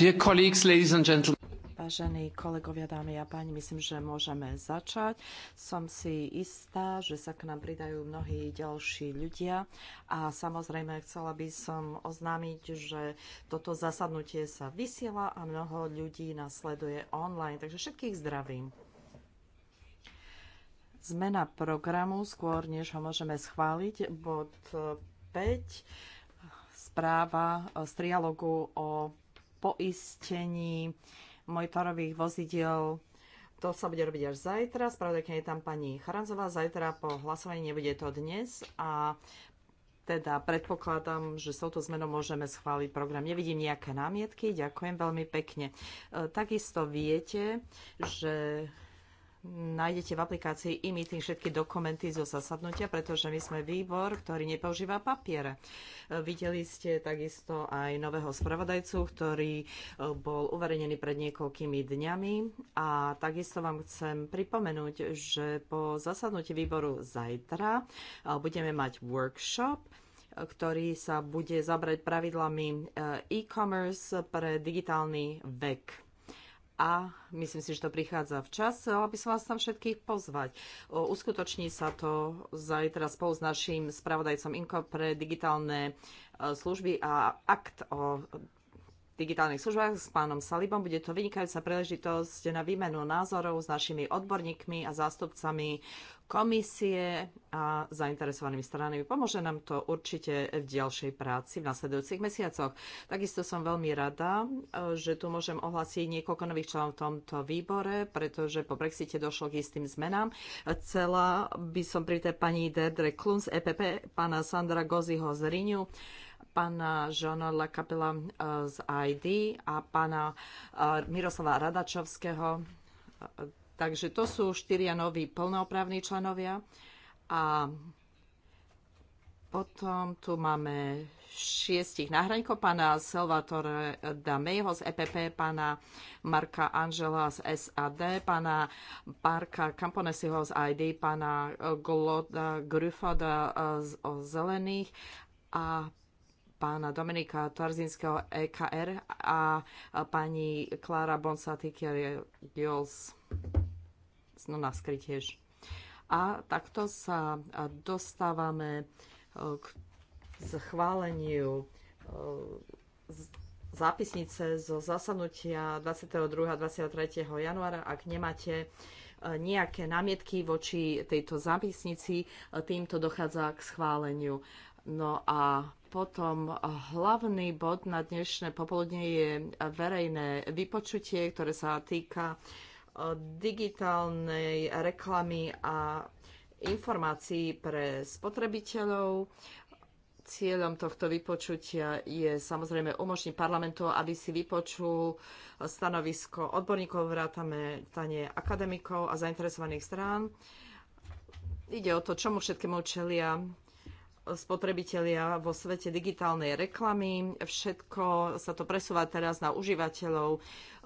Vážení kolegovia, dámy a páni, myslím, že môžeme začať. Som si istá, že sa k nám pridajú mnohí ďalší ľudia a samozrejme chcela by som oznámiť, že toto zasadnutie sa vysiela a mnoho ľudí nasleduje online, takže všetkých zdravím. Zmena programu, skôr než ho môžeme schváliť, bod 5, správa z trialogu o poistení motorových vozidiel. To sa bude robiť až zajtra. Spravodajka je tam pani Charanzová. Zajtra po hlasovaní nebude to dnes. A teda predpokladám, že s touto zmenou môžeme schváliť program. Nevidím nejaké námietky, ďakujem veľmi pekne. E, takisto viete, že nájdete v aplikácii e-meeting všetky dokumenty zo zasadnutia, pretože my sme výbor, ktorý nepoužíva papier. E, videli ste takisto aj nového spravodajcu, ktorý e, bol uverejnený pred niekoľkými dňami a takisto vám chcem pripomenúť, že po zasadnutí výboru zajtra e, budeme mať workshop, ktorý sa bude zabrať pravidlami e-commerce pre digitálny vek a myslím si, že to prichádza včas. ale by som vás tam všetkých pozvať. Uskutoční sa to zajtra spolu s našim spravodajcom Inko pre digitálne e, služby a akt o digitálnych službách s pánom Salibom. Bude to vynikajúca príležitosť na výmenu názorov s našimi odborníkmi a zástupcami komisie a zainteresovanými stranami. Pomôže nám to určite v ďalšej práci v nasledujúcich mesiacoch. Takisto som veľmi rada, že tu môžem ohlásiť niekoľko nových členov v tomto výbore, pretože po Brexite došlo k istým zmenám. Chcela by som tej pani Dedre Klun z EPP, pána Sandra Goziho z Riňu, pána Žona La Capela eh, z ID a pána eh, Miroslava Radačovského. Eh, takže to sú štyria noví plnoprávni členovia. A potom tu máme šiestich náhraňkov, pána Salvatore Damejho z EPP, pána Marka Angela z SAD, pána Parka Camponesiho z ID, pána Gloda z Zelených a pána Dominika Tvarzinského EKR a pani Klára Bonsaty Kiergios no, Nunaskry tiež. A takto sa dostávame e, k schváleniu e, zápisnice zo zasadnutia 22. a 23. januára. Ak nemáte e, nejaké námietky voči tejto zápisnici, týmto dochádza k schváleniu. No a potom hlavný bod na dnešné popoludne je verejné vypočutie, ktoré sa týka e, digitálnej reklamy a informácií pre spotrebiteľov. Cieľom tohto vypočutia je samozrejme umožniť parlamentu, aby si vypočul stanovisko odborníkov, vrátame tanie akademikov a zainteresovaných strán. Ide o to, čomu všetkému čelia spotrebitelia vo svete digitálnej reklamy. Všetko sa to presúva teraz na užívateľov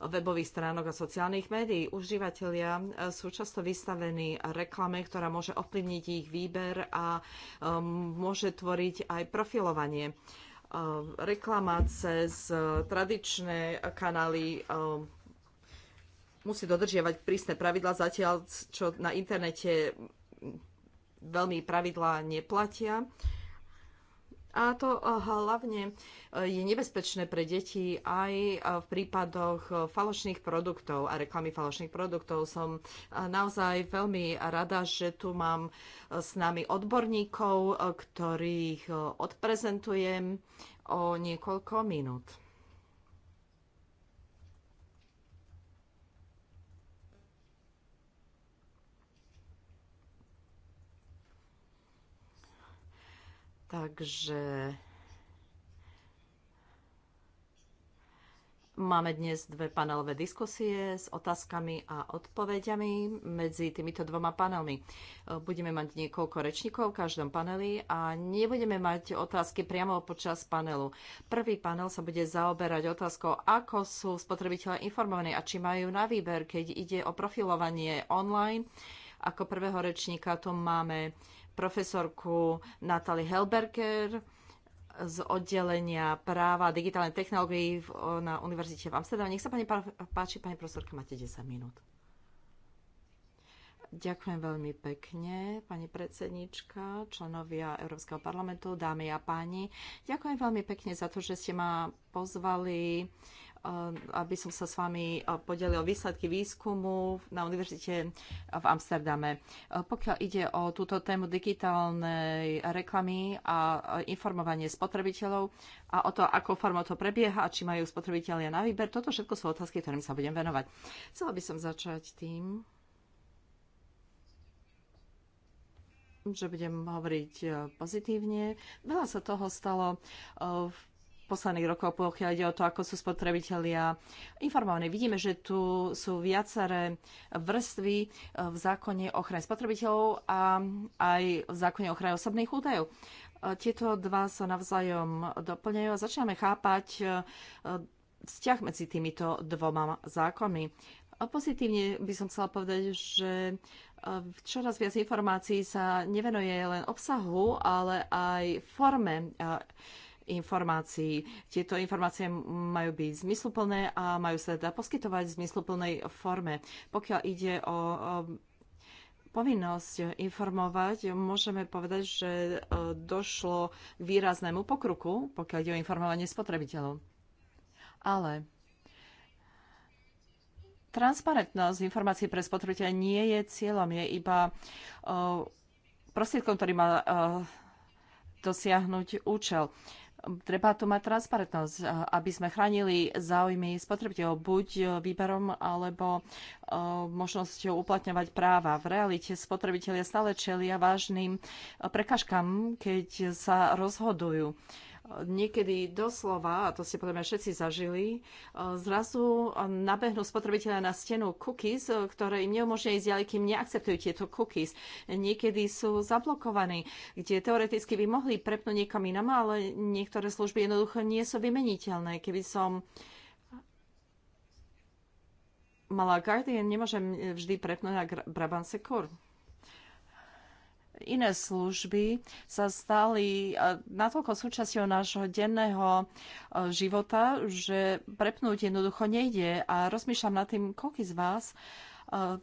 webových stránok a sociálnych médií. Užívateľia sú často vystavení reklame, ktorá môže ovplyvniť ich výber a um, môže tvoriť aj profilovanie. Um, reklama cez uh, tradičné kanály um, musí dodržiavať prísne pravidla, zatiaľ čo na internete veľmi pravidlá neplatia. A to eh, hlavne eh, je nebezpečné pre deti aj eh, v prípadoch falošných produktov a reklamy falošných produktov. Som naozaj veľmi rada, že tu mám s nami odborníkov, ktorých odprezentujem o niekoľko minút. Takže máme dnes dve panelové diskusie s otázkami a odpovediami medzi týmito dvoma panelmi. Budeme mať niekoľko rečníkov v každom paneli a nebudeme mať otázky priamo počas panelu. Prvý panel sa bude zaoberať otázkou, ako sú spotrebitelia informovaní a či majú na výber, keď ide o profilovanie online. Ako prvého rečníka tu máme profesorku Natali Helberger z oddelenia práva a digitálnej technológie na Univerzite v Amsterdame. Nech sa pani páči, pani profesorka, máte 10 minút. Ďakujem veľmi pekne, pani predsednička, členovia Európskeho parlamentu, dámy a páni. Ďakujem veľmi pekne za to, že ste ma pozvali aby som sa s vami podelil výsledky výskumu na univerzite v Amsterdame. Pokiaľ ide o túto tému digitálnej reklamy a informovanie spotrebiteľov a o to, ako formou to prebieha a či majú spotrebitelia na výber, toto všetko sú otázky, ktorým sa budem venovať. Chcela by som začať tým, že budem hovoriť e, pozitívne. Veľa sa toho stalo e, v posledných rokov, pokiaľ ide o to, ako sú spotrebitelia informovaní. Vidíme, že tu sú viaceré vrstvy v zákone ochrany spotrebitelov spotrebiteľov a aj v zákone ochrany osobných údajov. Tieto dva sa navzájom doplňajú a začíname chápať e, vzťah medzi týmito dvoma zákonmi. Pozitívne by som chcela povedať, že e, čoraz viac informácií sa nevenuje len obsahu, ale aj forme informácií. Tieto informácie majú byť zmysluplné a majú sa teda poskytovať v zmysluplnej forme. Pokiaľ ide o povinnosť informovať, môžeme povedať, že e, došlo k výraznému pokruku, pokiaľ ide o informovanie spotrebiteľov. Ale transparentnosť informácií pre spotrebiteľa nie je cieľom, je iba e, prostriedkom, ktorý má e, dosiahnuť účel treba tu mať transparentnosť, aby sme chránili záujmy spotrebiteľov buď e, výberom alebo e, možnosťou uplatňovať práva. V realite spotrebitelia stále čelia vážnym e, prekažkám, keď sa rozhodujú niekedy doslova, a to ste podľa mňa všetci zažili, e, zrazu nabehnú spotrebiteľa na stenu cookies, e, ktoré im neumožňuje ísť ďalej, kým neakceptujú tieto cookies. Niekedy sú zablokovaní, kde teoreticky by mohli prepnúť niekam inam, ale niektoré služby jednoducho nie sú vymeniteľné. Keby som mala Guardian, nemôžem vždy prepnúť na Brabant Secure iné služby sa stali eh, natoľko súčasťou nášho denného eh, života, že prepnúť jednoducho nejde. A rozmýšľam nad tým, koľko z vás eh,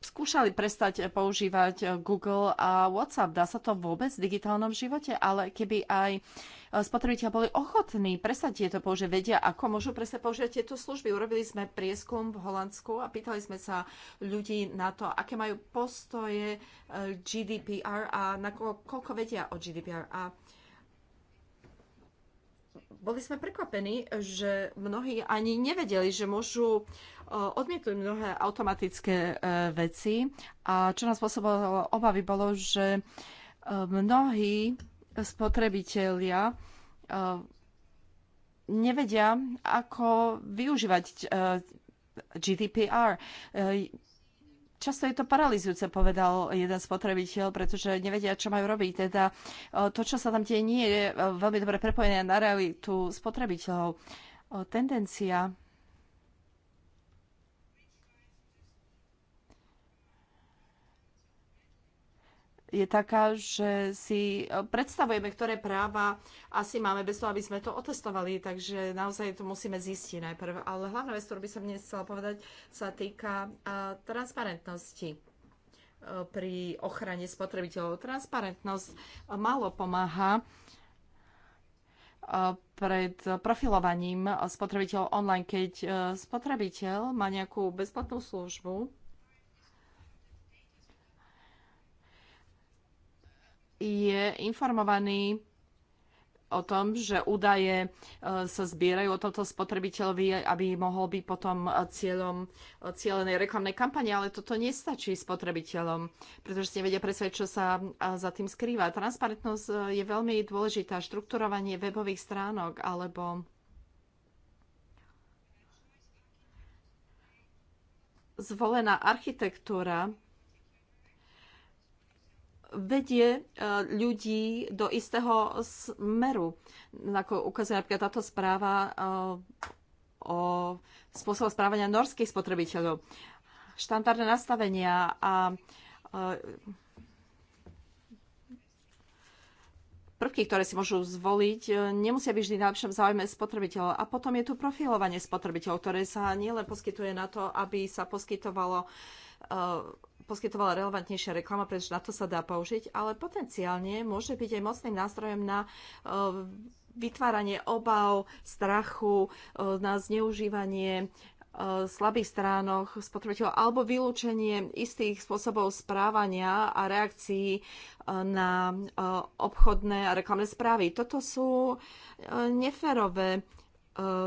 skúšali prestať používať eh, Google a WhatsApp. Dá sa to vôbec v digitálnom živote? Ale keby aj eh, spotrebitelia boli ochotní prestať tieto použiť, vedia, ako môžu prestať používať tieto služby. Urobili sme prieskum v Holandsku a pýtali sme sa ľudí na to, aké majú postoje eh, GDPR a na koľko vedia o GDPR. A boli sme prekvapení, že mnohí ani nevedeli, že môžu e, odmietnúť mnohé automatické e, veci. A čo nás spôsobovalo obavy, bolo, že e, mnohí spotrebitelia nevedia, ako využívať GDPR. Často je to paralizujúce, povedal jeden spotrebiteľ, pretože nevedia, čo majú robiť. Teda e, to, čo sa tam deje, nie je e, veľmi dobre prepojené na realitu spotrebiteľov. Tendencia je taká, že si e, predstavujeme, ktoré práva asi máme bez toho, aby sme to otestovali, takže naozaj to musíme zistiť najprv. Ale hlavná vec, ktorú by som dnes chcela povedať, sa týka transparentnosti e, pri ochrane spotrebiteľov. Transparentnosť e, málo pomáha pred profilovaním spotrebiteľov online, keď spotrebiteľ má nejakú bezplatnú službu, je informovaný o tom, že údaje e, sa zbierajú o tomto spotrebiteľovi, aby mohol byť potom e, cieľom e, cieľenej reklamnej kampane, ale toto nestačí spotrebiteľom, pretože si nevedia presvedčiť, čo sa za tým skrýva. Transparentnosť je veľmi dôležitá. Štrukturovanie webových stránok alebo zvolená architektúra vedie e, ľudí do istého smeru. Ako ukazuje napríklad táto správa e, o spôsobe správania norských spotrebiteľov. Štandardné nastavenia a e, prvky, ktoré si môžu zvoliť, nemusia byť vždy na lepšom záujme spotrebiteľov. A potom je tu profilovanie spotrebiteľov, ktoré sa nielen poskytuje na to, aby sa poskytovalo poskytovala relevantnejšia reklama, pretože na to sa dá použiť, ale potenciálne môže byť aj mocným nástrojom na e, vytváranie obav, strachu, e, na zneužívanie e, slabých stránoch spotrebiteľov alebo vylúčenie istých spôsobov správania a reakcií na obchodné a reklamné správy. Toto sú neférové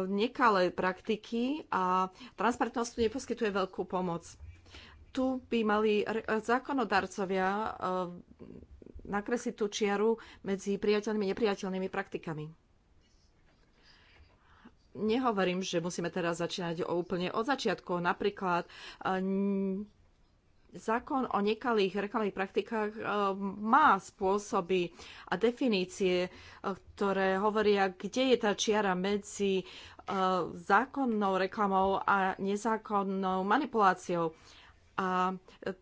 nekalé praktiky a transparentnosť tu neposkytuje veľkú pomoc tu by mali zákonodarcovia e, nakresliť tú čiaru medzi priateľnými a nepriateľnými praktikami. Nehovorím, že musíme teraz začínať úplne od začiatku. Napríklad e, zákon o nekalých reklamných praktikách e, má spôsoby a definície, ktoré hovoria, kde je tá čiara medzi zákonnou reklamou a nezákonnou manipuláciou. A e,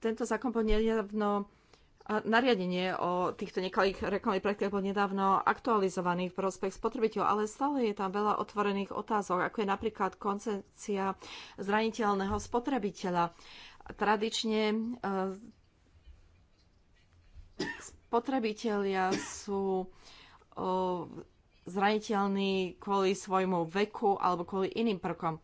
tento zákon bol nedávno nariadenie o týchto nekalých reklamných praktikách bol nedávno aktualizovaný v prospech spotrebiteľov, ale stále je tam veľa otvorených otázok, ako je napríklad koncepcia zraniteľného spotrebiteľa. Tradične e, spotrebitelia sú zraniteľní kvôli svojmu veku alebo kvôli iným prvkom.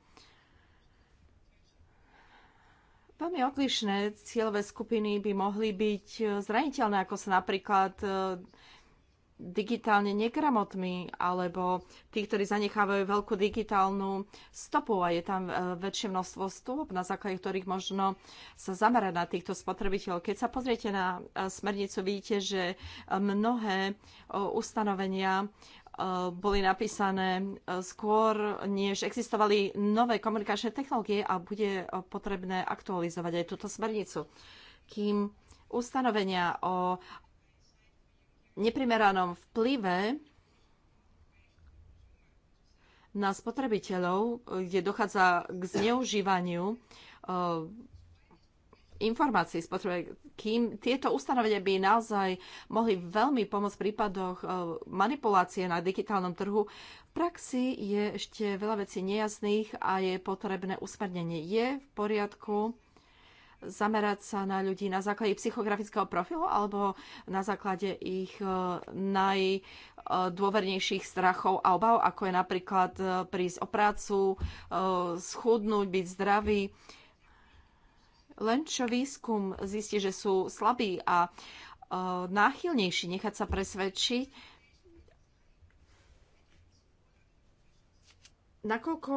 veľmi odlišné. Cieľové skupiny by mohli byť eh, zraniteľné, ako sa napríklad eh, digitálne negramotní alebo tí, ktorí zanechávajú veľkú digitálnu stopu a je tam eh, väčšie množstvo stôp, na základe ktorých možno sa zamerať na týchto spotrebiteľov. Keď sa pozriete na smernicu, vidíte, že mnohé ustanovenia boli napísané e, skôr, než existovali nové komunikačné technológie a bude e, potrebné aktualizovať aj túto smernicu. Kým ustanovenia o neprimeranom vplyve na spotrebiteľov, kde dochádza k zneužívaniu e, informácií spotrebuje, kým tieto ustanovenia by naozaj mohli veľmi pomôcť v prípadoch e, manipulácie na digitálnom trhu. V praxi je ešte veľa vecí nejasných a je potrebné usmernenie. Je v poriadku zamerať sa na ľudí na základe psychografického profilu alebo na základe ich e, najdôvernejších strachov a obav, ako je napríklad e, prísť o prácu, schudnúť, byť zdravý len čo výskum zistí, že sú slabí a e, náchylnejší nechať sa presvedčiť, nakoľko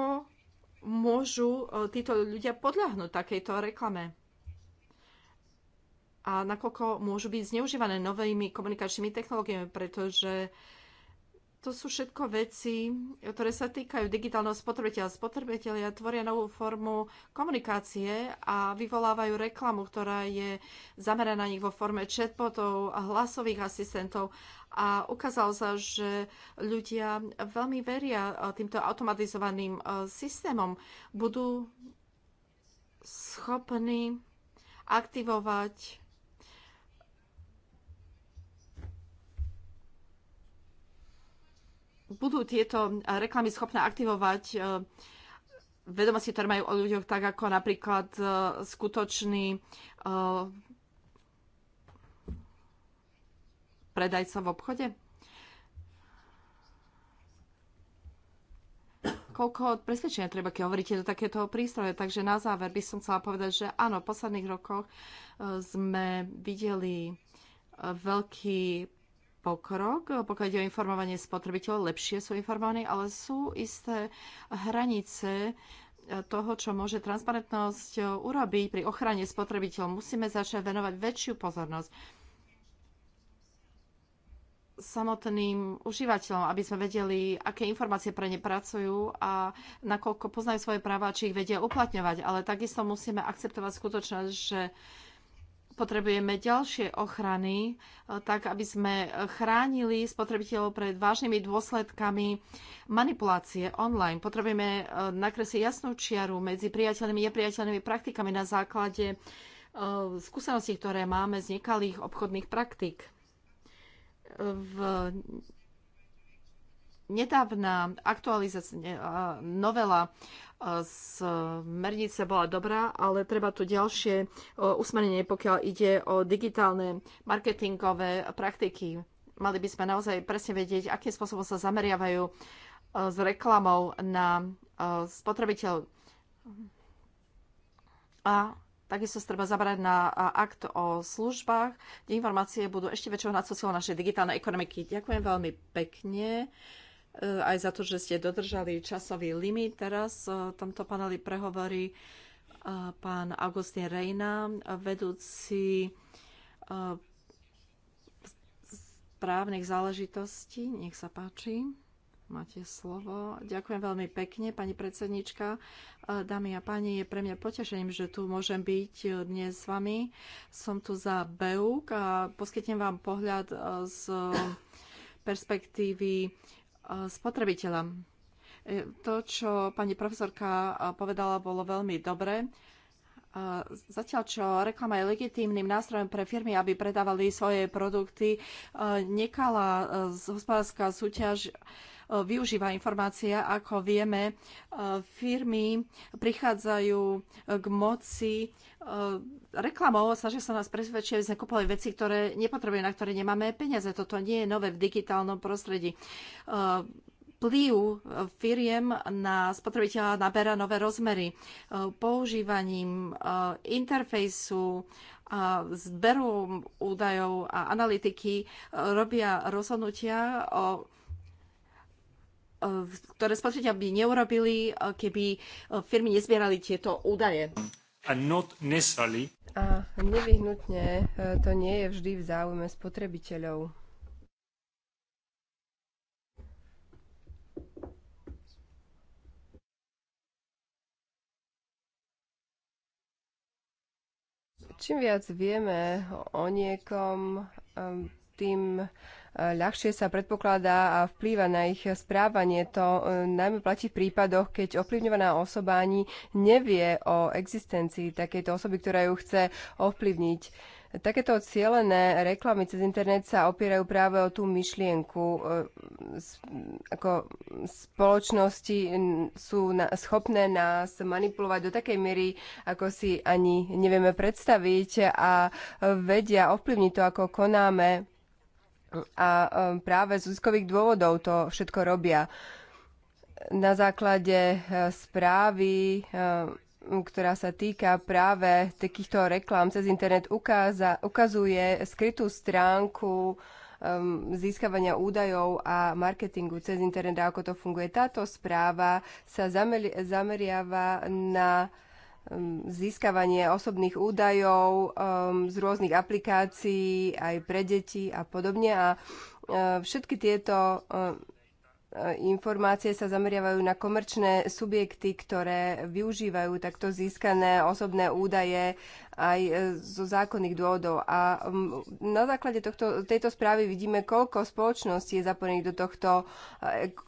môžu e, títo ľudia podľahnúť takejto reklame a nakoľko môžu byť zneužívané novými komunikačnými technológiami, pretože to sú všetko veci, ktoré sa týkajú digitálneho spotrebiteľa. Spotrebitelia tvoria novú formu komunikácie a vyvolávajú reklamu, ktorá je zameraná na nich vo forme chatbotov a hlasových asistentov. A ukázalo sa, že ľudia veľmi veria týmto automatizovaným e, systémom. Budú schopní aktivovať budú tieto eh, reklamy schopné aktivovať eh, vedomosti, ktoré majú o ľuďoch, tak ako napríklad eh, skutočný predajca v obchode? koľko presvedčenia treba, keď hovoríte do takéto prístroje. Takže na záver by som chcela povedať, že áno, v posledných rokoch sme videli veľký pokrok, pokiaľ ide o informovanie spotrebiteľov, lepšie sú informovaní, ale sú isté hranice toho, čo môže transparentnosť urobiť pri ochrane spotrebiteľov. Musíme začať venovať väčšiu pozornosť samotným užívateľom, aby sme vedeli, aké informácie pre ne pracujú a nakoľko poznajú svoje práva, či ich vedia uplatňovať. Ale takisto musíme akceptovať skutočnosť, že uh, potrebujeme ďalšie ochrany, e, tak aby sme chránili spotrebiteľov pred vážnymi dôsledkami manipulácie online. Potrebujeme e, nakresliť jasnú čiaru medzi priateľnými a nepriateľnými praktikami na základe e, skúseností, ktoré máme z nekalých obchodných praktik. V nedávna aktualizácia novela smernica bola dobrá, ale treba tu ďalšie e, usmernenie, pokiaľ ide o digitálne marketingové praktiky. Mali by sme naozaj presne vedieť, akým spôsobom sa zameriavajú e, s reklamou na e, spotrebiteľov. A takisto sa treba zabrať na akt o službách, kde informácie budú ešte väčšou nadsociou našej digitálnej ekonomiky. Ďakujem veľmi pekne. E, aj za to, že ste dodržali časový limit. Teraz e, v tomto paneli prehovorí e, pán Augustin Rejna, vedúci právnych záležitostí. Nech sa páči. Máte slovo. Ďakujem veľmi pekne, pani predsednička. Dámy a páni, je pre mňa potešením, že tu môžem byť dnes s vami. Som tu za BEUK a poskytnem vám pohľad z perspektívy E, spotrebiteľom. E, to, čo pani profesorka e, povedala, bolo veľmi dobré. Zatiaľ, čo reklama je legitímnym nástrojom pre firmy, aby predávali svoje produkty, nekala hospodárska súťaž využíva informácia. Ako vieme, e, firmy prichádzajú e, k moci e, reklamou, snažia sa nás presvedčiť, aby sme kupovali veci, ktoré nepotrebujeme, na ktoré nemáme peniaze. Toto nie je nové v digitálnom prostredí Plýv firiem na spotrebiteľa naberá nové rozmery. Používaním interfejsu a zberu údajov a analytiky robia rozhodnutia o ktoré spotrebiteľ by neurobili, e, keby e, firmy nezbierali tieto údaje. A nevyhnutne e, to nie je vždy v záujme spotrebiteľov. Čím viac vieme o niekom, tým ľahšie sa predpokladá a vplýva na ich správanie. To e, najmä platí v prípadoch, keď ovplyvňovaná osoba ani nevie o existencii takejto osoby, ktorá ju chce ovplyvniť. Takéto cielené reklamy cez internet sa opierajú práve o tú myšlienku. E, ako spoločnosti sú schopné nás manipulovať do takej miery, ako si ani nevieme predstaviť a vedia ovplyvniť to, ako konáme a um, práve z úzkových dôvodov to všetko robia. Na základe eh, správy, eh, ktorá sa týka práve takýchto reklám cez internet, ukáza, ukazuje skrytú stránku ehm, získavania údajov a marketingu cez internet a ako to funguje. Táto správa sa zameriava na Um, získavanie osobných údajov um, z rôznych aplikácií aj pre deti a podobne. A uh, všetky tieto uh, uh, informácie sa zameriavajú na komerčné subjekty, ktoré využívajú takto získané osobné údaje aj zo zákonných dôvodov. A um, na základe tohto, tejto správy vidíme, koľko spoločností je zapojených do tohto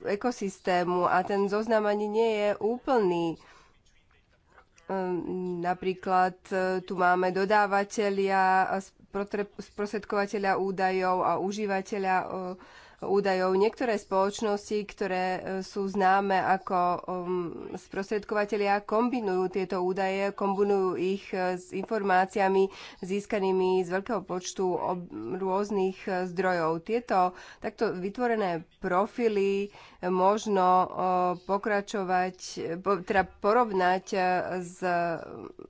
ekosystému a ten zoznam ani nie je úplný Ehm, napríklad e, tu máme dodávateľia, sprostredkovateľa údajov a užívateľa e, údajov. Niektoré spoločnosti, ktoré e, sú známe ako um, sprostredkovateľia, kombinujú tieto údaje, kombinujú ich e, s informáciami získanými z veľkého počtu rôznych e, zdrojov. Tieto takto vytvorené profily možno pokračovať, teda porovnať s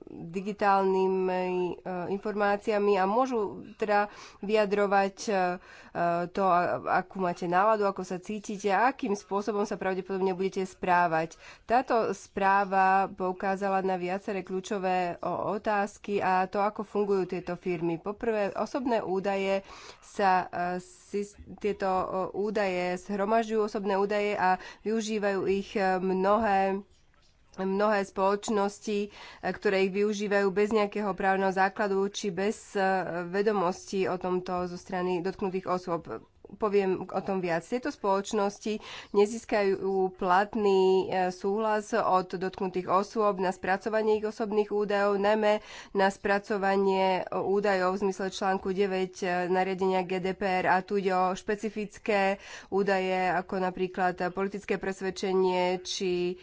digitálnymi informáciami a môžu teda vyjadrovať to, akú akú máte náladu, ako sa cítite a akým spôsobom sa pravdepodobne budete správať. Táto správa poukázala na viaceré kľúčové otázky a to, ako fungujú tieto firmy. Poprvé, osobné údaje sa e, tieto údaje zhromažďujú osobné údaje a využívajú ich e, mnohé mnohé spoločnosti, e, ktoré ich využívajú bez nejakého právneho základu či bez vedomostí o tomto zo strany dotknutých osôb poviem o tom viac. Tieto spoločnosti nezískajú platný e, súhlas od dotknutých osôb na spracovanie ich osobných údajov, najmä na spracovanie e, údajov v zmysle článku 9 e, nariadenia GDPR a tu ide o špecifické údaje, ako napríklad politické presvedčenie či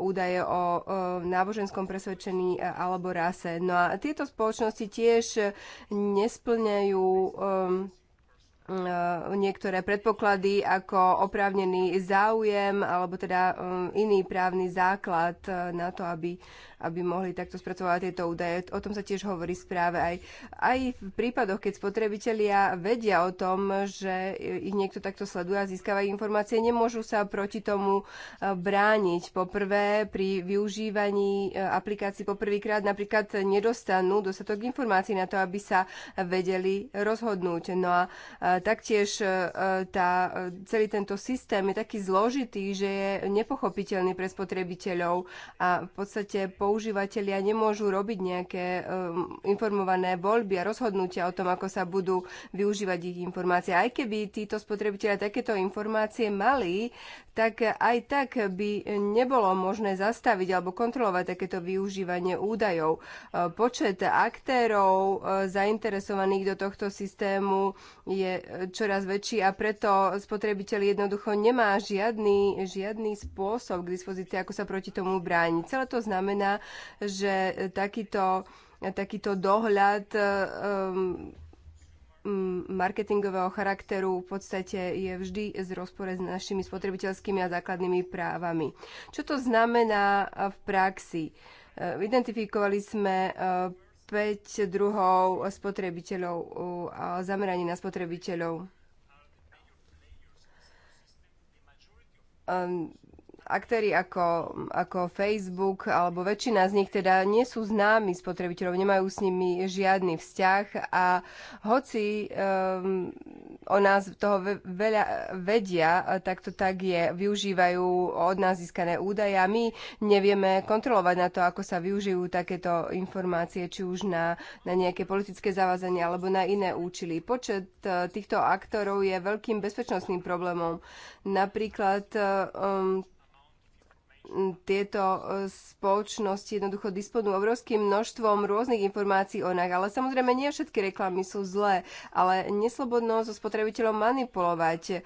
údaje o náboženskom presvedčení alebo rase. No a tieto spoločnosti tiež nesplňajú um, E, niektoré predpoklady ako oprávnený záujem alebo teda e, iný právny základ e, na to, aby aby mohli takto spracovať tieto údaje. O tom sa tiež hovorí správe aj, aj v prípadoch, keď spotrebitelia vedia o tom, že ich niekto takto sleduje a získava informácie, nemôžu sa proti tomu e, brániť. Poprvé, pri využívaní e, aplikácií poprvýkrát napríklad nedostanú dostatok informácií na to, aby sa vedeli rozhodnúť. No a e, taktiež tá, celý tento systém je taký zložitý, že je nepochopiteľný pre spotrebiteľov a v podstate po používateľia nemôžu robiť nejaké um, informované voľby a rozhodnutia o tom, ako sa budú využívať ich informácie. Aj keby títo spotrebitelia takéto informácie mali, tak aj tak by nebolo možné zastaviť alebo kontrolovať takéto využívanie údajov. Uh, počet aktérov uh, zainteresovaných do tohto systému je uh, čoraz väčší a preto spotrebiteľ jednoducho nemá žiadny, žiadny spôsob k dispozícii, ako sa proti tomu brániť. Celé to znamená, že takýto, takýto dohľad eh, marketingového charakteru v podstate je vždy z rozpore s našimi spotrebiteľskými a základnými právami. Čo to znamená eh, v praxi? Eh, identifikovali sme 5 druhov spotrebiteľov a zameraní na spotrebiteľov aktéry ako, ako Facebook, alebo väčšina z nich teda nie sú známi spotrebiteľov, nemajú s nimi žiadny vzťah a hoci um, o nás toho veľa vedia, tak to tak je, využívajú od nás získané údaje a my nevieme kontrolovať na to, ako sa využijú takéto informácie, či už na, na nejaké politické zavázanie alebo na iné účely. Počet e, týchto aktorov je veľkým bezpečnostným problémom. Napríklad um, tieto eh, spoločnosti jednoducho disponujú obrovským množstvom rôznych informácií o nás. Ale samozrejme nie všetky reklamy sú zlé, ale neslobodno so spotrebiteľom manipulovať eh,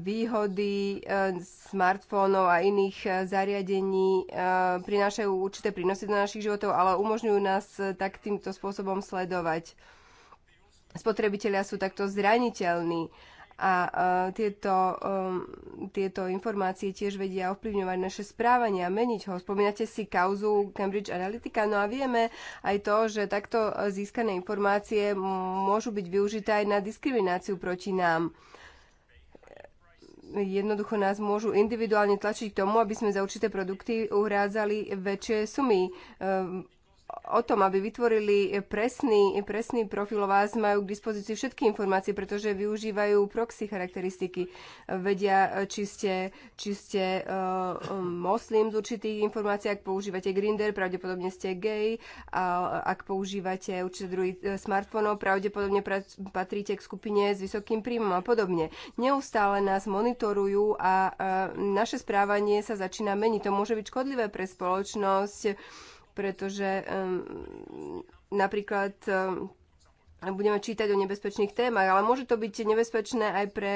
výhody eh, smartfónov a iných zariadení prinášajú určité prínosy do našich životov, ale umožňujú nás tak týmto spôsobom sledovať. Spotrebitelia sú takto zraniteľní a e, tieto, e, tieto informácie tiež vedia ovplyvňovať naše správanie a meniť ho. Spomínate si kauzu Cambridge Analytica, no a vieme aj to, že takto e, získané informácie môžu byť využité aj na diskrimináciu proti nám jednoducho nás môžu individuálne tlačiť k tomu, aby sme za určité produkty uhrádzali väčšie sumy o tom, aby vytvorili presný, presný profil vás, majú k dispozícii všetky informácie, pretože využívajú proxy charakteristiky. Vedia, či ste, či ste uh, moslim z určitých informácií, ak používate Grinder, pravdepodobne ste gay, a ak používate určite druhý eh, smartfónov, pravdepodobne patríte k skupine s vysokým príjmom a podobne. Neustále nás monitorujú a uh, naše správanie sa začína meniť. To môže byť škodlivé pre spoločnosť, pretože napríklad budeme čítať o nebezpečných témach, ale môže to byť nebezpečné aj pre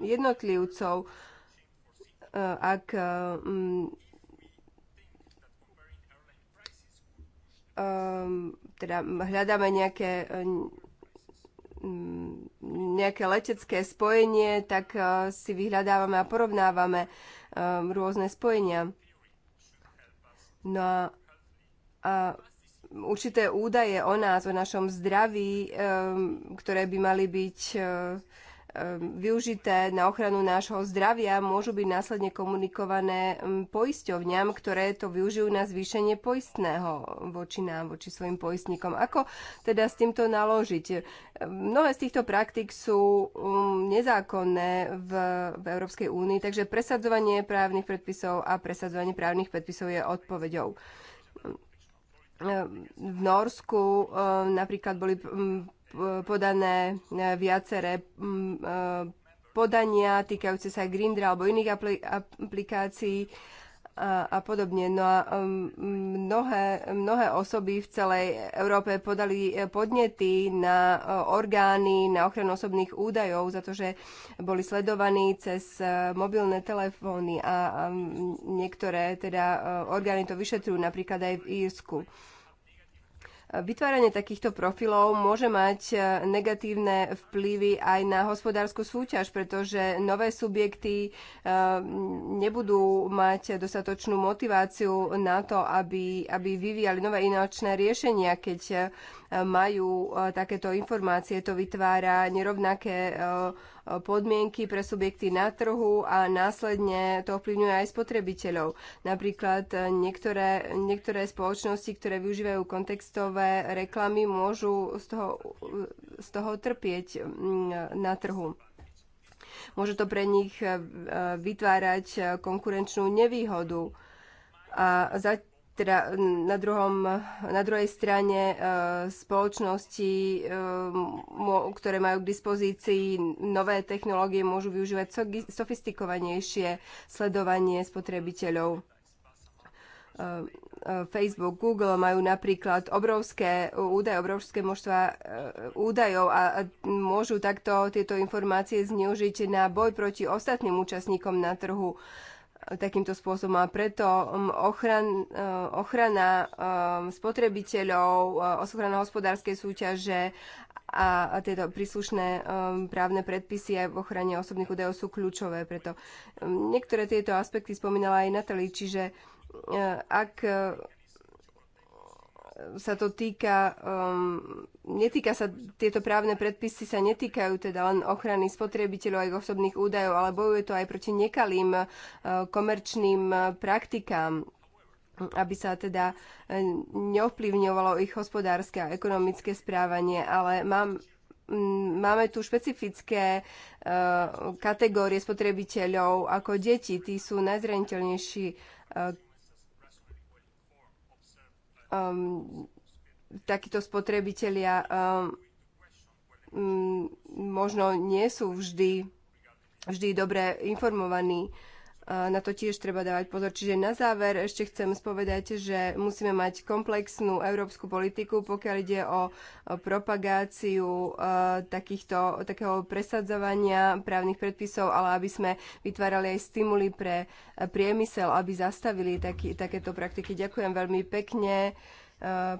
jednotlivcov, ak teda hľadáme nejaké nejaké letecké spojenie, tak eh, si vyhľadávame a porovnávame rôzne spojenia. No a a určité údaje o nás, o našom zdraví, ktoré by mali byť eh, využité na ochranu nášho zdravia, môžu byť následne komunikované poisťovňam, ktoré to využijú na zvýšenie poistného voči nám, voči svojim poistníkom. Ako teda s týmto naložiť? Mnohé z týchto praktik sú um, nezákonné v, v Európskej únii, takže presadzovanie právnych predpisov a presadzovanie právnych predpisov je odpoveďou v Norsku eh, napríklad boli mm, podané eh, viaceré mm, eh, podania týkajúce sa Grindra alebo iných aplikácií a, a podobne. No a mm, mnohé, mnohé osoby v celej Európe podali podnety na orgány, na ochranu osobných údajov za to, že boli sledovaní cez mobilné telefóny a, a niektoré teda orgány to vyšetrujú, napríklad aj v Írsku. Vytváranie takýchto profilov môže mať e, negatívne vplyvy aj na hospodárskú súťaž, pretože nové subjekty e, nebudú mať dostatočnú motiváciu na to, aby, aby vyvíjali nové inočné riešenia, keď e, majú takéto informácie. To vytvára nerovnaké podmienky pre subjekty na trhu a následne to ovplyvňuje aj spotrebiteľov. Napríklad eh, niektoré, niektoré spoločnosti, ktoré využívajú kontextové reklamy, môžu z toho, z toho trpieť mm, na trhu. Môže to pre nich eh, vytvárať eh, konkurenčnú nevýhodu. A za, teda na, druhom, na druhej strane e, spoločnosti, e, mo, ktoré majú k dispozícii nové technológie, môžu využívať so, sofistikovanejšie sledovanie spotrebiteľov. E, e, Facebook, Google majú napríklad obrovské údaje, obrovské množstva e, údajov a môžu takto tieto informácie zneužiť na boj proti ostatným účastníkom na trhu takýmto spôsobom. A preto um, ochran, uh, ochrana um, spotrebiteľov, uh, ochrana hospodárskej súťaže a tieto príslušné um, právne predpisy aj v ochrane osobných údajov sú kľúčové. Preto niektoré tieto aspekty spomínala aj Natali, čiže uh, ak sa to týka, um, netýka sa, tieto právne predpisy sa netýkajú teda len ochrany spotrebiteľov a ich osobných údajov, ale bojuje to aj proti nekalým uh, komerčným uh, praktikám aby sa teda uh, neovplyvňovalo ich hospodárske a ekonomické správanie, ale mám, máme tu špecifické uh, kategórie spotrebiteľov ako deti. Tí sú najzraniteľnejší uh, um, takíto spotrebitelia um, možno nie sú vždy, vždy dobre informovaní na to tiež treba dávať pozor. Čiže na záver ešte chcem spovedať, že musíme mať komplexnú európsku politiku, pokiaľ ide o propagáciu e, takýchto, takého presadzovania právnych predpisov, ale aby sme vytvárali aj stimuly pre e, priemysel, aby zastavili taký, takéto praktiky. Ďakujem veľmi pekne.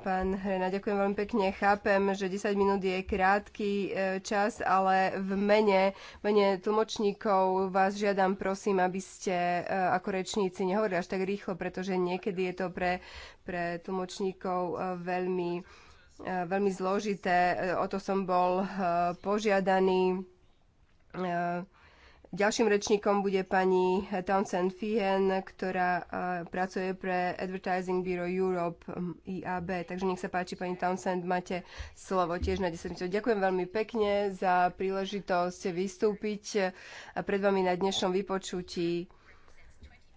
Pán Hrena, ďakujem veľmi pekne. Chápem, že 10 minút je krátky e, čas, ale v mene, mene tlmočníkov vás žiadam, prosím, aby ste e, ako rečníci nehovorili až tak rýchlo, pretože niekedy je to pre, pre tlmočníkov e, veľmi, veľmi zložité. O to som bol požiadaný. Ďalším rečníkom bude pani Townsend Fien, ktorá pracuje pre Advertising Bureau Europe IAB. Takže nech sa páči, pani Townsend, máte slovo tiež na 10 minút. Ďakujem veľmi pekne za príležitosť vystúpiť pred vami na dnešnom vypočutí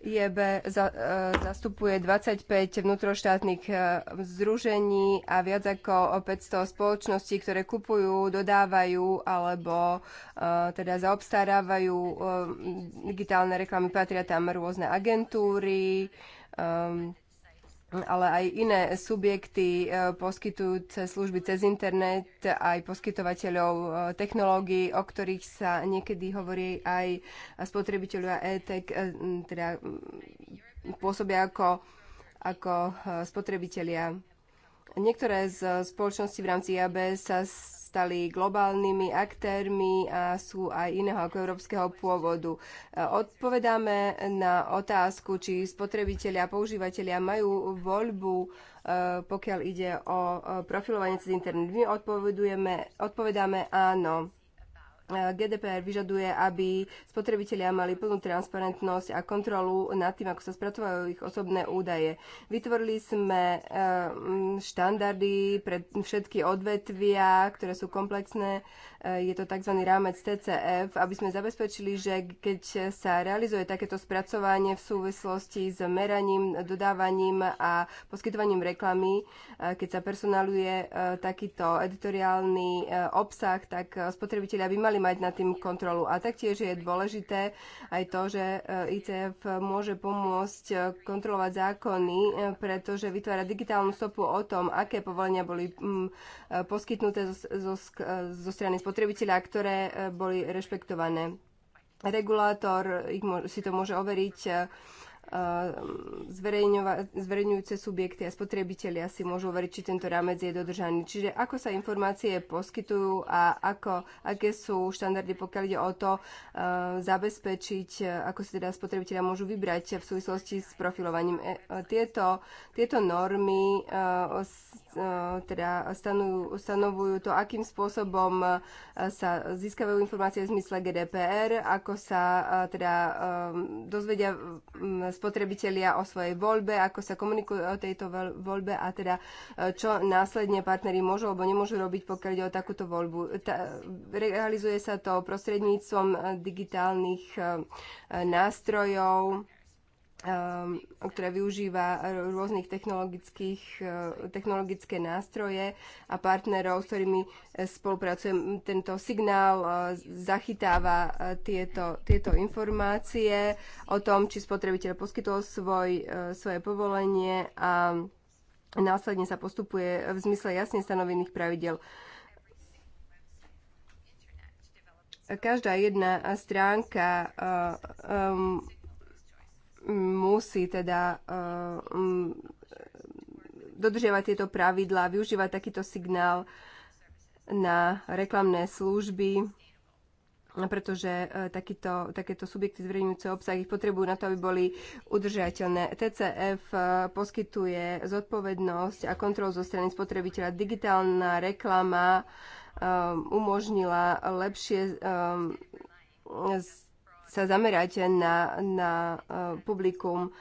IEB za, e, zastupuje 25 vnútroštátnych e, združení a viac ako 500 spoločností, ktoré kupujú, dodávajú alebo e, teda zaobstarávajú digitálne reklamy. Patria tam rôzne agentúry, ale aj iné subjekty e, poskytujúce služby cez internet, aj poskytovateľov e, technológií, o ktorých sa niekedy hovorí aj spotrebiteľia e-tech, e, teda pôsobia ako, ako spotrebitelia. Niektoré z spoločností v rámci IAB sa stali globálnymi aktérmi a sú aj iného ako európskeho pôvodu. E, odpovedáme na otázku, či spotrebitelia a používateľia majú voľbu, e, pokiaľ ide o e, profilovanie cez internet. My odpovedáme áno. GDPR vyžaduje, aby spotrebitelia mali plnú transparentnosť a kontrolu nad tým, ako sa spracovajú ich osobné údaje. Vytvorili sme eh, štandardy pre všetky odvetvia, ktoré sú komplexné. Eh, je to tzv. rámec TCF, aby sme zabezpečili, že keď sa realizuje takéto spracovanie v súvislosti s meraním, dodávaním a poskytovaním reklamy, eh, keď sa personaluje takýto editoriálny obsah, tak spotrebitelia by mali mali mať nad tým kontrolu. A taktiež je dôležité aj to, že e, ICF môže pomôcť e, kontrolovať zákony, e, pretože vytvára digitálnu stopu o tom, aké povolenia boli mm, poskytnuté zo, zo, zo strany spotrebiteľa, ktoré boli rešpektované. Regulátor si to môže overiť zverejňujúce subjekty a spotrebitelia si môžu overiť, či tento rámec je dodržaný. Čiže ako sa informácie poskytujú a ako, aké sú štandardy, pokiaľ ide o to zabezpečiť, ako si teda spotrebitelia môžu vybrať v súvislosti s profilovaním. E, e, tieto, tieto normy teda stanujú, stanovujú to, akým spôsobom sa získavajú informácie v zmysle GDPR, ako sa teda dozvedia spotrebitelia o svojej voľbe, ako sa komunikuje o tejto voľbe a teda e, čo následne partneri môžu alebo nemôžu robiť, pokiaľ ide o takúto voľbu. Ta, realizuje sa to prostredníctvom e, digitálnych e, nástrojov, Ehm, ktoré využíva rôznych technologických, e, technologické nástroje a partnerov, s ktorými e, spolupracujem. Tento signál e, zachytáva tieto, tieto informácie o tom, či spotrebiteľ poskytol svoj, svoje povolenie a následne sa postupuje v zmysle jasne stanovených pravidel. Každá jedna stránka um, musí teda um, dodržiavať tieto pravidlá, využívať takýto signál na reklamné služby, pretože eh, takýto, takéto subjekty zverejňujúce obsah ich potrebujú na to, aby boli udržateľné. TCF eh, poskytuje zodpovednosť a kontrolu zo strany spotrebiteľa. Digitálna reklama um, umožnila lepšie um, sa zamerať na, na e, publikum.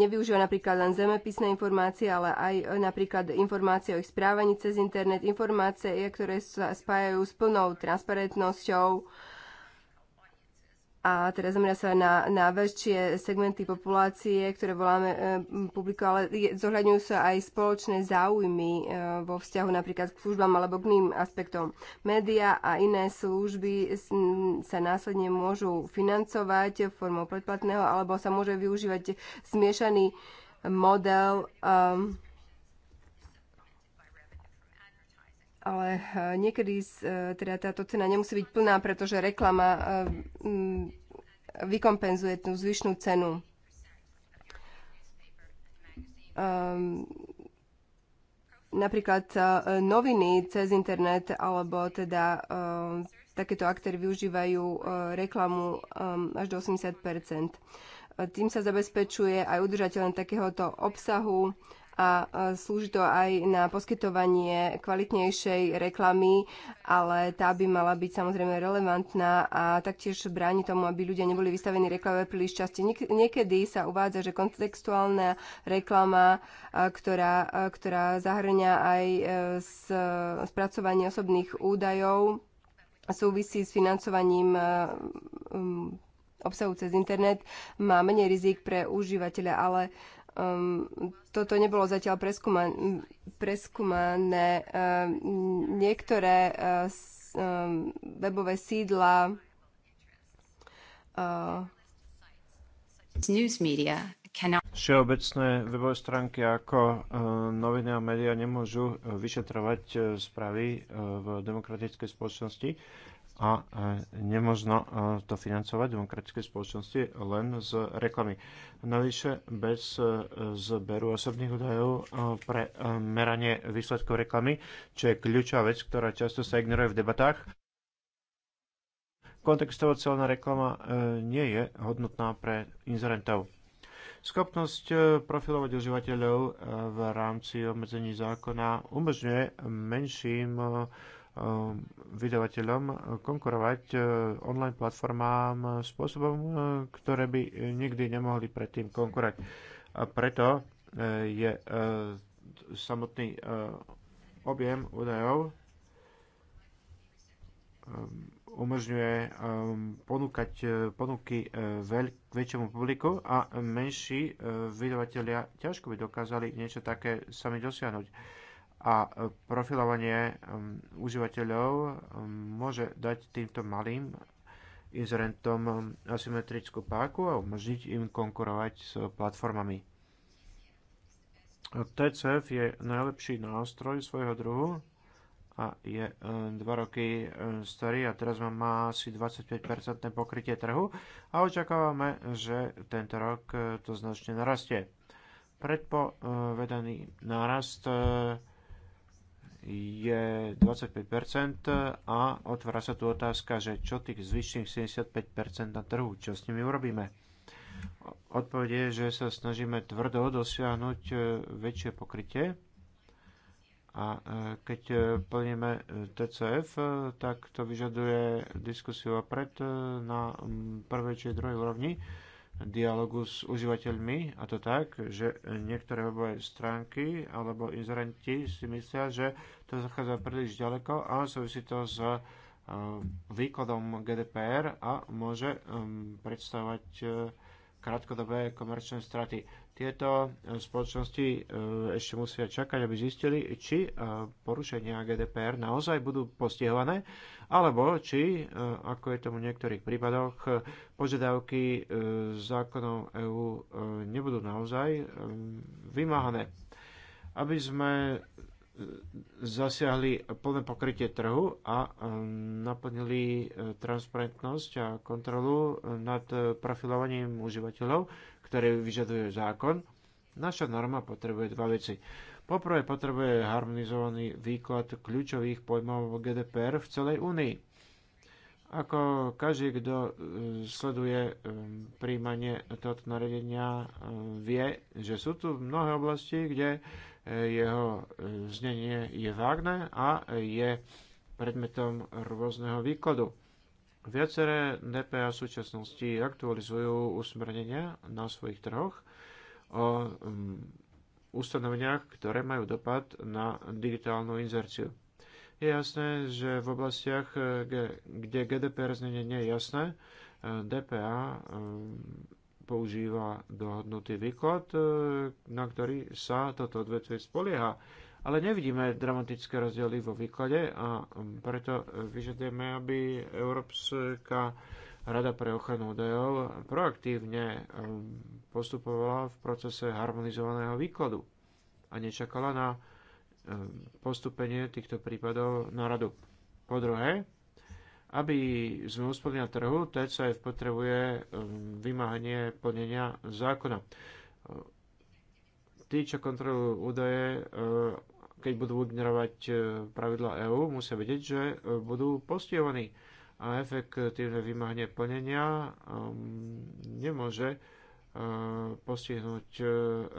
Nevyužíva napríklad len zemepisné informácie, ale aj e, napríklad informácie o ich správaní cez internet, informácie, ktoré sa spájajú s plnou transparentnosťou, a teda zamerá sa na, na väčšie segmenty populácie, ktoré voláme e, publiko, ale je, zohľadňujú sa aj spoločné záujmy e, vo vzťahu napríklad k službám alebo k iným aspektom. Média a iné služby s, m, sa následne môžu financovať formou predplatného alebo sa môže využívať zmiešaný model um, e, ale eh, niekedy eh, teda táto cena nemusí byť plná, pretože reklama eh, mm, vykompenzuje tú zvyšnú cenu. Ehm, napríklad noviny cez internet alebo teda takéto aktéry využívajú reklamu ehm, až do 80 Tým sa zabezpečuje aj udržateľné takéhoto obsahu, a slúži to aj na poskytovanie kvalitnejšej reklamy, ale tá by mala byť samozrejme relevantná a taktiež bráni tomu, aby ľudia neboli vystavení reklame príliš časte. Niekedy sa uvádza, že kontextuálna reklama, ktorá, ktorá zahrňa aj e, spracovanie osobných údajov, súvisí s financovaním e, obsahu cez internet, má menej rizik pre užívateľa, ale Um, toto nebolo zatiaľ preskúman, preskúmané. Um, niektoré um, webové sídla uh, news media Všeobecné webové stránky ako eh, noviny a médiá nemôžu vyšetrovať správy v demokratickej spoločnosti a e, nemožno e, to financovať v demokratickej spoločnosti len z reklamy. Navyše bez e, zberu osobných údajov pre meranie výsledkov reklamy, čo je kľúčová vec, ktorá často sa ignoruje v debatách. Kontextová celná reklama nie je hodnotná pre inzerentov. Schopnosť profilovať užívateľov v rámci obmedzení zákona umožňuje menším Um, vydavateľom konkurovať uh, online platformám uh, spôsobom, uh, ktoré by nikdy nemohli predtým konkurovať. A preto je samotný objem údajov um, umožňuje um, ponúkať ponuky veľk, väčšiemu publiku a menší vydavatelia ťažko by dokázali niečo také sami dosiahnuť a e, profilovanie e, užívateľov e, môže dať týmto malým inzerentom asymetrickú páku a umožniť im konkurovať s platformami. TCF je najlepší nástroj svojho druhu a je 2 roky starý a teraz má asi 25% pokrytie trhu a očakávame, že tento rok to značne narastie. Predpovedaný nárast je 25% a otvára sa tu otázka, že čo tých zvyšných 75% na trhu, čo s nimi urobíme. Odpovede je, že sa snažíme tvrdo dosiahnuť e, väčšie pokrytie a e, keď e, plníme TCF, tak to vyžaduje diskusiu opred na prvej či druhej úrovni dialogu s užívateľmi a to tak, že niektoré webové stránky alebo inzerenti si myslia, že to zachádza príliš ďaleko a súvisí to s e, výkladom GDPR a môže predstavovať e, krátkodobé komerčné straty. Tieto eh, spoločnosti eh, ešte musia čakať, aby zistili, či eh, porušenia GDPR naozaj budú postihované, alebo či, ako je tomu v niektorých prípadoch, požiadavky zákonov EÚ nebudú naozaj vymáhané. Aby sme zasiahli plné pokrytie trhu a naplnili transparentnosť a kontrolu nad profilovaním užívateľov ktoré vyžaduje zákon, naša norma potrebuje dva veci. Poprvé potrebuje harmonizovaný výklad kľúčových pojmov GDPR v celej únii. Ako každý, kto e, sleduje e, príjmanie tohto nariadenia, e, vie, že sú tu mnohé oblasti, kde jeho znenie je vágne a je predmetom rôzneho výkladu. Viaceré DPA v súčasnosti aktualizujú usmernenia na svojich trhoch o mm, ustanoveniach, ktoré majú dopad na digitálnu inzerciu. Je jasné, že v oblastiach, kde GDPR znenie nie je jasné, DPA mm, používa dohodnutý výklad, e, na ktorý sa toto odvetvie spolieha ale nevidíme dramatické rozdiely vo výklade a preto vyžadujeme, aby Európska Rada pre ochranu údajov proaktívne um, postupovala v procese harmonizovaného výkladu a nečakala na um, postupenie týchto prípadov na radu. Po druhé, aby sme uspeli na trhu, TCF potrebuje um, vymáhanie plnenia zákona tí, čo kontrolujú údaje, uh, keď budú ignorovať e, pravidla EÚ, musia vedieť, že e, budú postihovaní. A efektívne vymáhanie plnenia um, nemôže e, postihnúť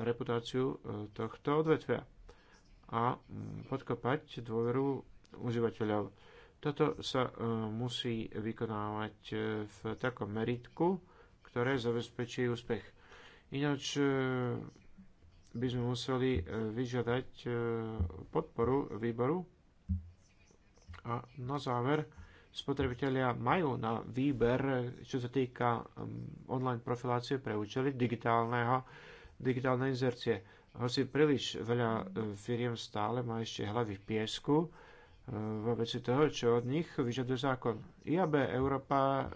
reputáciu tohto odvetvia a mm, podkopať dôveru užívateľov. Toto sa musí vykonávať v takom meritku, ktoré zabezpečí úspech. Ináč by sme museli e, vyžiadať e, podporu výboru. A na záver, spotrebitelia majú na výber, čo sa týka mm, online profilácie pre účely digitálneho, digitálnej inzercie. Hoci príliš veľa e, firiem stále má ešte hlavy v piesku, vo veci toho, čo od nich vyžaduje zákon. IAB Európa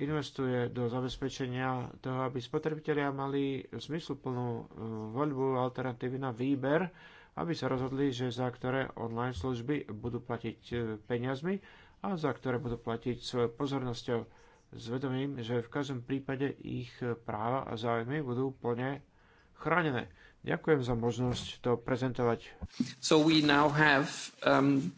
investuje do zabezpečenia toho, aby spotrebitelia mali zmysluplnú e, voľbu alternatívy na výber, aby sa rozhodli, že za ktoré online služby budú platiť e, peniazmi a za ktoré budú platiť svojou pozornosťou s vedomím, že v každom prípade ich práva a záujmy budú plne chránené. Ďakujem za možnosť to prezentovať. So we now have, um,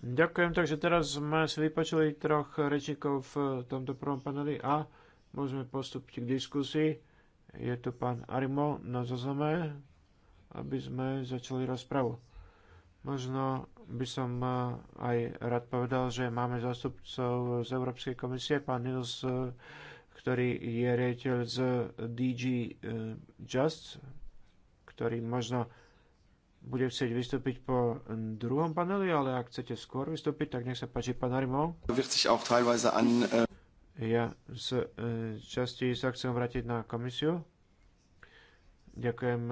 Ďakujem, takže teraz sme si vypočuli troch rečníkov v tomto prvom paneli a môžeme postúpiť k diskusii. Je tu pán Arimo na zozome, aby sme začali rozpravu. Možno by som eh, aj rád povedal, že máme zástupcov z Európskej komisie, pán Nils, eh, ktorý je riaditeľ z DG eh, Just, ktorý možno bude chcieť vystúpiť po druhom paneli, ale ak chcete skôr vystúpiť, tak nech sa páči, pán Arimo. Äh, ja z e, časti sa chcem vrátiť na komisiu. Ďakujem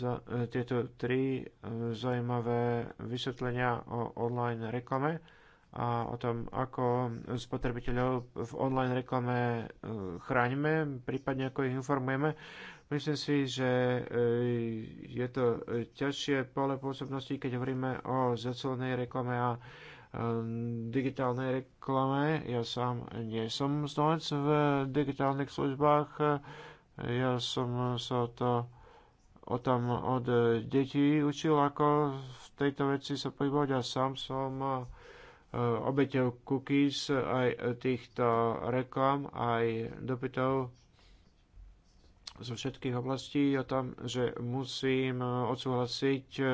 za e, tieto tri e, zaujímavé vysvetlenia o online reklame a o tom, ako spotrebiteľov v online reklame chráňme, prípadne ako ich informujeme. Myslím si, že e, je to e, ťažšie pole pôsobnosti, keď hovoríme o zacelenej reklame a e, digitálnej reklame. Ja sám nie som znovec v digitálnych službách. Ja som sa to o tam od detí učil, ako v tejto veci sa pohybovať a sám som obeťou cookies aj týchto reklam, aj dopytov zo všetkých oblastí o tom, že musím eh, odsúhlasiť eh,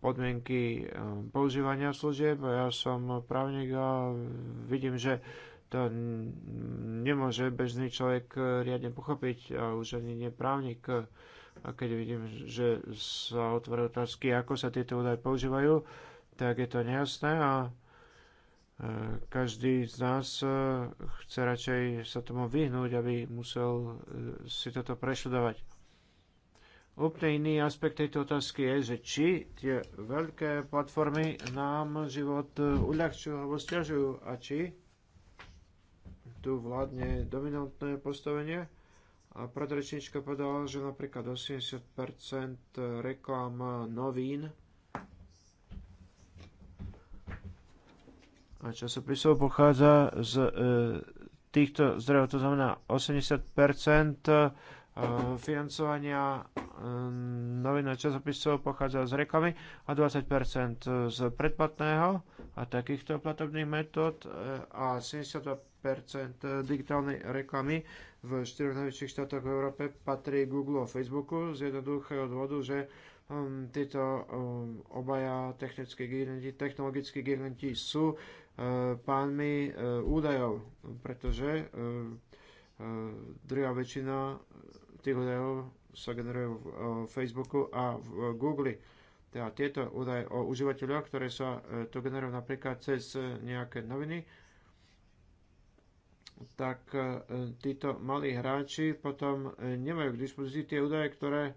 podmienky eh, používania služieb. Ja som právnik a vidím, že to nemôže bežný človek riadne pochopiť a už ani nie právnik. A keď vidím, že sa otvorí otázky, ako sa tieto údaje používajú, tak je to nejasné a Eh, každý z nás eh, chce radšej sa tomu vyhnúť, aby musel eh, si toto preštudovať. Úplne iný aspekt tejto otázky je, že či tie veľké platformy nám život uľahčujú alebo stiažujú a či tu vládne dominantné postavenie. A predrečnička povedala, že napríklad 80% reklám novín časopisov pochádza z e, týchto zdrojov, to znamená 80 e, financovania e, novín a časopisov pochádza z reklamy a 20% z predplatného a takýchto platobných metód a 72% digitálnej reklamy v štyroch najväčších štátoch v Európe patrí Google a Facebooku z jednoduchého dôvodu, že um, títo um, obaja technologickí giganti sú pánmi e, údajov, pretože e, e, druhá väčšina tých údajov sa generuje v Facebooku a v Google. Teda tieto údaje o užívateľoch, ktoré sa tu generujú napríklad cez nejaké noviny, tak títo malí hráči potom nemajú k dispozícii tie údaje, ktoré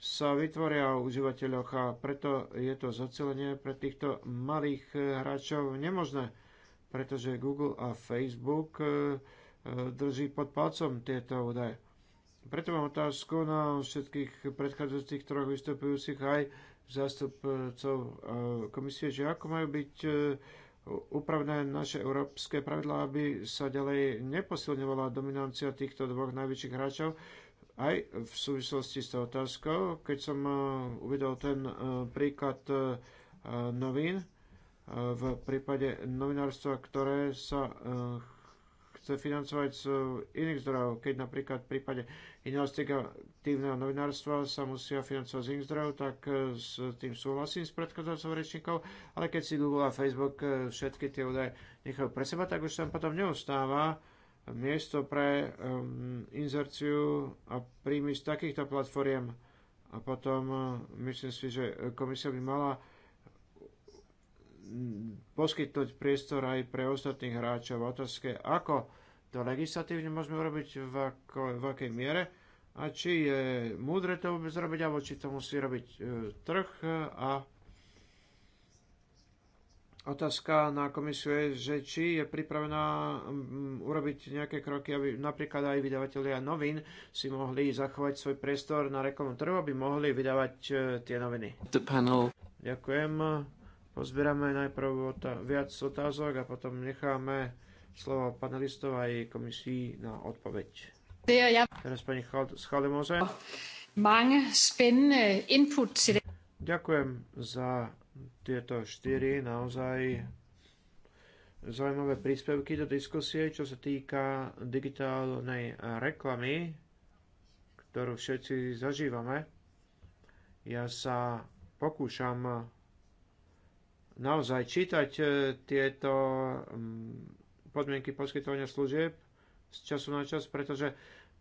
sa vytvoria o užívateľoch a preto je to zacelenie pre týchto malých eh, hráčov nemožné, pretože Google a Facebook eh, eh, drží pod palcom tieto údaje. Preto mám otázku na všetkých predchádzajúcich troch vystupujúcich aj zástupcov komisie, že ako majú byť upravené naše európske pravidlá, aby sa ďalej neposilňovala dominancia týchto dvoch najväčších hráčov, aj v súvislosti s tou otázkou, keď som eh, uvedol ten eh, príklad eh, novín, v prípade novinárstva, ktoré sa chce financovať z iných zdrojov, keď napríklad v prípade investigatívneho novinárstva sa musia financovať z iných zdrojov, tak s tým súhlasím s predchádzajúcou rečníkov, ale keď si Google a Facebook všetky tie údaje nechajú pre seba, tak už tam potom neostáva miesto pre um, inzerciu a príjmy z takýchto platformiem. A potom uh, myslím si, že komisia by mala mm, poskytnúť priestor aj pre ostatných hráčov. Otázka ako to legislatívne môžeme urobiť, v, ako, v akej miere a či je múdre to vôbec robiť, alebo či to musí robiť uh, trh a Otázka na komisiu je, že či je pripravená mm, urobiť nejaké kroky, aby napríklad aj vydavatelia novín si mohli zachovať svoj priestor na reklamnom trhu, aby mohli vydávať e, tie noviny. Ďakujem. Pozbierame najprv otá- viac otázok a potom necháme slovo panelistov aj komisii na odpoveď. Teraz pani Schaldemose. Mange input Ďakujem za tieto štyri naozaj zaujímavé príspevky do diskusie, čo sa týka digitálnej reklamy, ktorú všetci zažívame. Ja sa pokúšam naozaj čítať e, tieto podmienky poskytovania služieb z času na čas, pretože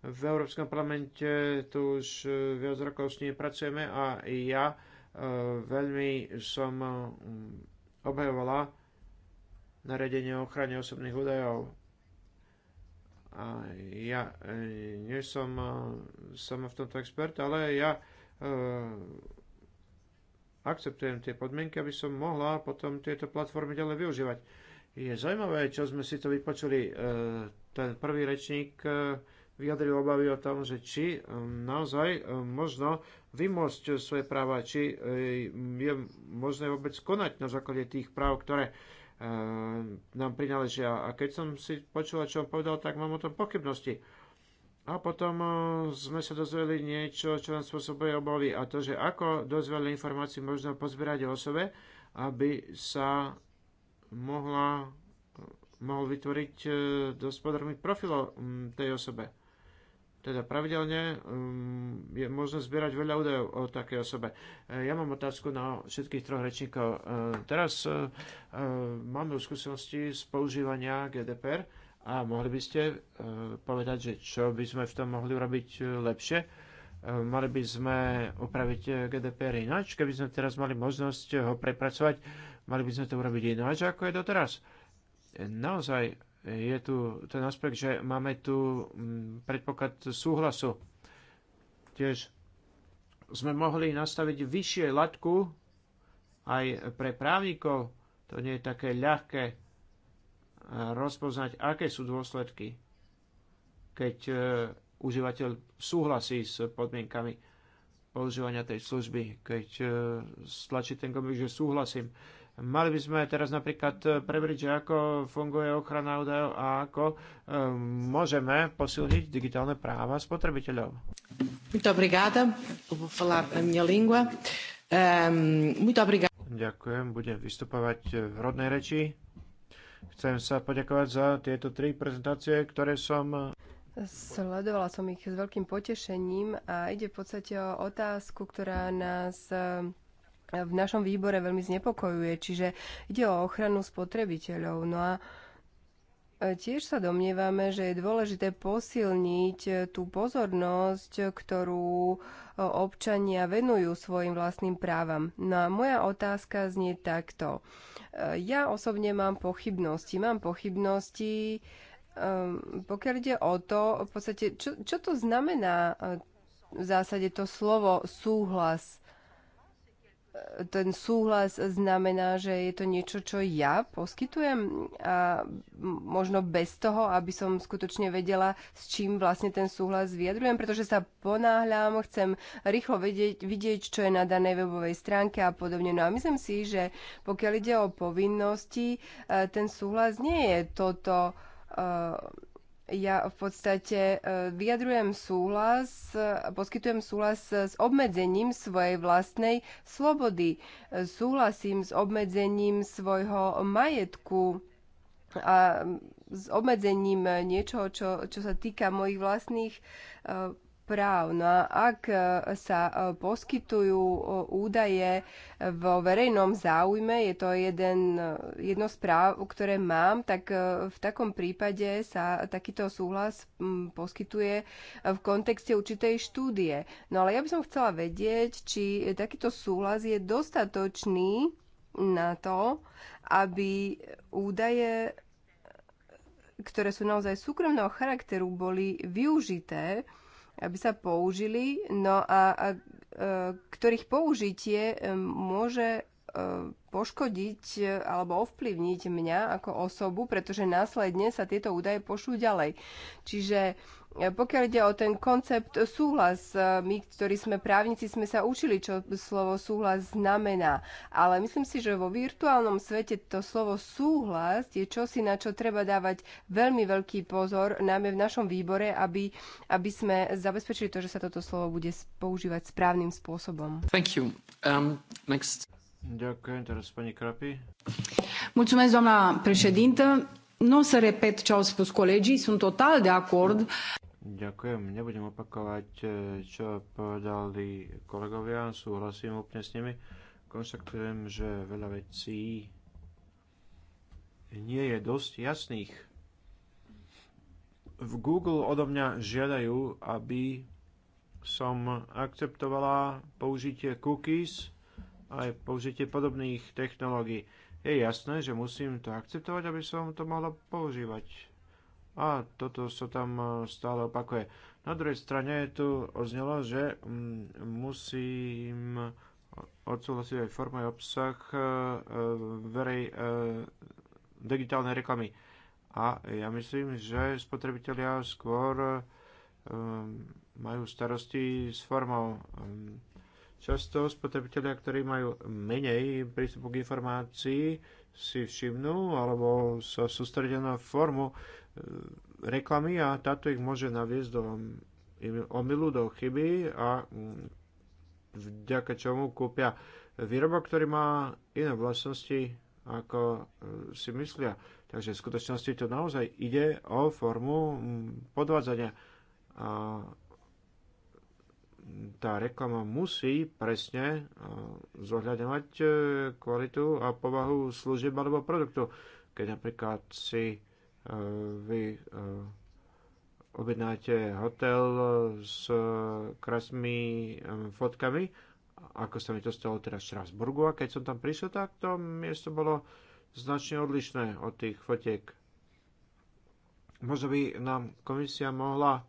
v Európskom parlamente tu už e, viac rokov s nimi pracujeme a ja Eh, veľmi som eh, obhajovala naredenie ochrany osobných údajov. A ja eh, nie som sama v tomto expert, ale ja akceptujem tie podmienky, aby som mohla potom tieto platformy ďalej využívať. Je zaujímavé, čo sme si to vypočuli. Ten prvý rečník vyjadril obavy o tom, že či naozaj možno vymôcť svoje práva, či e, je možné vôbec konať na základe tých práv, ktoré e, nám prináležia. A keď som si počula, čo on povedal, tak mám o tom pochybnosti. A potom e, sme sa dozvedeli niečo, čo nám spôsobuje obavy. A to, že ako dozvedeli informácií možno pozbierať o osobe, aby sa mohla, mohol vytvoriť dosť podrobný profil tej osobe. Teda pravidelne um, je možné zbierať veľa údajov o takej osobe. E, ja mám otázku na všetkých troch rečníkov. E, teraz e, máme skúsenosti z používania GDPR a mohli by ste povedať, že čo by sme v tom mohli urobiť lepšie? Mali by sme upraviť GDPR ináč, keby sme teraz mali možnosť ho prepracovať, mali by sme to urobiť ináč, ako je doteraz. Naozaj je tu ten aspekt, že máme tu mm, predpoklad súhlasu. Tiež sme mohli nastaviť vyššie latku aj pre právnikov. To nie je také ľahké eh, rozpoznať, aké sú dôsledky, keď eh, užívateľ súhlasí s podmienkami používania tej služby, keď e, stlačí ten gombík, že súhlasím. Mali by sme teraz napríklad e, preveriť, že ako funguje ochrana údajov a ako e, môžeme posilniť digitálne práva spotrebiteľov. Ehm, Ďakujem, budem vystupovať v rodnej reči. Chcem sa poďakovať za tieto tri prezentácie, ktoré som Sledovala som ich s veľkým potešením a ide v podstate o otázku, ktorá nás e, v našom výbore veľmi znepokojuje, čiže ide o ochranu spotrebiteľov. No a e, Tiež sa domnievame, že je dôležité posilniť e, tú pozornosť, ktorú občania venujú svojim vlastným právam. No a moja otázka znie takto. Ja osobne mám pochybnosti. Mám pochybnosti, Ehm, pokiaľ ide o to, v podstate, čo, čo to znamená e, v zásade to slovo súhlas? E, ten súhlas znamená, že je to niečo, čo ja poskytujem a možno bez toho, aby som skutočne vedela, s čím vlastne ten súhlas vyjadrujem, pretože sa ponáhľam, chcem rýchlo vedieť, vidieť, čo je na danej webovej stránke a podobne. No a myslím si, že pokiaľ ide o povinnosti, e, ten súhlas nie je toto Eh, ja v podstate eh, vyjadrujem súhlas, eh, poskytujem súhlas s obmedzením svojej vlastnej slobody. Súhlasím s obmedzením svojho majetku a mm, s obmedzením niečoho, čo, čo sa týka mojich vlastných práv. No a ak e, sa e, poskytujú e, údaje vo verejnom záujme, je to jeden, jedno z práv, ktoré mám, tak v takom prípade sa takýto súhlas poskytuje v kontexte určitej štúdie. No ale ja by som chcela vedieť, či takýto súhlas je dostatočný na to, aby údaje ktoré sú naozaj súkromného charakteru, boli využité aby sa použili, no a, a e, ktorých použitie e, môže e, poškodiť alebo ovplyvniť mňa ako osobu, pretože následne sa tieto údaje pošlú ďalej. Čiže E, pokiaľ ide o ten koncept súhlas, e, my, ktorí sme právnici, sme sa učili, čo slovo súhlas znamená. Ale myslím si, že vo virtuálnom svete to slovo súhlas je čosi, na čo treba dávať veľmi veľký pozor, najmä v našom výbore, aby, aby sme zabezpečili to, že sa toto slovo bude používať správnym spôsobom. Thank you. Um, next. Ďakujem, teraz pani Krapi. Mulțumesc, doamna președintă. Nu o să repet ce au spus colegii, sunt total de acord. Ďakujem, nebudem opakovať, eh, čo povedali kolegovia, súhlasím úplne s nimi. Konštatujem, že veľa vecí nie je dosť jasných. V Google odo mňa žiadajú, aby som akceptovala použitie cookies aj použitie podobných technológií je jasné, že musím to akceptovať, aby som to mohla používať. A toto sa tam e, stále opakuje. Na druhej strane je tu oznelo, že mm, musím odsúhlasiť aj formu aj obsah e, verej e, digitálnej reklamy. A ja myslím, že spotrebitelia skôr majú starosti s formou mm, Často spotrebitelia, ktorí majú menej prístupu k informácii, si všimnú alebo sa sústredia na formu e, reklamy a táto ich môže naviesť do omylu, do chyby a mm, vďaka čomu kúpia výrobok, ktorý má iné vlastnosti, ako e, si myslia. Takže v skutočnosti to naozaj ide o formu mm, podvádzania. A tá reklama musí presne e, zohľadňovať e, kvalitu a povahu služieb alebo produktu. Keď napríklad si e, vy objednáte hotel s krásnymi fotkami, ako sa mi to stalo teraz v Strasburgu a keď som tam prišiel, tak to miesto bolo značne odlišné od tých fotiek. Možno by nám komisia mohla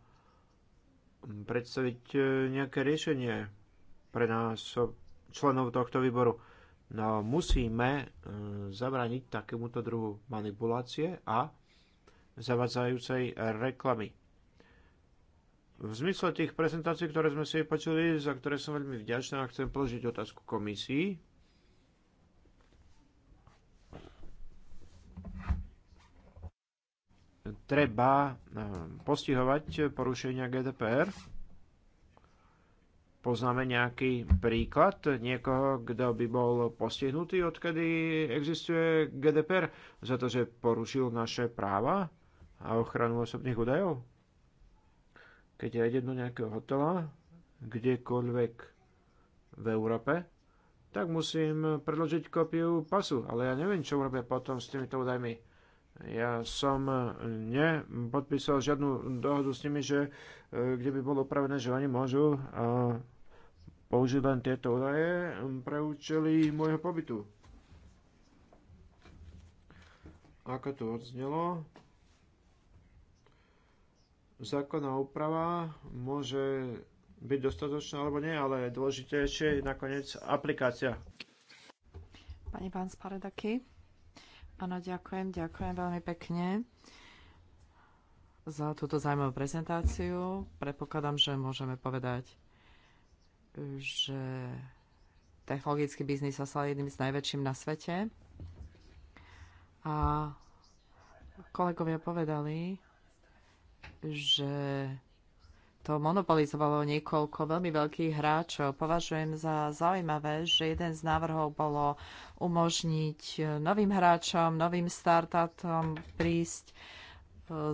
predstaviť e, nejaké riešenie pre nás, členov tohto výboru. No, musíme e, zabrániť takémuto druhu manipulácie a zavadzajúcej reklamy. V zmysle tých prezentácií, ktoré sme si počuli, za ktoré som veľmi vďačná, chcem položiť otázku komisii. treba eh, postihovať porušenia GDPR? Poznáme nejaký príklad niekoho, kto by bol postihnutý, odkedy existuje GDPR, za to, že porušil naše práva a ochranu osobných údajov? Keď ja idem do nejakého hotela, kdekoľvek v Európe, tak musím predložiť kopiu pasu, ale ja neviem, čo urobia potom s týmito údajmi ja som e, nepodpísal žiadnu dohodu s nimi, že e, kde by bolo upravené, že oni môžu e, použiť len tieto údaje pre účely môjho pobytu. Ako to odznelo, zákonná úprava môže byť dostatočná alebo nie, ale dôležitejšie je nakoniec aplikácia. Pani pán Sparedaky, Áno, ďakujem, ďakujem veľmi pekne za túto zaujímavú prezentáciu. Predpokladám, že môžeme povedať, že technologický biznis sa stal jedným z najväčším na svete. A kolegovia povedali, že to monopolizovalo niekoľko veľmi veľkých hráčov. Považujem za zaujímavé, že jeden z návrhov bolo umožniť e, novým hráčom, novým startupom prísť e,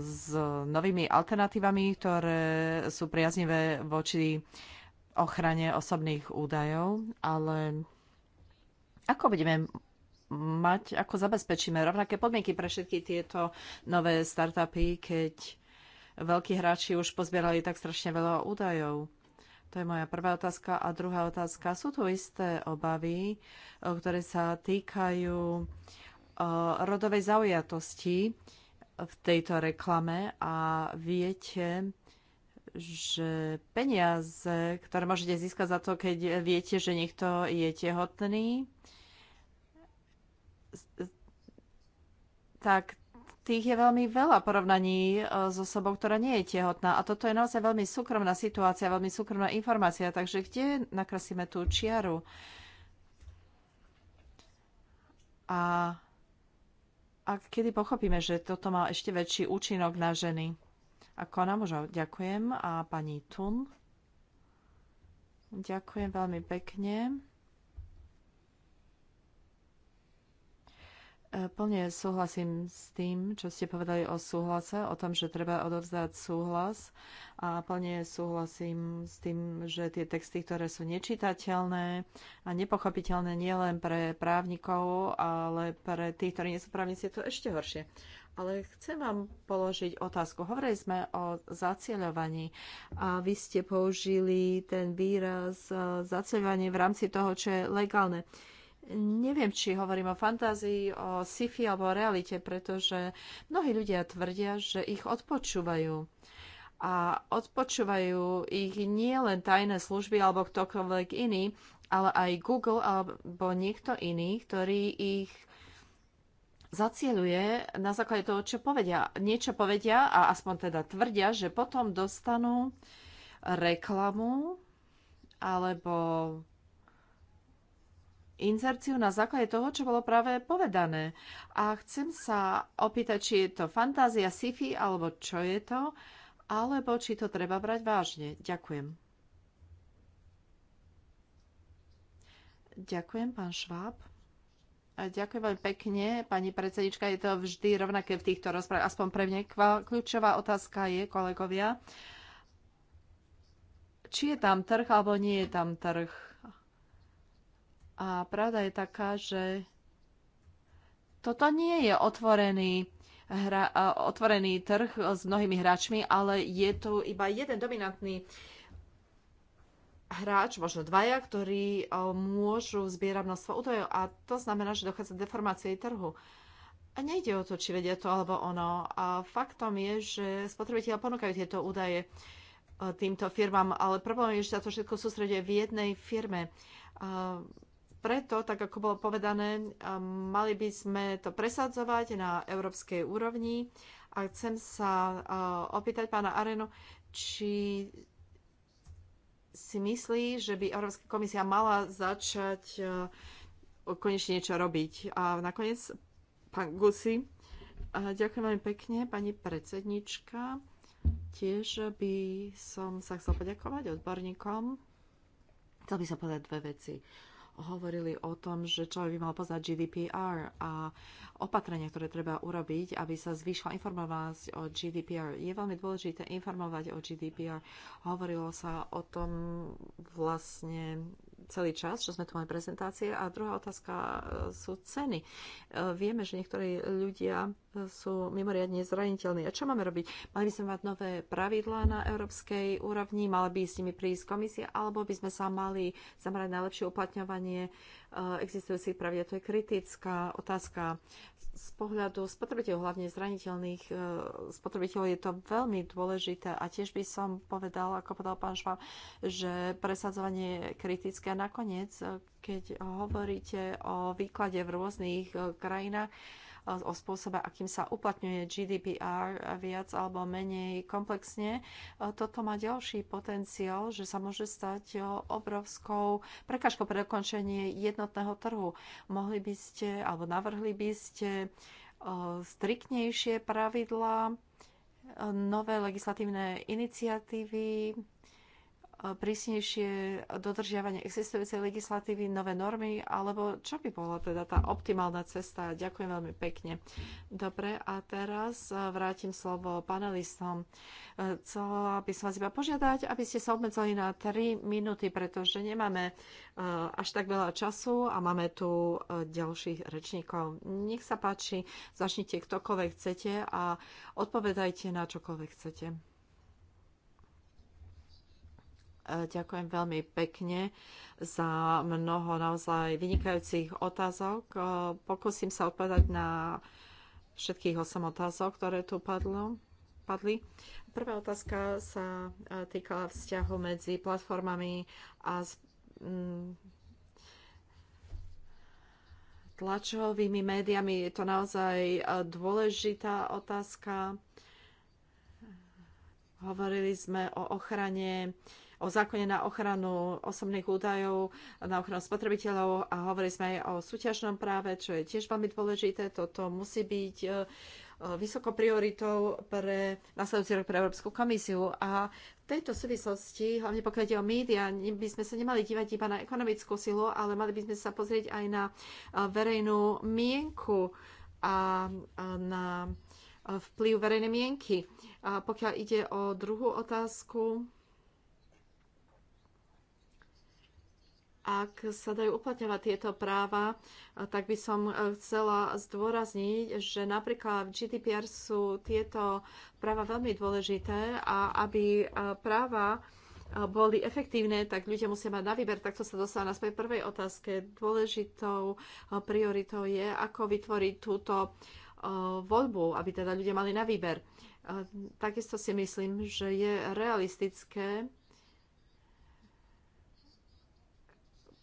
s novými alternatívami, ktoré sú priaznivé voči ochrane osobných údajov, ale ako budeme mať, ako zabezpečíme rovnaké podmienky pre všetky tieto nové startupy, keď veľkí hráči už pozbierali tak strašne veľa údajov? To je moja prvá otázka. A druhá otázka, sú tu isté obavy, ktoré sa týkajú rodovej zaujatosti v tejto reklame a viete, že peniaze, ktoré môžete získať za to, keď viete, že niekto je tehotný, tak tých je veľmi veľa porovnaní e, so osobou, ktorá nie je tehotná. A toto je naozaj veľmi súkromná situácia, veľmi súkromná informácia. Takže kde nakreslíme tú čiaru? A, a kedy pochopíme, že toto má ešte väčší účinok na ženy? Ako na mužov. Ďakujem. A pani Tun? Ďakujem veľmi pekne. E, plne súhlasím s tým, čo ste povedali o súhlase, o tom, že treba odovzdať súhlas a plne súhlasím s tým, že tie texty, ktoré sú nečitateľné a nepochopiteľné nielen pre právnikov, ale pre tých, ktorí nie sú právnici, je to ešte horšie. Ale chcem vám položiť otázku. Hovorili sme o zacieľovaní a vy ste použili ten výraz e, zacieľovanie v rámci toho, čo je legálne. Uh, neviem, či hovorím o fantázii, o sci-fi alebo o realite, pretože mnohí ľudia tvrdia, že ich odpočúvajú. A odpočúvajú ich nie len tajné služby alebo ktokoľvek iný, ale aj Google alebo niekto iný, ktorý ich zacieluje na základe toho, čo povedia. Niečo povedia a aspoň teda tvrdia, že potom dostanú reklamu alebo inzerciu na základe toho, čo bolo práve povedané. A chcem sa opýtať, či je to fantázia sci-fi, alebo čo je to, alebo či to treba brať vážne. Ďakujem. Ďakujem, pán Šváb. A ďakujem veľmi pekne, pani predsednička. Je to vždy rovnaké v týchto rozprávach, aspoň pre mňa. Kľúčová otázka je, kolegovia, či je tam trh alebo nie je tam trh a pravda je taká, že toto nie je otvorený, hra, otvorený trh s mnohými hráčmi, ale je tu iba jeden dominantný hráč, možno dvaja, ktorí môžu zbierať množstvo údajov a to znamená, že dochádza k trhu. A nejde o to, či vedia to alebo ono. A faktom je, že spotrebitelia ponúkajú tieto údaje e, týmto firmám, ale problém je, že sa to všetko sústreduje v jednej firme. A preto, tak ako bolo povedané, mali by sme to presadzovať na európskej úrovni. A chcem sa opýtať pána Arenu, či si myslí, že by Európska komisia mala začať konečne niečo robiť. A nakoniec, pán Gusi, ďakujem veľmi pekne, pani predsednička. Tiež by som sa chcel poďakovať odborníkom. Chcel by som povedať dve veci hovorili o tom, že čo by mal poznať GDPR a opatrenia, ktoré treba urobiť, aby sa zvýšila informovanosť o GDPR. Je veľmi dôležité informovať o GDPR. Hovorilo sa o tom vlastne celý čas, čo sme tu mali prezentácie. A druhá otázka e, sú ceny. E, vieme, že niektorí ľudia e, sú mimoriadne zraniteľní. A čo máme robiť? Mali by sme mať nové pravidlá na európskej úrovni, mala by s nimi prísť komisia, alebo by sme sa mali zamerať na lepšie uplatňovanie Eh, existujúcich pravidel. To je kritická otázka z pohľadu spotrebiteľov, hlavne zraniteľných eh, spotrebiteľov, je to veľmi dôležité. A tiež by som povedal, ako povedal pán Šváb, že presadzovanie je kritické. A nakoniec, eh, keď hovoríte o výklade v rôznych krajinách, o spôsobe, akým sa uplatňuje GDPR viac alebo menej komplexne, toto má ďalší potenciál, že sa môže stať obrovskou prekažkou pre dokončenie jednotného trhu. Mohli by ste, alebo navrhli by ste striktnejšie pravidlá, nové legislatívne iniciatívy, prísnejšie dodržiavanie existujúcej legislatívy, nové normy, alebo čo by bola teda tá optimálna cesta? Ďakujem veľmi pekne. Dobre, a teraz e, vrátim slovo panelistom. E, chcela by som vás iba požiadať, aby ste sa obmedzili na 3 minúty, pretože nemáme e, až tak veľa času a máme tu ďalších rečníkov. Nech sa páči, začnite ktokoľvek chcete a odpovedajte na čokoľvek chcete. E, ďakujem veľmi pekne za mnoho naozaj vynikajúcich otázok. E, pokúsim sa odpovedať na všetkých 8 otázok, ktoré tu padlo, padli. Prvá otázka sa e, týkala vzťahu medzi platformami a mm, tlačovými médiami. Je to naozaj dôležitá otázka. Hovorili sme o ochrane o zákone na ochranu osobných údajov, na ochranu spotrebiteľov a hovorili sme aj o súťažnom práve, čo je tiež veľmi dôležité. Toto musí byť e, e, vysokou prioritou pre nasledujúci rok pre Európsku komisiu. A v tejto súvislosti, hlavne pokiaľ ide o médiá, by sme sa nemali dívať iba na ekonomickú silu, ale mali by sme sa pozrieť aj na e, verejnú mienku a na vplyv verejnej mienky. A pokiaľ ide o druhú otázku, ak sa dajú uplatňovať tieto práva, tak by som e, chcela zdôrazniť, že napríklad v GDPR sú tieto práva veľmi dôležité a aby e, práva e, boli efektívne, tak ľudia musia mať na výber. Takto sa dostávam na svojej prvej otázke. Dôležitou prioritou je, ako vytvoriť túto voľbu, aby teda ľudia mali na výber. Takisto si myslím, že je realistické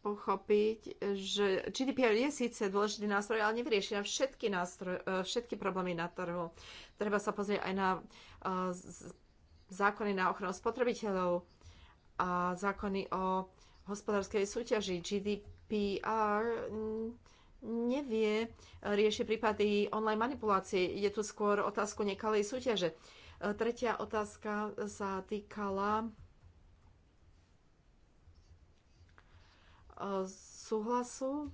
pochopiť, že GDPR je síce dôležitý nástroj, ale nevyrieši na všetky, nástroj, e, všetky problémy na trhu. Treba sa pozrieť aj na e, zákony na ochranu spotrebiteľov a zákony o hospodárskej súťaži. GDPR mm, nevie rieši prípady online manipulácie. Je tu skôr otázku nekalej súťaže. E, tretia otázka sa týkala súhlasu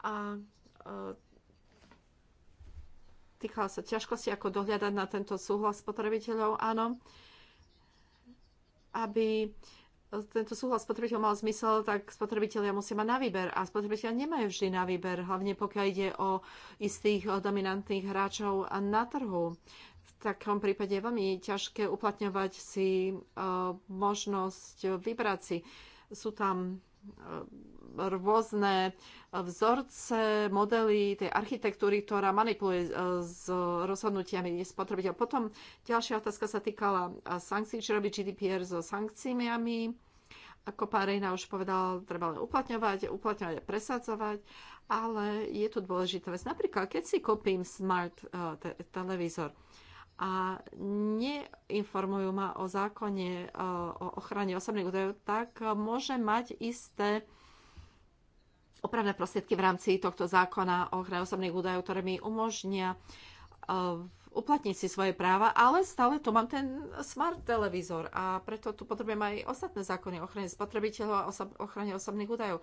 a e, týkala sa ťažkosti, ako dohľadať na tento súhlas spotrebiteľov, áno. Aby tento súhlas spotrebiteľ mal zmysel, tak spotrebitelia musia mať na výber. A spotrebitelia nemajú vždy na výber, hlavne pokiaľ ide o istých dominantných hráčov na trhu. V takom prípade je veľmi ťažké uplatňovať si e, možnosť vybrať si. Sú tam E, rôzne vzorce, modely tej architektúry, ktorá manipuluje e, s rozhodnutiami spotrebiteľa. Potom ďalšia otázka sa týkala e, sankcií, čo robí GDPR so sankciami. Ako pán Rejna už povedal, treba len uplatňovať, uplatňovať a presadzovať, ale je tu dôležitá vec. Napríklad, keď si kúpim smart uh, te televízor, uh, a neinformujú ma o zákone e, o ochrane osobných údajov, tak môže mať isté opravné prostriedky v rámci tohto zákona o ochrane osobných údajov, ktoré mi umožnia e, uplatniť si svoje práva, ale stále tu mám ten smart televízor a preto tu potrebujem aj ostatné zákony o ochrane spotrebiteľov a ochrane osobných údajov.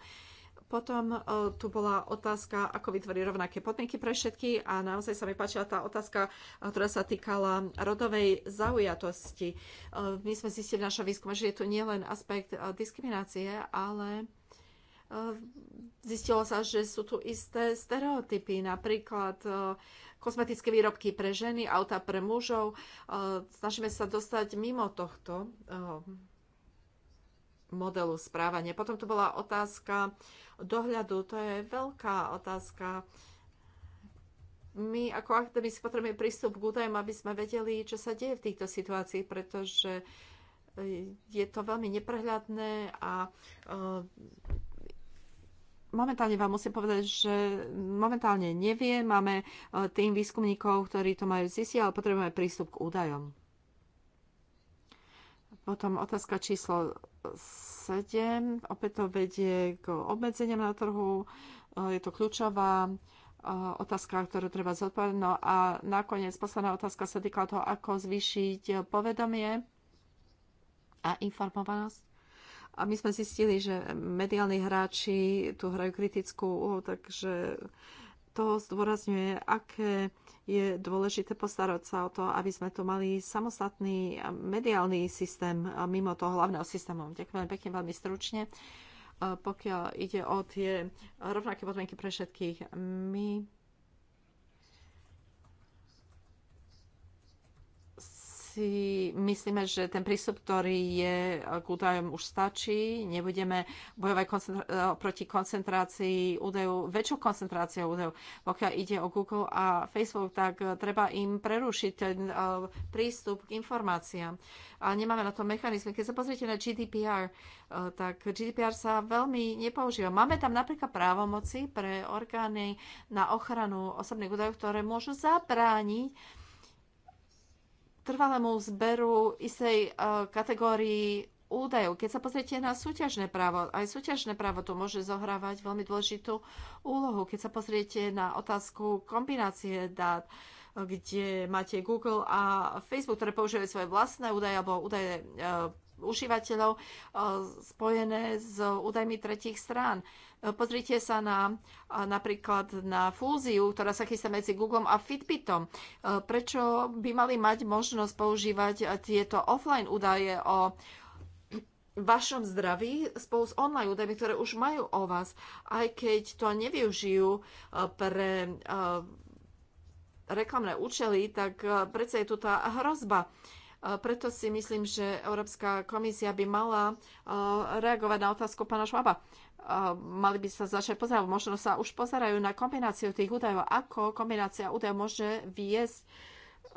Potom e, tu bola otázka, ako vytvoriť rovnaké podmienky pre všetky a naozaj sa mi páčila tá otázka, e, ktorá sa týkala rodovej zaujatosti. E, my sme zistili v našom výskume, že je tu nielen aspekt diskriminácie, ale zistilo sa, že sú tu isté stereotypy, napríklad kozmetické výrobky pre ženy, auta pre mužov. Snažíme sa dostať mimo tohto modelu správania. Potom tu bola otázka dohľadu. To je veľká otázka. My ako akademici potrebujeme prístup k údajom, aby sme vedeli, čo sa deje v týchto situáciách, pretože eh, je to veľmi neprehľadné a eh, momentálne vám musím povedať, že momentálne nevie. Máme eh, tým výskumníkov, ktorí to majú zistiť, ale potrebujeme prístup k údajom. Potom otázka číslo 7. Opäť to vedie k obmedzeniam na trhu. E, je to kľúčová e, otázka, ktorú treba zodpovedať. No a nakoniec posledná otázka sa týka toho, ako zvýšiť povedomie a informovanosť. A my sme zistili, že mediálni hráči tu hrajú kritickú úlohu, takže to zdôrazňuje, aké je dôležité postarať sa o to, aby sme tu mali samostatný mediálny systém mimo toho hlavného systému. Ďakujem pekne veľmi stručne. Pokiaľ ide o tie rovnaké podmienky pre všetkých, my si myslíme, že ten prístup, ktorý je k údajom už stačí. Nebudeme bojovať koncentra- eh, proti koncentrácii údajov, väčšou koncentráciou údajov. Pokiaľ ide o Google a Facebook, tak eh, treba im prerušiť ten eh, prístup k informáciám. A nemáme na to mechanizmy. Keď sa pozriete na GDPR, tak GDPR sa veľmi nepoužíva. Máme tam napríklad právomoci pre orgány na ochranu osobných údajov, ktoré môžu zabrániť trvalému zberu istej e, kategórii údajov. Keď sa pozriete na súťažné právo, aj súťažné právo tu môže zohrávať veľmi dôležitú úlohu. Keď sa pozriete na otázku kombinácie dát, e, kde máte Google a Facebook, ktoré používajú svoje vlastné údaje alebo údaje e, užívateľov eh, spojené s údajmi tretich strán. Eh, pozrite sa na eh, napríklad na fúziu, ktorá sa chystá medzi Google a Fitbitom. Prečo by mali mať možnosť používať tieto offline údaje o vašom zdraví spolu s online údajmi, ktoré už majú o vás, aj keď to nevyužijú pre reklamné účely, tak predsa je tu tá hrozba preto si myslím, že Európska komisia by mala reagovať na otázku pána Švaba. Mali by sa začať pozerať, možno sa už pozerajú na kombináciu tých údajov, ako kombinácia údajov môže viesť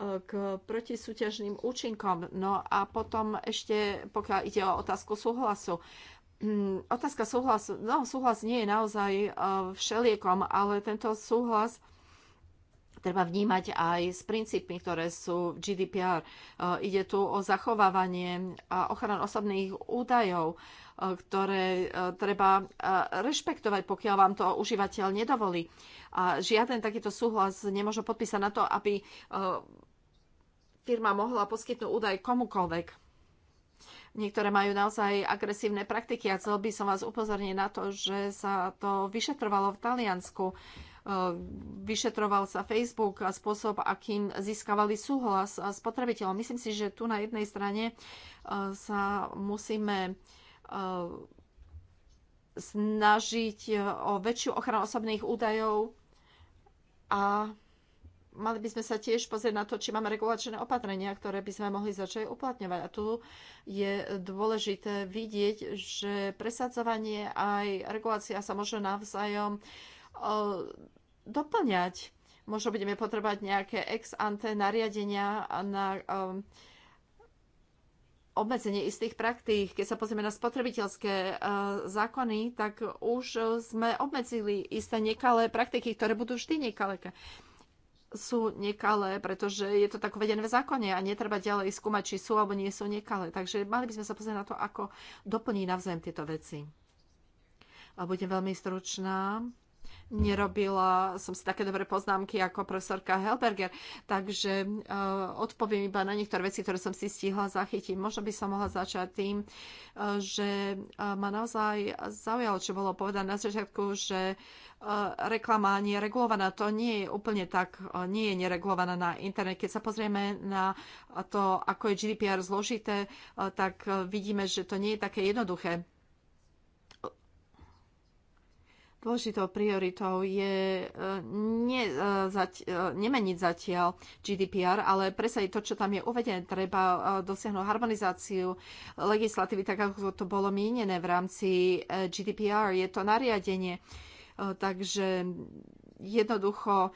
k protisúťažným účinkom. No a potom ešte, pokiaľ ide o otázku súhlasu. Mm, otázka súhlasu, no súhlas nie je naozaj všeliekom, ale tento súhlas treba vnímať aj s princípmi, ktoré sú v GDPR. E, ide tu o zachovávanie a ochran osobných údajov, e, ktoré e, treba rešpektovať, pokiaľ vám to užívateľ nedovolí. A žiaden takýto súhlas nemôže podpísať na to, aby firma mohla poskytnúť údaj komukoľvek. Niektoré majú naozaj agresívne praktiky a chcel by som vás upozorniť na to, že sa to vyšetrovalo v Taliansku. Uh, Eh, vyšetroval sa Facebook a spôsob, akým získavali súhlas spotrebiteľov. Myslím si, že tu na jednej strane eh, sa musíme eh, snažiť o väčšiu ochranu osobných údajov a mali by sme sa tiež pozrieť na to, či máme regulačné opatrenia, ktoré by sme mohli začať uplatňovať. A tu je dôležité vidieť, že presadzovanie aj regulácia sa môže navzájom doplňať. Možno budeme potrebať nejaké ex ante nariadenia na obmedzenie istých praktík. Keď sa pozrieme na spotrebiteľské zákony, tak už sme obmedzili isté nekalé praktiky, ktoré budú vždy nekalé sú nekalé, pretože je to tak uvedené v zákone a netreba ďalej skúmať, či sú alebo nie sú nekalé. Takže mali by sme sa pozrieť na to, ako doplní navzájem tieto veci. A budem veľmi stručná nerobila som si také dobré poznámky ako profesorka Helberger, takže uh, odpoviem iba na niektoré veci, ktoré som si stihla zachytiť. Možno by som mohla začať tým, uh, že uh, ma naozaj zaujalo, čo bolo povedané na začiatku, že reklama nie je regulovaná. To nie je úplne tak, nie je neregulovaná na internet. Keď sa pozrieme na to, ako je GDPR zložité, tak vidíme, že to nie je také jednoduché Dôležitou prioritou je e, ne, e, zať, e, nemeniť zatiaľ GDPR, ale presne to, čo tam je uvedené. Treba dosiahnuť harmonizáciu legislatívy, tak ako to bolo mínené v rámci GDPR. Je to nariadenie, takže jednoducho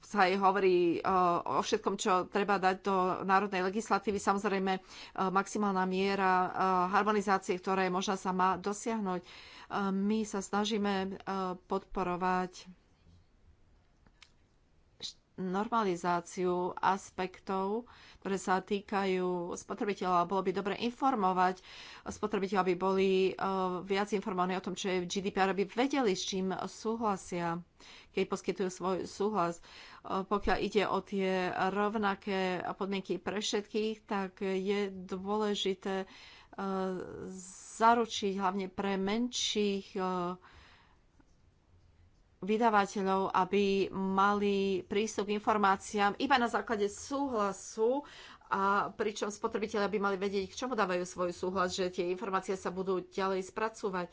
sa aj hovorí o všetkom, čo treba dať do národnej legislatívy. Samozrejme, maximálna miera harmonizácie, ktorá je možná sa má dosiahnuť my sa snažíme e, podporovať normalizáciu aspektov, ktoré sa týkajú spotrebiteľa. Bolo by dobre informovať spotrebiteľa, aby boli e, viac informovaní o tom, čo je v GDPR, aby vedeli, s čím súhlasia, keď poskytujú svoj súhlas. E, pokiaľ ide o tie rovnaké podmienky pre všetkých, tak je dôležité zaručiť hlavne pre menších e, vydavateľov, aby mali prístup k informáciám iba na základe súhlasu a pričom spotrebitelia by mali vedieť, k čomu dávajú svoj súhlas, že tie informácie sa budú ďalej spracúvať. E,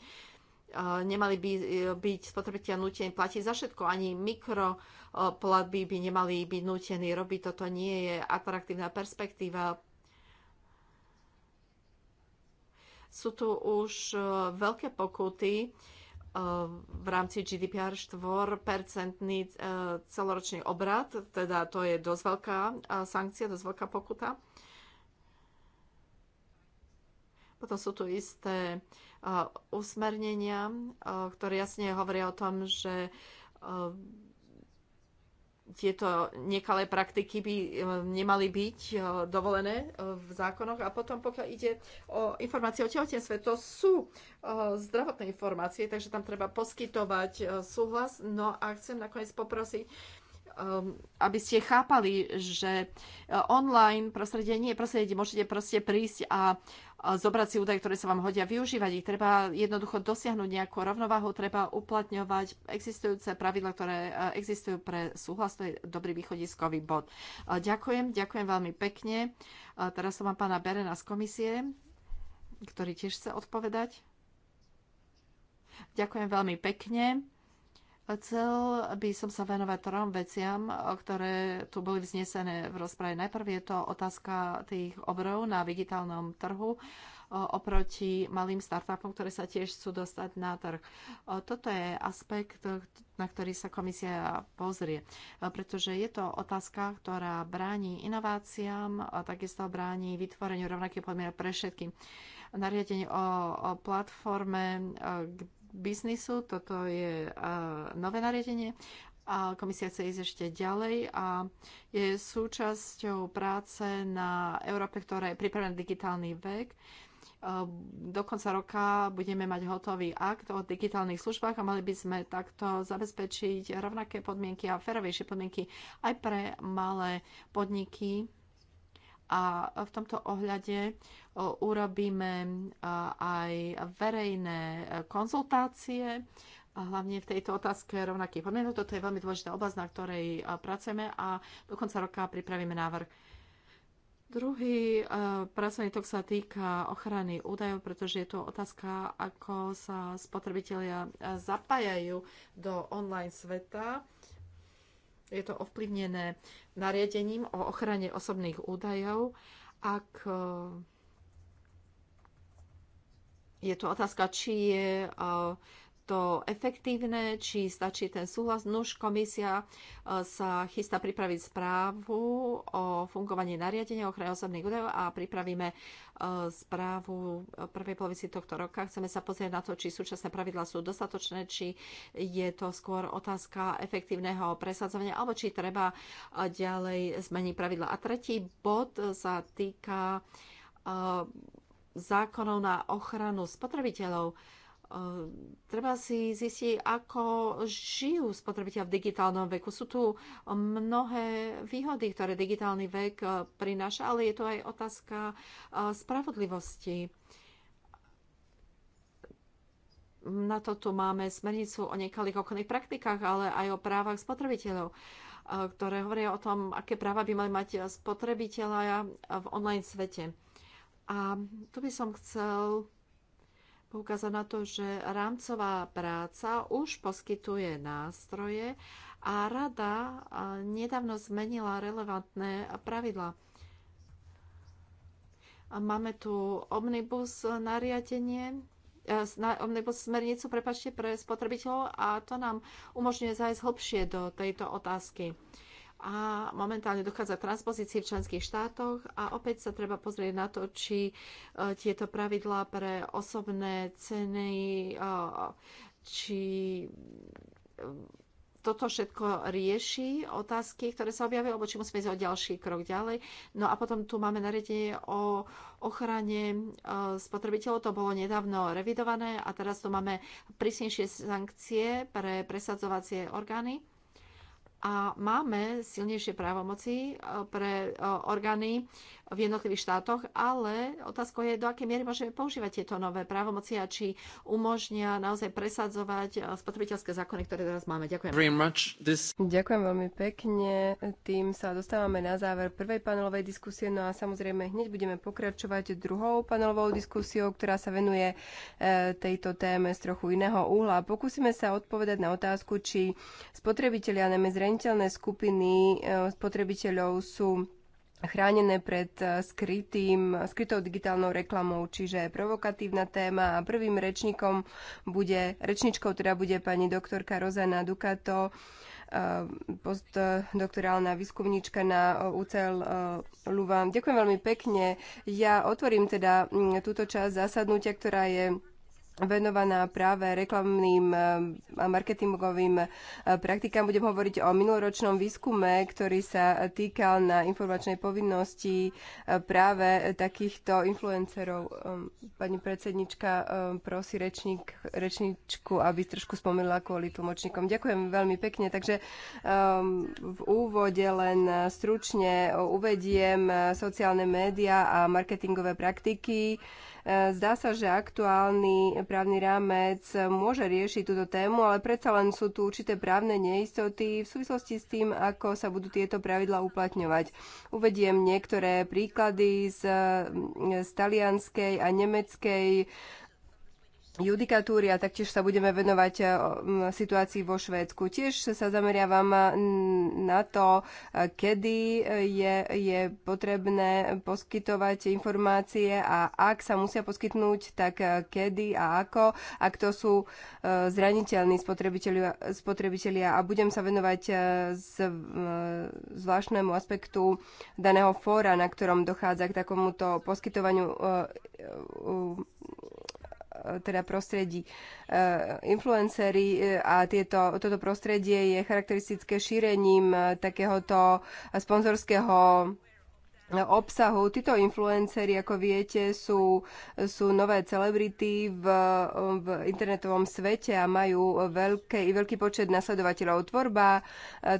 nemali by e, byť spotrebitelia nútení platiť za všetko, ani mikroplatby by nemali byť nútení robiť. Toto nie je atraktívna perspektíva Sú tu už e, veľké pokuty e, v rámci GDPR 4-percentný e, celoročný obrad, teda to je dosť veľká sankcia, dosť veľká pokuta. Potom sú tu isté usmernenia, ktoré jasne hovoria o tom, že tieto nekalé praktiky by e, nemali byť e, dovolené e, v zákonoch. A potom, pokiaľ ide o informácie o tehotenstve, to sú zdravotné informácie, takže tam treba poskytovať súhlas. No a chcem nakoniec poprosiť Ehm, aby ste chápali, že e, online prostredie nie je prostredie, kde môžete proste prísť a zobrať si údaje, ktoré sa vám hodia, využívať ich. Treba jednoducho dosiahnuť nejakú rovnováhu, treba uplatňovať existujúce pravidla, ktoré e, existujú pre súhlas, to je dobrý východiskový bod. E, ďakujem, ďakujem veľmi pekne. Teraz som mám pána Berena z komisie, ktorý tiež chce odpovedať. Ďakujem veľmi pekne. Chcel by som sa venovať trom veciam, ktoré tu boli vznesené v rozprave. Najprv je to otázka tých obrov na digitálnom trhu oproti malým startupom, ktoré sa tiež chcú dostať na trh. Toto je aspekt, na ktorý sa komisia pozrie, pretože je to otázka, ktorá bráni inováciám a takisto bráni vytvoreniu rovnakých podmienok pre všetky. Nariadenie o, o platforme, biznisu. Toto je nové nariadenie a komisia chce ísť ešte ďalej a je súčasťou práce na Európe, ktorá je pripravená digitálny vek. Do konca roka budeme mať hotový akt o digitálnych službách a mali by sme takto zabezpečiť rovnaké podmienky a ferovejšie podmienky aj pre malé podniky a v tomto ohľade e, urobíme e, aj verejné e, konzultácie, a hlavne v tejto otázke rovnakých podmienok. Toto je veľmi dôležitá oblasť, na ktorej pracujeme a do konca roka pripravíme návrh. Druhý pracovný tok sa týka ochrany údajov, pretože je to otázka, ako sa spotrebitelia zapájajú do online sveta je to ovplyvnené nariadením o ochrane osobných údajov. Ak e, je tu otázka, či je e, to efektívne, či stačí ten súhlas. Nuž komisia e, sa chystá pripraviť správu o fungovaní nariadenia ochrany osobných údajov a pripravíme e, správu prvej polovici tohto roka. Chceme sa pozrieť na to, či súčasné pravidlá sú dostatočné, či je to skôr otázka efektívneho presadzovania, alebo či treba e, ďalej zmeniť pravidla. A tretí bod sa týka zákonov na ochranu spotrebiteľov Eh, treba si zistiť, ako žijú spotrebitia v digitálnom veku. Sú tu mnohé výhody, ktoré digitálny vek eh, prináša, ale je to aj otázka eh, spravodlivosti. Na to tu máme smernicu o nekalých okolných praktikách, ale aj o právach spotrebiteľov ktoré hovoria o tom, aké práva by mali mať spotrebiteľa v online svete. A tu by som chcel poukázať na to, že rámcová práca už poskytuje nástroje a rada nedávno zmenila relevantné pravidla. Máme tu omnibus nariadenie, e, omnibus smernicu prepačte, pre spotrebiteľov a to nám umožňuje zájsť hlbšie do tejto otázky a momentálne dochádza k transpozícii v členských štátoch a opäť sa treba pozrieť na to, či e, tieto pravidlá pre osobné ceny, e, či e, toto všetko rieši otázky, ktoré sa objavia, alebo či musíme ísť o ďalší krok ďalej. No a potom tu máme nariadenie o ochrane spotrebiteľov, to bolo nedávno revidované a teraz tu máme prísnejšie sankcie pre presadzovacie orgány a máme silnejšie právomoci eh, pre eh, orgány v jednotlivých štátoch, ale otázkou je, do akej miery môžeme používať tieto nové právomoci a či umožnia naozaj presadzovať eh, spotrebiteľské zákony, ktoré teraz máme. Ďakujem. This... Ďakujem veľmi pekne. Tým sa dostávame na záver prvej panelovej diskusie, no a samozrejme hneď budeme pokračovať druhou panelovou diskusiou, ktorá sa venuje eh, tejto téme z trochu iného uhla. Pokúsime sa odpovedať na otázku, či spotrebitelia, najmä zraniteľné skupiny eh, spotrebiteľov sú chránené pred eh, skrytým, skrytou digitálnou reklamou, čiže provokatívna téma a prvým rečníkom bude, rečničkou teda bude pani doktorka Rozana Dukato, eh, postdoktorálna eh, výskumníčka na UCL Luvan. Ďakujem veľmi pekne. Ja otvorím teda mm, túto časť zasadnutia, ktorá je venovaná práve reklamným eh, a marketingovým eh, praktikám. Budem hovoriť o minuloročnom výskume, ktorý sa týkal na informačnej povinnosti eh, práve takýchto influencerov. Pani predsednička prosí rečník, rečníčku, aby trošku spomenula kvôli tlmočníkom. Ďakujem veľmi pekne. Takže v úvode len stručne uvediem sociálne médiá a marketingové praktiky Eh, zdá sa, že aktuálny právny rámec môže riešiť túto tému, ale predsa len sú tu určité právne neistoty v súvislosti s tým, ako sa budú tieto pravidla uplatňovať. Uvediem niektoré príklady z, mm, z talianskej a nemeckej judikatúry a taktiež sa budeme venovať e, situácii vo Švédsku. Tiež sa zameriavam e, na to, e, kedy je, je potrebné poskytovať informácie a ak sa musia poskytnúť, tak kedy a ako, ak to sú zraniteľní spotrebitelia, spotrebitelia a budem sa venovať z, zvláštnemu aspektu daného fóra, na ktorom dochádza k takomuto poskytovaniu teda prostredí. Eh, influencery eh, a tieto, toto prostredie je charakteristické šírením eh, takéhoto sponzorského obsahu. Títo influenceri, ako viete, sú, sú nové celebrity v, v internetovom svete a majú veľké, veľký počet nasledovateľov. Tvorba,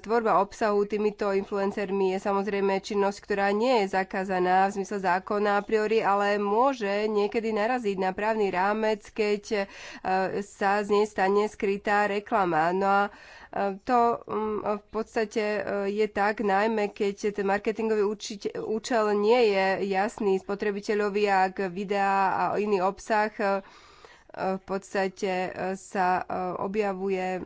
tvorba obsahu týmito influencermi je samozrejme činnosť, ktorá nie je zakázaná v zmysle zákona a priori, ale môže niekedy naraziť na právny rámec, keď eh, sa z nej stane skrytá reklama. No a to mm, v podstate e, je tak, najmä keď ten marketingový účel nie je jasný spotrebiteľovi, ak videá a iný obsah e, e, v podstate sa objavuje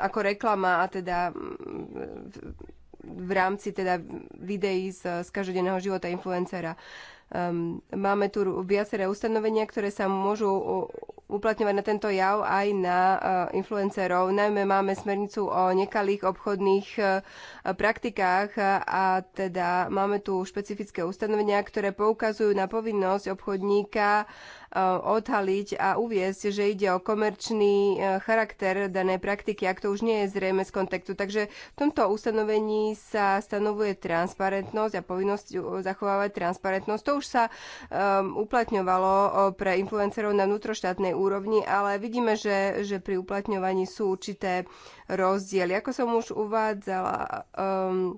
ako reklama a teda mm, v rámci teda videí z, z každodenného života influencera. Ehm, máme tu viaceré ustanovenia, ktoré sa môžu uplatňovať na tento jav aj na eh, influencerov. Najmä máme smernicu o nekalých obchodných eh, praktikách eh, a teda máme tu špecifické ustanovenia, ktoré poukazujú na povinnosť obchodníka odhaliť a uviesť, že ide o komerčný charakter danej praktiky, ak to už nie je zrejme z kontextu. Takže v tomto ustanovení sa stanovuje transparentnosť a povinnosť zachovávať transparentnosť. To už sa um, uplatňovalo uh, pre influencerov na vnútroštátnej úrovni, ale vidíme, že, že pri uplatňovaní sú určité rozdiely. Ako som už uvádzala, um,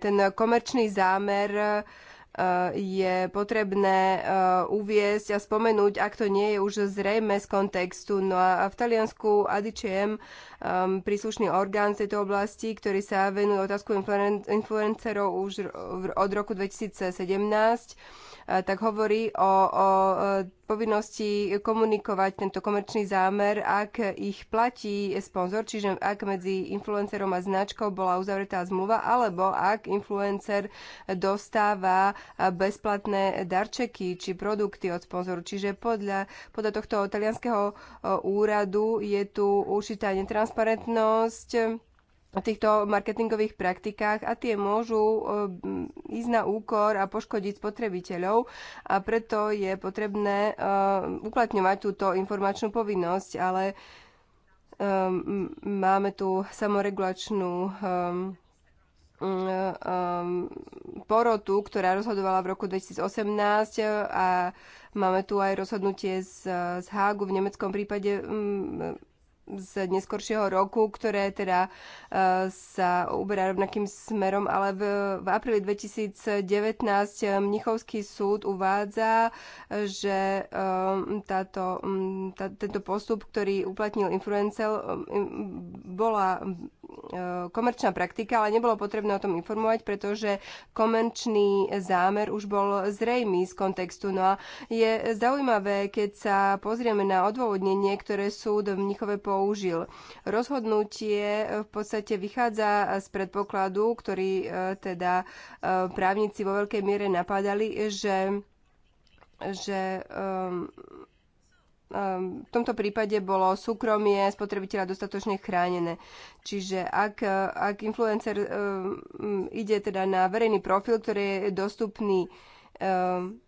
ten komerčný zámer uh, je potrebné uh, uviesť a spomenúť, ak to nie je už zrejme z kontextu. No a v Taliansku ADCM um, príslušný orgán z tejto oblasti, ktorý sa venuje otázku influencerov už od roku 2017, Eh, tak hovorí o, o eh, povinnosti komunikovať tento komerčný zámer, ak ich platí sponzor, čiže ak medzi influencerom a značkou bola uzavretá zmluva, alebo ak influencer dostáva eh, bezplatné darčeky či produkty od sponzoru. Čiže podľa, podľa tohto talianského úradu je tu určitá netransparentnosť o týchto marketingových praktikách a tie môžu e, ísť na úkor a poškodiť spotrebiteľov a preto je potrebné e, uplatňovať túto informačnú povinnosť, ale e, máme tu samoregulačnú porotu, ktorá rozhodovala v roku 2018 a máme tu aj rozhodnutie z, z Hágu v nemeckom prípade z neskoršieho roku, ktoré teda e, sa uberá rovnakým smerom, ale v, v apríli 2019 e, Mnichovský súd uvádza, že e, táto, tá, tento postup, ktorý uplatnil influencer, bola E, komerčná praktika, ale nebolo potrebné o tom informovať, pretože komerčný zámer už bol zrejmý z kontextu. No a je zaujímavé, keď sa pozrieme na odôvodnenie, ktoré súd v Mnichove použil. Rozhodnutie v podstate vychádza z predpokladu, ktorý e, teda e, právnici vo veľkej miere napadali, že že um, Ehm, v tomto prípade bolo súkromie spotrebiteľa dostatočne chránené. Čiže ak, e, ak influencer ehm, ide teda na verejný profil, ktorý je dostupný ehm,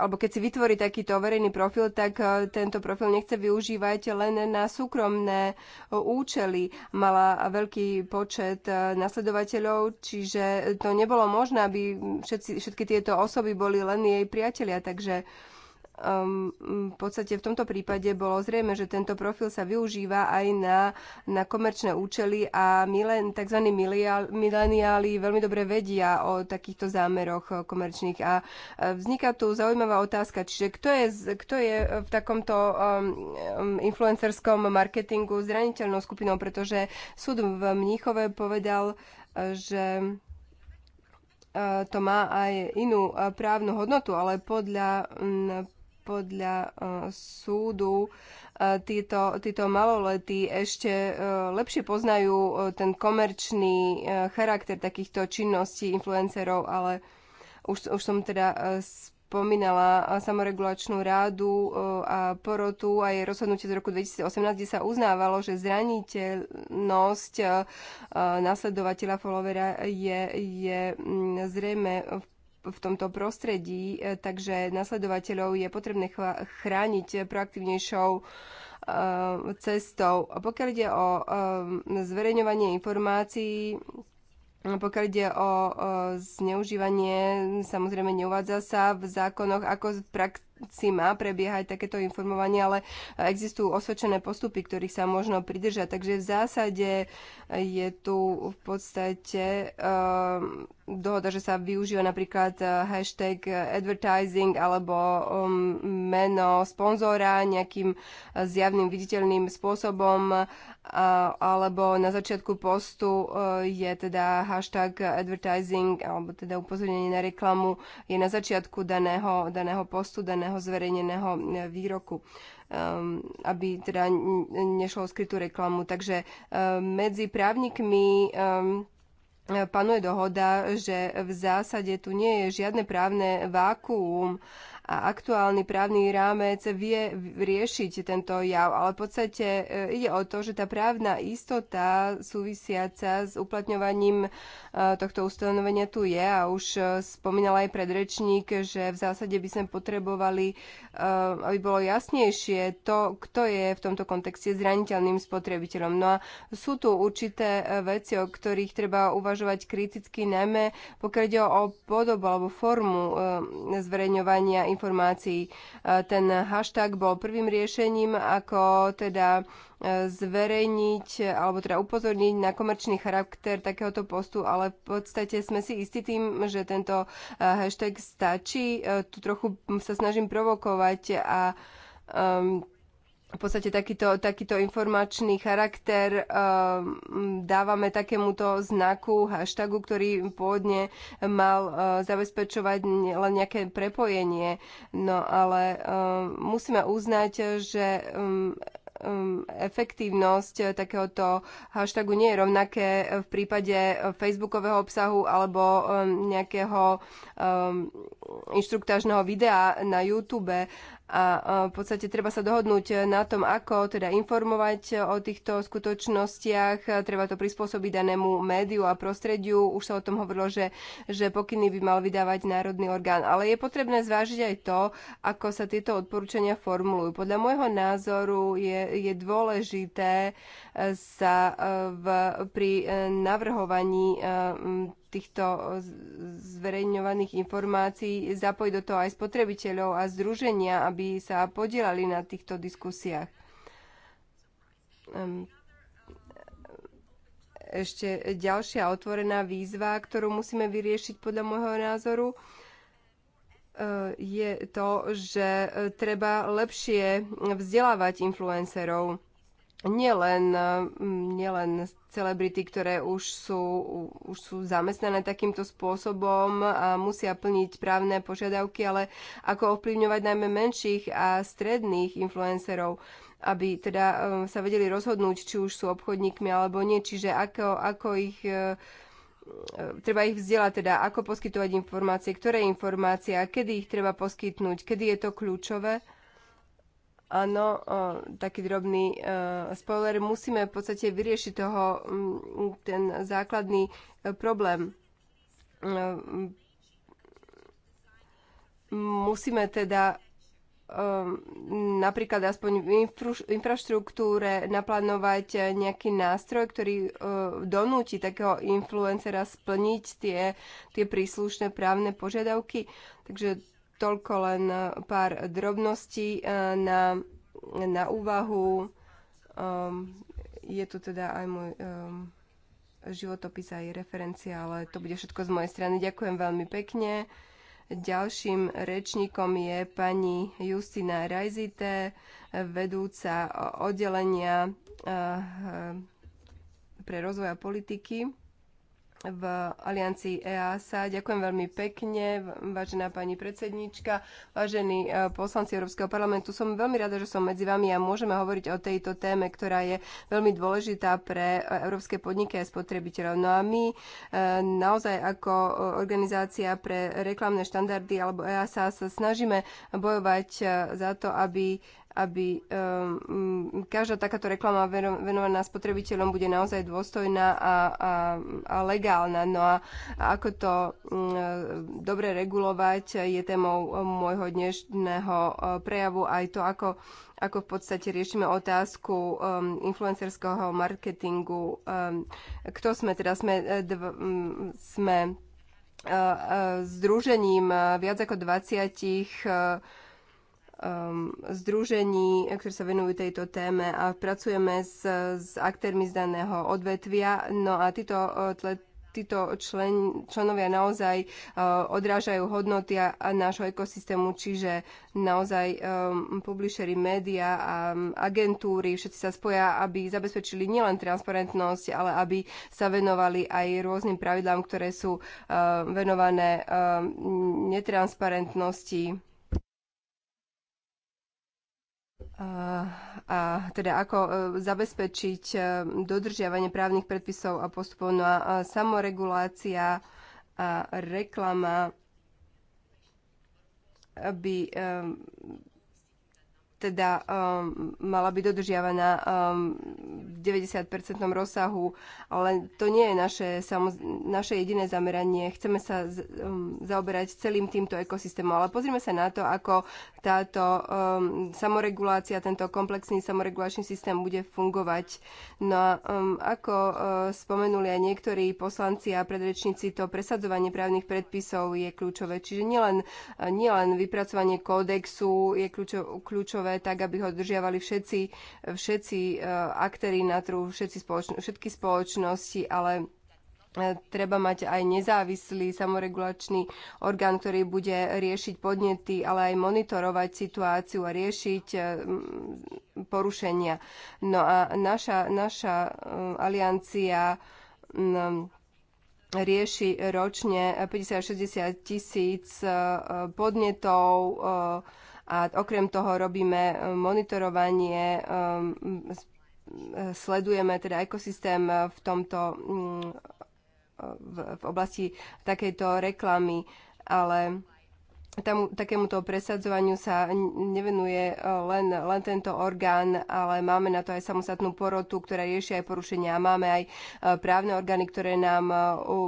alebo keď si vytvorí takýto verejný profil, tak e, tento profil nechce využívať len na súkromné e, účely. Mala veľký počet nasledovateľov, čiže to nebolo možné, aby všetci, všetky tieto osoby boli len jej priatelia, takže um, v podstate v tomto prípade bolo zrejme, že tento profil sa využíva aj na, na komerčné účely a milen, tzv. mileniáli veľmi dobre vedia o takýchto zámeroch e, komerčných a e, vzniká tu zaujímavá otázka, čiže kto je, kto je e, v takomto um, influencerskom marketingu zraniteľnou skupinou, pretože súd v Mníchove povedal, že to má aj inú právnu hodnotu, ale podľa podľa eh, súdu eh, títo, títo maloletí ešte eh, lepšie poznajú ten komerčný charakter takýchto činností influencerov, ale už, už som teda spomínala samoregulačnú rádu a porotu a jej rozhodnutie z roku 2018, kde sa uznávalo, že zraniteľnosť nasledovateľa followera je, je mm, zrejme v v tomto prostredí, e, takže nasledovateľov je potrebné chrániť proaktívnejšou e, cestou. Pokiaľ ide o e, zverejňovanie informácií, pokiaľ ide o, zneužívanie, samozrejme neuvádza sa v zákonoch, ako v prak- si má prebiehať takéto informovanie, ale existujú osvedčené postupy, ktorých sa možno pridržať. Takže v zásade je tu v podstate um, dohoda, že sa využíva napríklad eh, hashtag advertising alebo um, meno sponzora nejakým eh, zjavným, viditeľným spôsobom eh, alebo na začiatku postu je teda hashtag advertising alebo teda upozornenie na reklamu je na začiatku daného, daného postu, daného nedávneho zverejneného e, výroku, um, aby teda nešlo o skrytú reklamu. Takže e, medzi právnikmi um, e, panuje dohoda, že v zásade tu nie je žiadne právne vákuum a aktuálny právny rámec vie riešiť tento jav, ale v podstate e, ide o to, že tá právna istota súvisiaca s uplatňovaním e, tohto ustanovenia tu je a už e, spomínal aj predrečník, že v zásade by sme potrebovali, aby bolo jasnejšie to, kto je v tomto kontexte zraniteľným spotrebiteľom. No a sú tu určité veci, o ktorých treba uvažovať kriticky, najmä pokiaľ ide o podobu alebo formu zverejňovania informácií informácií. E, ten hashtag bol prvým riešením, ako teda e, zverejniť alebo teda upozorniť na komerčný charakter takéhoto postu, ale v podstate sme si istí tým, že tento e, hashtag stačí. Tu trochu sa snažím provokovať a um, v podstate takýto, takýto informačný charakter eh, dávame takémuto znaku, hashtagu, ktorý pôvodne mal eh, zabezpečovať len nejaké prepojenie. No ale eh, musíme uznať, že um, efektívnosť takéhoto hashtagu nie je rovnaké v prípade facebookového obsahu alebo um, nejakého um, inštruktážneho videa na YouTube a v podstate treba sa dohodnúť na tom, ako teda informovať o týchto skutočnostiach, treba to prispôsobiť danému médiu a prostrediu. Už sa o tom hovorilo, že, že pokyny by mal vydávať národný orgán, ale je potrebné zvážiť aj to, ako sa tieto odporúčania formulujú. Podľa môjho názoru je, je dôležité, sa e, v, pri e, navrhovaní e, týchto zverejňovaných informácií zapojiť do toho aj spotrebiteľov a združenia, aby sa podielali na týchto diskusiách. Ešte ďalšia otvorená výzva, ktorú musíme vyriešiť podľa môjho názoru, je to, že treba lepšie vzdelávať influencerov nielen, mm, nielen celebrity, ktoré už sú, už sú zamestnané takýmto spôsobom a musia plniť právne požiadavky, ale ako ovplyvňovať najmä menších a stredných influencerov aby teda eh, sa vedeli rozhodnúť, či už sú obchodníkmi alebo nie, čiže ako, ako ich eh, eh, treba ich vzdielať, teda ako poskytovať informácie, ktoré informácie a kedy ich treba poskytnúť, kedy je to kľúčové. Áno, taký drobný e, spoiler. Musíme v podstate vyriešiť toho, ten základný e, problém. E, musíme teda napríklad aspoň v infraštruktúre naplánovať nejaký nástroj, ktorý donúti takého influencera splniť tie, tie príslušné právne požiadavky. Takže Toľko len e, pár drobností e, na, na úvahu. Um, je tu teda aj môj um, životopis aj referencia, ale to bude všetko z mojej strany. Ďakujem veľmi pekne. Ďalším rečníkom je pani Justina Rajzite, vedúca oddelenia e, pre rozvoja politiky v aliancii EASA. Ďakujem veľmi pekne, vážená pani predsednička, vážení e, poslanci Európskeho parlamentu. Som veľmi rada, že som medzi vami a môžeme hovoriť o tejto téme, ktorá je veľmi dôležitá pre e, európske podniky a spotrebiteľov. No a my e, naozaj ako organizácia pre reklamné štandardy alebo EASA sa snažíme bojovať za to, aby aby um, každá takáto reklama venovaná spotrebiteľom bude naozaj dôstojná a, a, a legálna. No a, a ako to um, dobre regulovať je témou môjho dnešného e, prejavu aj to, ako, ako v podstate riešime otázku um, influencerského marketingu. Um, kto sme teda? Sme, e, dv, um, sme uh, uh, združením viac ako 20 uh, um, združení, ktoré sa venujú tejto téme a pracujeme s, s aktérmi z daného odvetvia. No a títo, uh, tle, títo člen, členovia naozaj uh, odrážajú hodnoty a, a nášho ekosystému, čiže naozaj um, publishery, média a um, agentúry, všetci sa spoja, aby zabezpečili nielen transparentnosť, ale aby sa venovali aj rôznym pravidlám, ktoré sú uh, venované um, netransparentnosti a teda ako e, zabezpečiť e, dodržiavanie právnych predpisov a postupov. na no samoregulácia a reklama by e, teda um, mala byť dodržiavaná um, v 90% rozsahu, ale to nie je naše, samoz, naše jediné zameranie. Chceme sa z, um, zaoberať celým týmto ekosystémom, ale pozrime sa na to, ako táto um, samoregulácia, tento komplexný samoregulačný systém bude fungovať. No a um, ako uh, spomenuli aj niektorí poslanci a predrečníci, to presadzovanie právnych predpisov je kľúčové. Čiže nielen, uh, nielen vypracovanie kódexu je kľúčo, kľúčové, férové, tak aby ho dodržiavali všetci, všetci e, aktéry na trhu, všetci spoločno, všetky spoločnosti, ale e, treba mať aj nezávislý samoregulačný orgán, ktorý bude riešiť podnety, ale aj monitorovať situáciu a riešiť e, porušenia. No a naša, naša aliancia rieši ročne 50-60 tisíc podnetov a okrem toho robíme e, monitorovanie, e, e, sledujeme teda ekosystém v tomto, v oblasti takejto reklamy, ale tam, takémuto presadzovaniu sa nevenuje e, len, len tento orgán, ale máme na to aj samostatnú porotu, ktorá rieši aj porušenia. Máme aj e, právne orgány, ktoré nám e,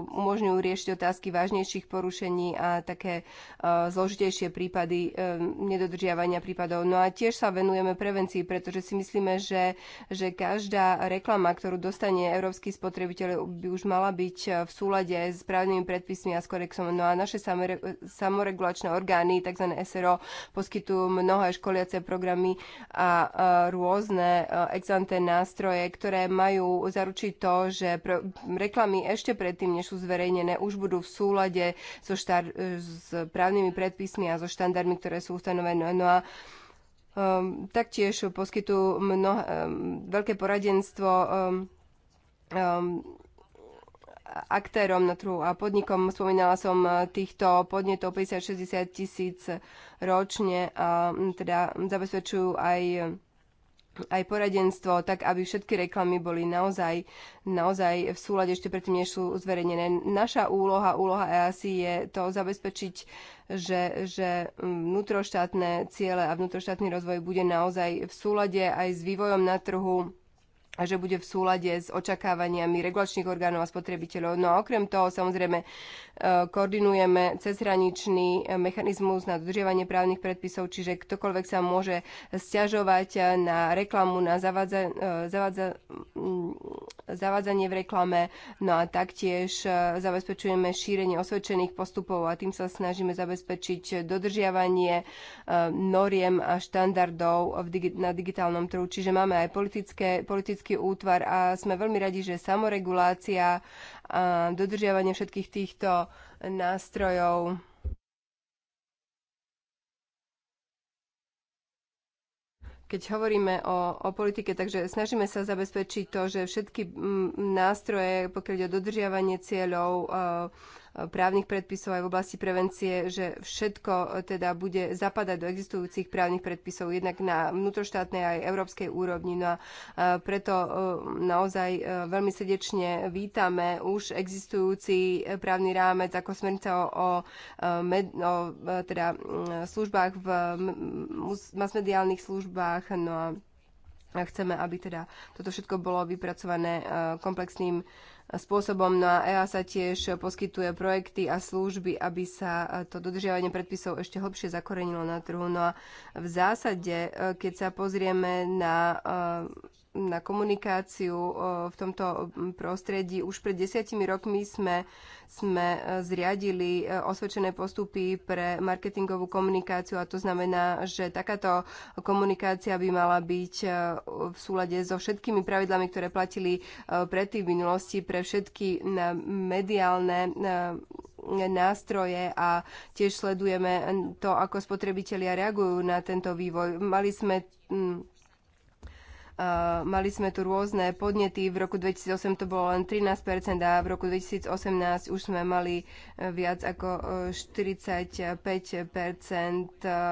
umožňujú riešiť otázky vážnejších porušení a také zložitejšie prípady nedodržiavania prípadov. No a tiež sa venujeme prevencii, pretože si myslíme, že, že každá reklama, ktorú dostane európsky spotrebiteľ, by už mala byť v súlade s právnymi predpismi a s korexom. No a naše samoregulačné orgány, tzv. SRO, poskytujú mnohé školiace programy a rôzne e, exanté nástroje, ktoré majú zaručiť to, že reklamy ešte predtým, než sú zverejnené, už budú v súlade so štár- e, s právnymi predpismi a so štandardmi, ktoré sú ustanovené. No a um, taktiež poskytujú mnoh- um, veľké poradenstvo um, um, aktérom na trhu a podnikom. Spomínala som eh, týchto podnetov 50-60 tisíc ročne a mm, teda zabezpečujú aj aj poradenstvo, tak aby všetky reklamy boli naozaj, naozaj v súlade ešte predtým, než sú zverejnené. Naša úloha, úloha EASI je to zabezpečiť, že, že mm, vnútroštátne ciele a vnútroštátny rozvoj bude naozaj v súlade aj s vývojom na trhu a že bude v súlade s očakávaniami regulačných orgánov a spotrebiteľov. No a okrem toho samozrejme e, koordinujeme cezhraničný e, mechanizmus na dodržiavanie právnych predpisov, čiže ktokoľvek sa môže stiažovať e, na reklamu, na zavádza, zavádza, mm, zavádzanie v reklame. No a taktiež zabezpečujeme šírenie osvedčených postupov a tým sa snažíme zabezpečiť dodržiavanie noriem a štandardov na digitálnom trhu. Čiže máme aj politické, politické špecifický útvar a sme veľmi radi, že samoregulácia a dodržiavanie všetkých týchto nástrojov keď hovoríme o, o politike, takže snažíme sa zabezpečiť to, že všetky mm, nástroje, pokiaľ ide o dodržiavanie cieľov, e, právnych predpisov aj v oblasti prevencie, že všetko e, teda bude zapadať do existujúcich právnych predpisov, jednak na vnútroštátnej aj európskej úrovni. No a e, preto e, naozaj veľmi srdečne vítame už existujúci právny rámec ako smernica o, o, med, o teda mm, službách v masmediálnych službách. No a chceme, aby teda toto všetko bolo vypracované komplexným spôsobom. No a EA sa tiež poskytuje projekty a služby, aby sa to dodržiavanie predpisov ešte hlbšie zakorenilo na trhu. No a v zásade, e, keď sa pozrieme na na komunikáciu v tomto prostredí. Už pred desiatimi rokmi sme, sme e, zriadili e, osvedčené postupy pre marketingovú komunikáciu a to znamená, že takáto komunikácia by mala byť e, v súlade so všetkými pravidlami, ktoré platili predtým v minulosti pre všetky mediálne nástroje a tiež sledujeme to, ako spotrebitelia reagujú na tento vývoj. Mali sme Mali sme tu rôzne podnety, v roku 2008 to bolo len 13% a v roku 2018 už sme mali e, viac ako 45% e, e,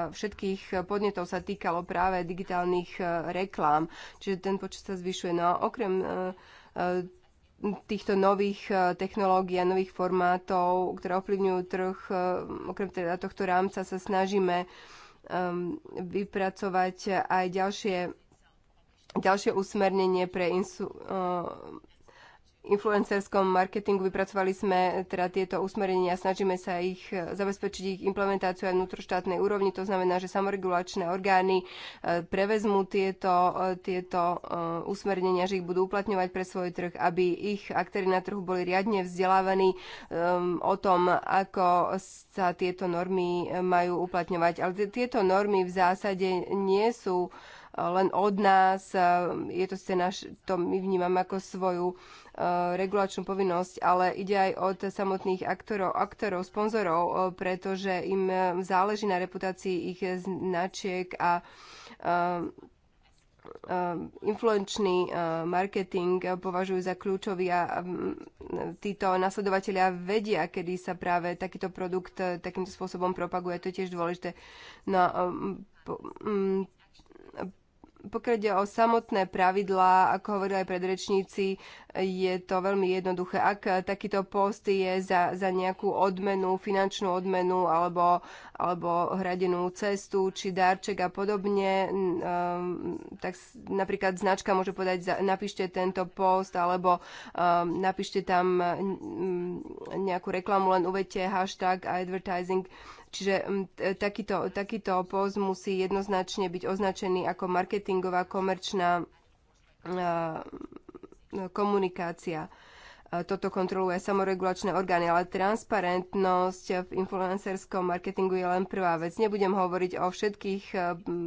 všetkých podnetov sa týkalo práve digitálnych reklám, čiže ten počet sa zvyšuje. No a okrem týchto nových technológií a nových formátov, ktoré ovplyvňujú trh, okrem teda tohto rámca sa snažíme vypracovať aj ďalšie ďalšie usmernenie pre insu, eh, influencerskom marketingu vypracovali sme teda tieto usmerenia, snažíme sa ich eh, zabezpečiť ich implementáciu aj vnútroštátnej úrovni, to znamená, že samoregulačné orgány eh, prevezmú tieto, tieto usmernenia, že ich budú uplatňovať pre svoj trh, aby ich aktéry na trhu boli riadne vzdelávaní um, o tom, ako sa tieto normy majú uplatňovať. Ale tieto normy v zásade nie sú len od nás. Um, je to ste naš, to my vnímame ako svoju uh, regulačnú povinnosť, ale ide aj od samotných aktorov, aktorov sponzorov, uh, pretože im um, záleží na reputácii ich značiek a um, influenčný uh, marketing považujú za kľúčový a títo nasledovateľia vedia, kedy sa práve takýto produkt takýmto spôsobom propaguje. To je tiež dôležité. No, pokiaľ ide o samotné pravidlá, ako hovorili aj predrečníci, je to veľmi jednoduché. Ak takýto post je za, za nejakú odmenu, finančnú odmenu alebo, alebo hradenú cestu či darček a podobne, um, tak napríklad značka môže povedať, napíšte tento post alebo um, napíšte tam nejakú reklamu, len uvedte hashtag advertising. Čiže takýto, takýto post musí jednoznačne byť označený ako marketingová komerčná e, komunikácia. E, toto kontroluje samoregulačné orgány, ale transparentnosť v influencerskom marketingu je len prvá vec. Nebudem hovoriť o všetkých e,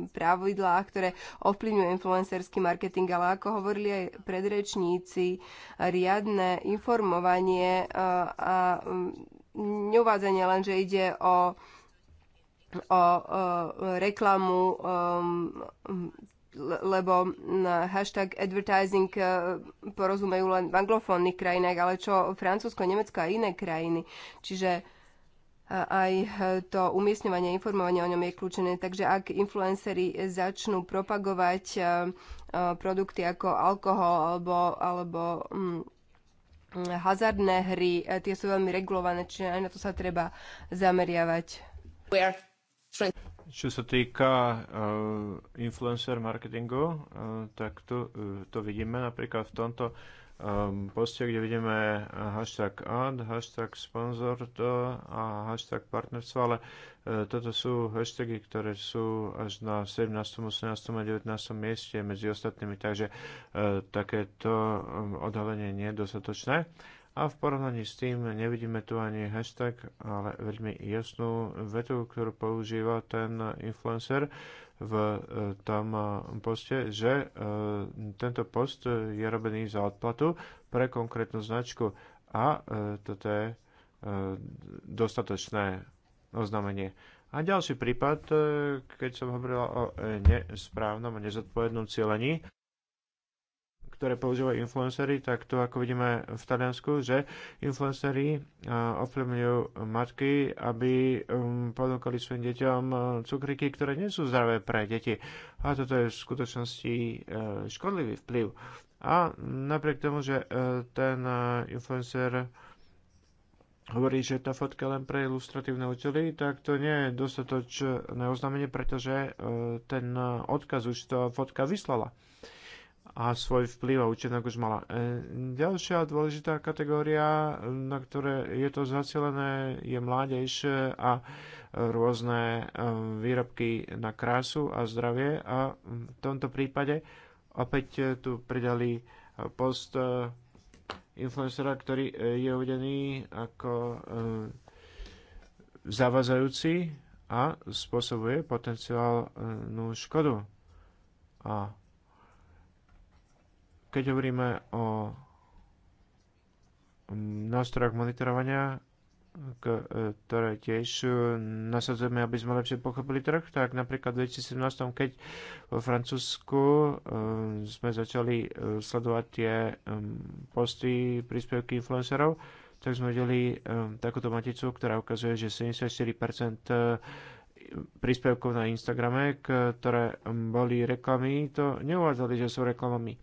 pravidlách, ktoré ovplyvňujú influencerský marketing, ale ako hovorili aj predrečníci, riadne informovanie a neuvádzanie len, že ide o, o, o reklamu, um, lebo na hashtag advertising uh, porozumejú len v anglofónnych krajinách, ale čo Francúzsko, Nemecko a iné krajiny. Čiže aj to umiestňovanie, informovanie o ňom je kľúčené. Takže ak influenceri začnú propagovať uh, uh, produkty ako alkohol alebo, alebo mm, hazardné hry, e, tie sú veľmi regulované, čiže aj na to sa treba zameriavať. Čo sa týka uh, influencer marketingu, uh, tak to, uh, to vidíme napríklad v tomto uh, um, poste, kde vidíme eh, hashtag ad, hashtag sponsor to a hashtag partnerstvo, ale e, toto sú hashtagy, ktoré sú až na 17., 18. a 19. mieste medzi ostatnými, takže e, takéto um, odhalenie nie je dostatočné. A v porovnaní s tým nevidíme tu ani hashtag, ale veľmi jasnú vetu, ktorú používa ten influencer, v e, tom e, poste, že e, tento post je robený za odplatu pre konkrétnu značku a toto je dostatočné oznámenie. A ďalší prípad, keď som hovoril o nesprávnom a nezodpovednom cieľení, ktoré používajú influencery, tak to ako vidíme v Taliansku, že influencery eh, ovplyvňujú matky, aby um, ponúkali svojim deťom eh, cukriky, ktoré nie sú zdravé pre deti. A toto je v skutočnosti eh, škodlivý vplyv. A napriek tomu, že ten influencer hovorí, že tá fotka len pre ilustratívne účely, tak to nie je dostatočné oznámenie, pretože ten odkaz už tá fotka vyslala a svoj vplyv a účinok už mala. E, ďalšia dôležitá kategória, na ktoré je to zacielené, je mládež a rôzne e, výrobky na krásu a zdravie a v tomto prípade opäť e, tu pridali post influencera, ktorý je uvedený ako zavazajúci a spôsobuje potenciálnu škodu. A keď hovoríme o nástrojoch monitorovania, e, ktoré tiež e, nasadzujeme, aby sme lepšie pochopili trh, tak napríklad v 2017, keď vo Francúzsku e, sme začali sledovať tie posty, príspevky influencerov, tak sme videli takúto maticu, ktorá ukazuje, že 74% príspevkov na Instagrame, ktoré boli reklamy, to neuvádzali, že sú reklamami.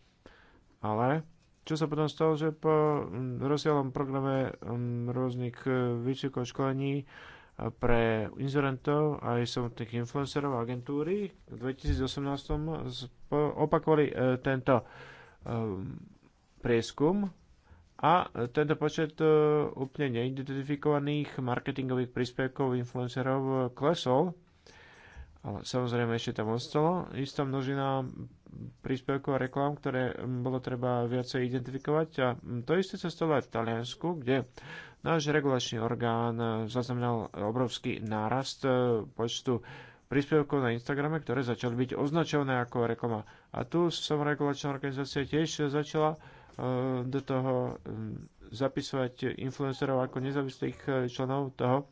Ale čo sa potom stalo, že po rozsiaľom programe rôznych e, vysokých školení e, pre inzerentov aj samotných influencerov agentúry v 2018 opakovali e, tento prieskum a tento počet úplne neidentifikovaných marketingových príspevkov influencerov klesol, ale samozrejme ešte tam ostalo istá množina príspevkov a reklám, ktoré bolo treba viacej identifikovať. A to isté sa stalo aj v Taliansku, kde náš regulačný orgán e, zaznamenal obrovský nárast e, počtu príspevkov na Instagrame, ktoré začali byť označované ako reklama. A tu som regulačná organizácia tiež začala e, do toho zapisovať influencerov ako nezávislých členov toho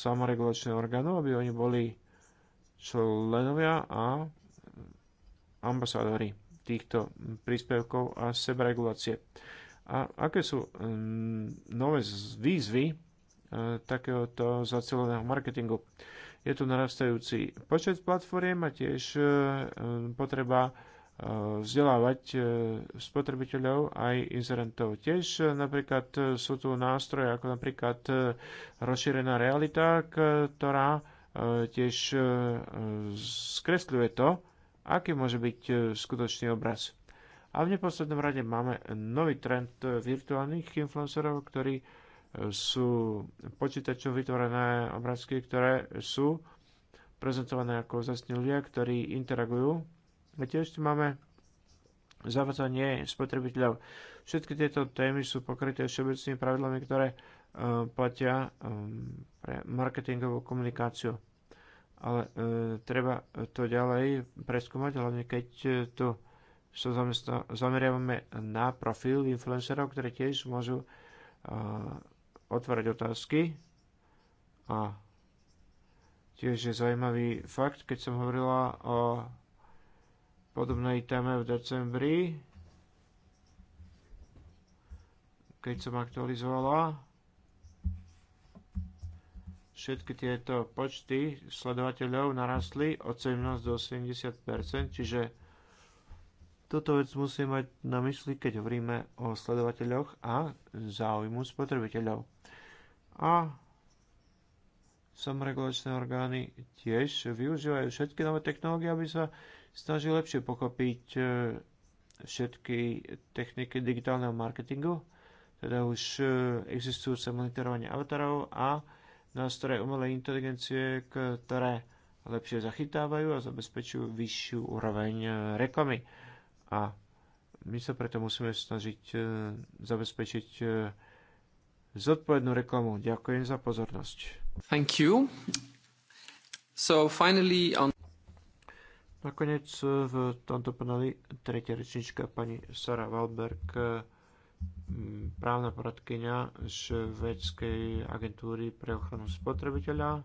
samoregulačného orgánu, aby oni boli členovia a ambasádori týchto príspevkov a sebregulácie. A aké sú mm, nové výzvy e, takéhoto zaceleného marketingu? Je tu narastajúci počet platform a tiež e, e, potreba vzdelávať spotrebiteľov aj inzerentov. Tiež napríklad sú tu nástroje ako napríklad rozšírená realita, ktorá tiež skresľuje to, aký môže byť e, skutočný obraz. A v neposlednom rade máme nový trend e, virtuálnych influencerov, ktorí e, sú počítačom vytvorené obrázky, ktoré sú prezentované ako zasní ľudia, ktorí interagujú. A tiež tu máme zavádzanie spotrebiteľov. Všetky tieto témy sú pokryté všeobecnými pravidlami, ktoré platia pre marketingovú komunikáciu ale e, treba to ďalej preskúmať, hlavne keď e, tu sa zameriavame na profil influencerov, ktoré tiež môžu e, otvárať otázky a tiež je zaujímavý fakt, keď som hovorila o podobnej téme v decembri, keď som aktualizovala všetky tieto počty sledovateľov narastli od 17 do 80 čiže túto vec musíme mať na mysli, keď hovoríme o sledovateľoch a záujmu spotrebiteľov. A samoregulačné orgány tiež využívajú všetky nové technológie, aby sa snažili lepšie pochopiť e, všetky techniky digitálneho marketingu, teda už e, existujúce monitorovanie avatarov a nástroje umelej inteligencie, ktoré lepšie zachytávajú a zabezpečujú vyššiu úroveň e, reklamy. A my sa preto musíme snažiť e, zabezpečiť e, zodpovednú reklamu. Ďakujem za pozornosť. Thank you. So finally on... Nakoniec v tomto paneli tretia rečnička pani Sara Walberg právna poradkyňa Švedskej agentúry pre ochranu spotrebiteľa.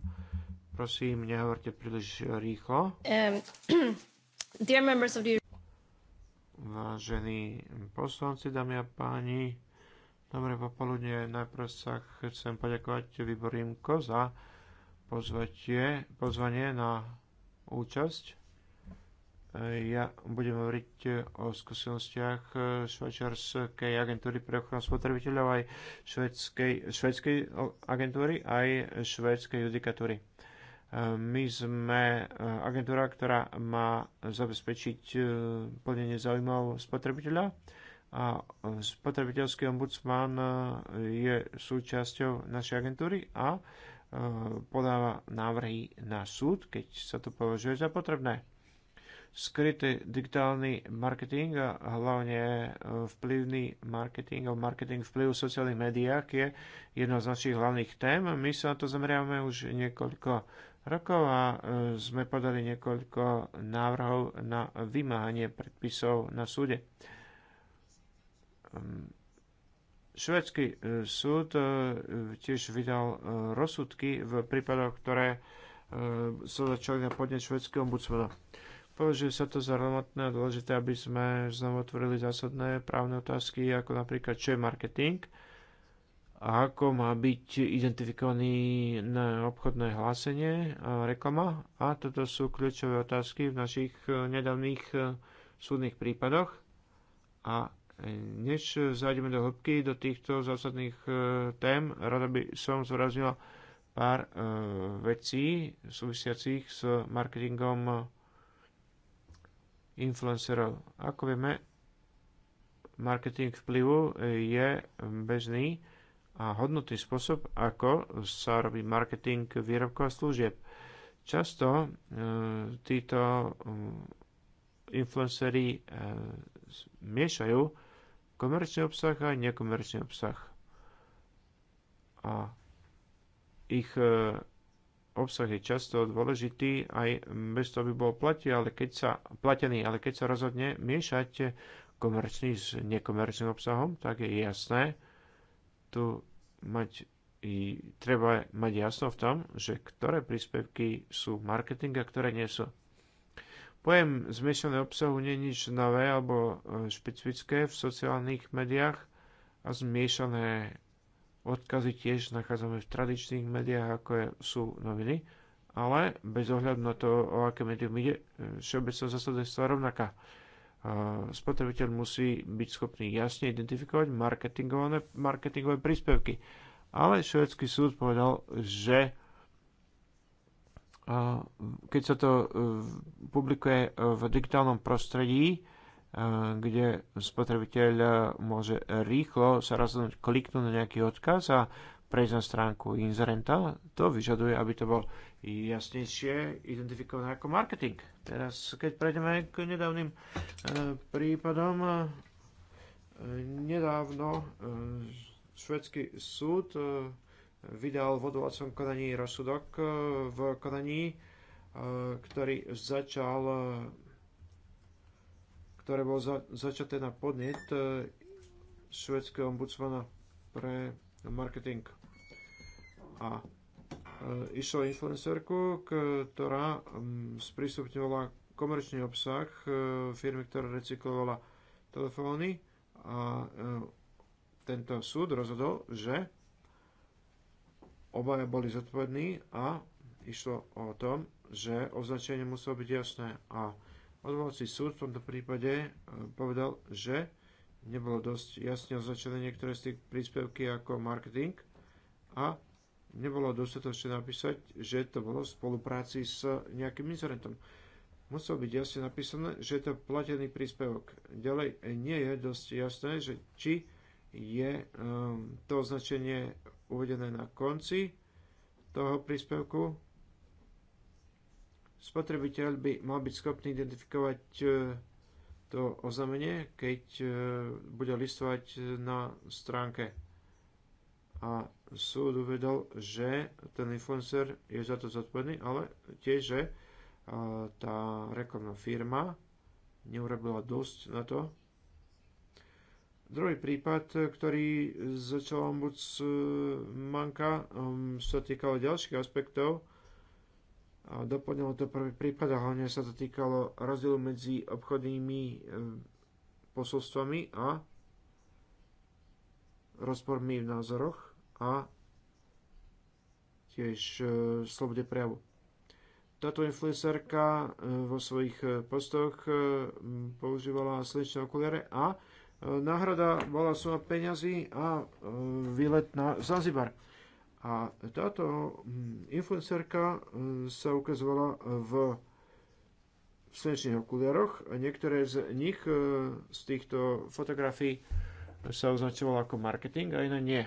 Prosím, nehovorte príliš rýchlo. Um, the... Vážení poslanci, dámy a páni, dobré popoludne. Najprv sa chcem poďakovať výboru za pozvanie na účasť ja budem hovoriť eh, o skúsenostiach eh, švajčiarskej agentúry pre ochranu spotrebiteľov aj švedskej, švedskej agentúry aj švedskej judikatúry. Eh, my sme agentúra, ktorá má zabezpečiť plnenie záujmov spotrebiteľa a spotrebiteľský ombudsman je súčasťou našej agentúry a podáva návrhy na súd, keď sa to považuje za potrebné skrytý digitálny marketing a hlavne e, vplyvný marketing a marketing vplyv v sociálnych médiách je jedna z našich hlavných tém. My sa na to zameriavame už niekoľko rokov a e, sme podali niekoľko návrhov na vymáhanie predpisov na súde. Ehm, Švedský e, súd tiež vydal rozsudky v prípadoch, ktoré sa začali na podne švedského ombudsmana. Považuje sa to za relevantné a dôležité, aby sme znovu otvorili zásadné právne otázky, ako napríklad, čo je marketing a ako má byť identifikovaný na obchodné hlásenie a reklama. A toto sú kľúčové otázky v našich eh, nedávnych eh, súdnych prípadoch. A eh, než zájdeme do hĺbky do týchto zásadných tém, rada by som zúraznila pár vecí súvisiacich s marketingom influencerov. Ako vieme, marketing vplyvu je bežný a hodnotný spôsob, ako sa robí marketing výrobkov a služieb. Často e, títo e, influenceri e, miešajú komerčný obsah a nekomerčný obsah. A ich obsah je často dôležitý aj bez toho, aby bol platil, ale keď sa, platený, ale keď sa rozhodne miešať komerčný s nekomerčným obsahom, tak je jasné, tu mať, i, treba mať jasno v tom, že ktoré príspevky sú marketing a ktoré nie sú. Pojem zmiešané obsahu nie je nič nové alebo e, špecifické v sociálnych médiách a zmiešané Odkazy tiež nachádzame v tradičných médiách, ako sú noviny, ale bez ohľadu na to, o aké médium ide, e, všeobecná zásada rovnaká. Spotrebiteľ musí byť schopný jasne identifikovať marketingové, marketingové príspevky. Ale švedský súd povedal, že keď sa to e, publikuje e, v digitálnom prostredí, kde spotrebiteľ môže rýchlo sa rozhodnúť, kliknúť na nejaký odkaz a prejsť na stránku inzerenta. To vyžaduje, aby to bol jasnejšie identifikované ako marketing. Teraz, keď prejdeme k nedávnym e, prípadom, e, nedávno e, švedský súd vydal v odvolacom konaní rozsudok v konaní, ktorý začal ktoré bolo za, začaté na podnet e, švedského ombudsmana pre marketing. A e, išlo influencerku, ktorá sprístupňovala komerčný obsah e, firmy, ktorá recyklovala telefóny a tento súd rozhodol, že obaja boli zodpovední a išlo o tom, že označenie muselo byť jasné a Odvolací súd v tomto prípade e, povedal, že nebolo dosť jasne označené niektoré z tých príspevky ako marketing a nebolo dostatočne napísať, že to bolo v spolupráci s nejakým inzerentom. Muselo byť jasne napísané, že je to platený príspevok. Ďalej e, nie je dosť jasné, že či je um, to označenie uvedené na konci toho príspevku spotrebiteľ by mal byť schopný identifikovať e, to oznámenie, keď e, bude listovať e, na stránke. A súd uvedol, že ten influencer je za to zodpovedný, ale tiež, že tá reklamná firma neurobila dosť na to. Druhý prípad, ktorý začal ombudsmanka, um, sa týkal ďalších aspektov, doplnilo to prvý prípad a hlavne sa to týkalo rozdielu medzi obchodnými eh, posolstvami a rozpormi v názoroch a tiež eh, slobode prejavu. Táto influencerka eh, vo svojich postoch používala slnečné okuliare a náhrada bola suma peňazí a výlet na Zanzibar a táto mm, influencerka mm, sa ukazovala v slnečných okuliaroch. Niektoré z nich, e, z týchto fotografií, sa označovalo ako marketing a iné nie.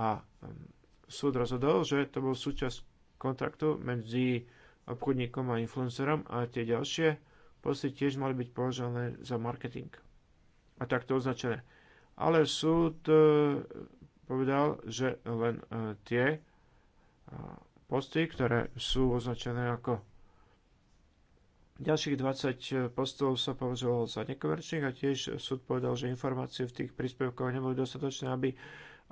A mm, súd rozhodol, že to bol súčasť kontraktu medzi obchodníkom a influencerom a tie ďalšie posty tiež mali byť považované za marketing. A takto označené. Ale súd e, povedal, že len e, tie e, posty, ktoré sú označené ako ďalších 20 e, postov sa považovalo za nekomerčných a tiež súd povedal, že informácie v tých príspevkoch neboli dostatočné, aby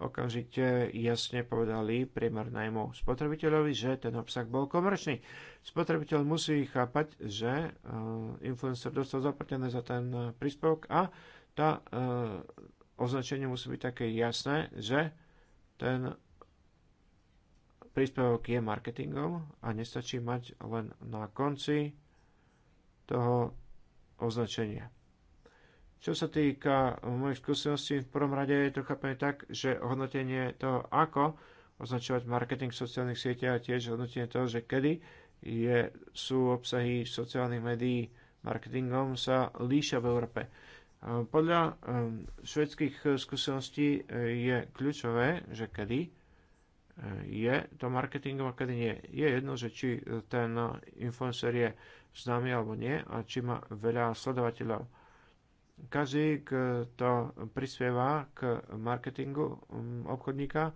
okamžite jasne povedali najmu spotrebiteľovi, že ten obsah bol komerčný. Spotrebiteľ musí chápať, že influencer dostal zaplatené za ten príspevok a tá označenie musí byť také jasné, že ten príspevok je marketingom a nestačí mať len na konci toho označenia. Čo sa týka mojich skúseností, v prvom rade je to chápané tak, že hodnotenie toho, ako označovať marketing v sociálnych sieťach a tiež hodnotenie toho, že kedy je, sú obsahy sociálnych médií marketingom, sa líšia v Európe. Podľa švedských eh, skúseností eh, je kľúčové, že kedy eh, je to marketingom a kedy nie. Je jedno, že či ten influencer je známy alebo nie a či má veľa sledovateľov. Každý, kto prispieva k marketingu obchodníka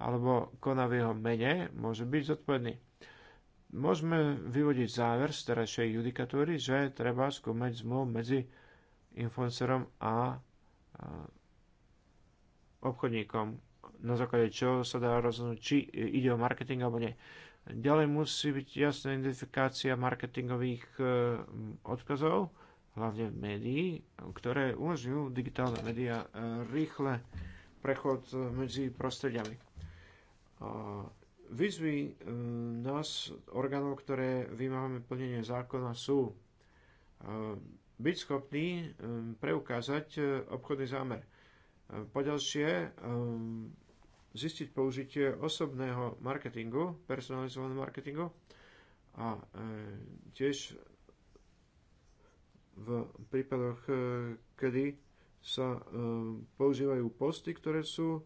alebo koná v jeho mene, môže byť zodpovedný môžeme vyvodiť záver z terajšej judikatúry, že treba skúmať zmluv medzi influencerom a obchodníkom, na základe čoho sa dá rozhodnúť, či ide o marketing alebo nie. Ďalej musí byť jasná identifikácia marketingových e, odkazov, hlavne médií, ktoré umožňujú digitálne médiá e, rýchle prechod e, medzi prostrediami. Výzvy nás, orgánov, ktoré vymáhame plnenie zákona, sú byť schopný um, preukázať uh, obchodný zámer. Uh, Poďalšie, um, zistiť použitie osobného marketingu, personalizovaného marketingu a uh, tiež v prípadoch, kedy sa používajú posty, ktoré sú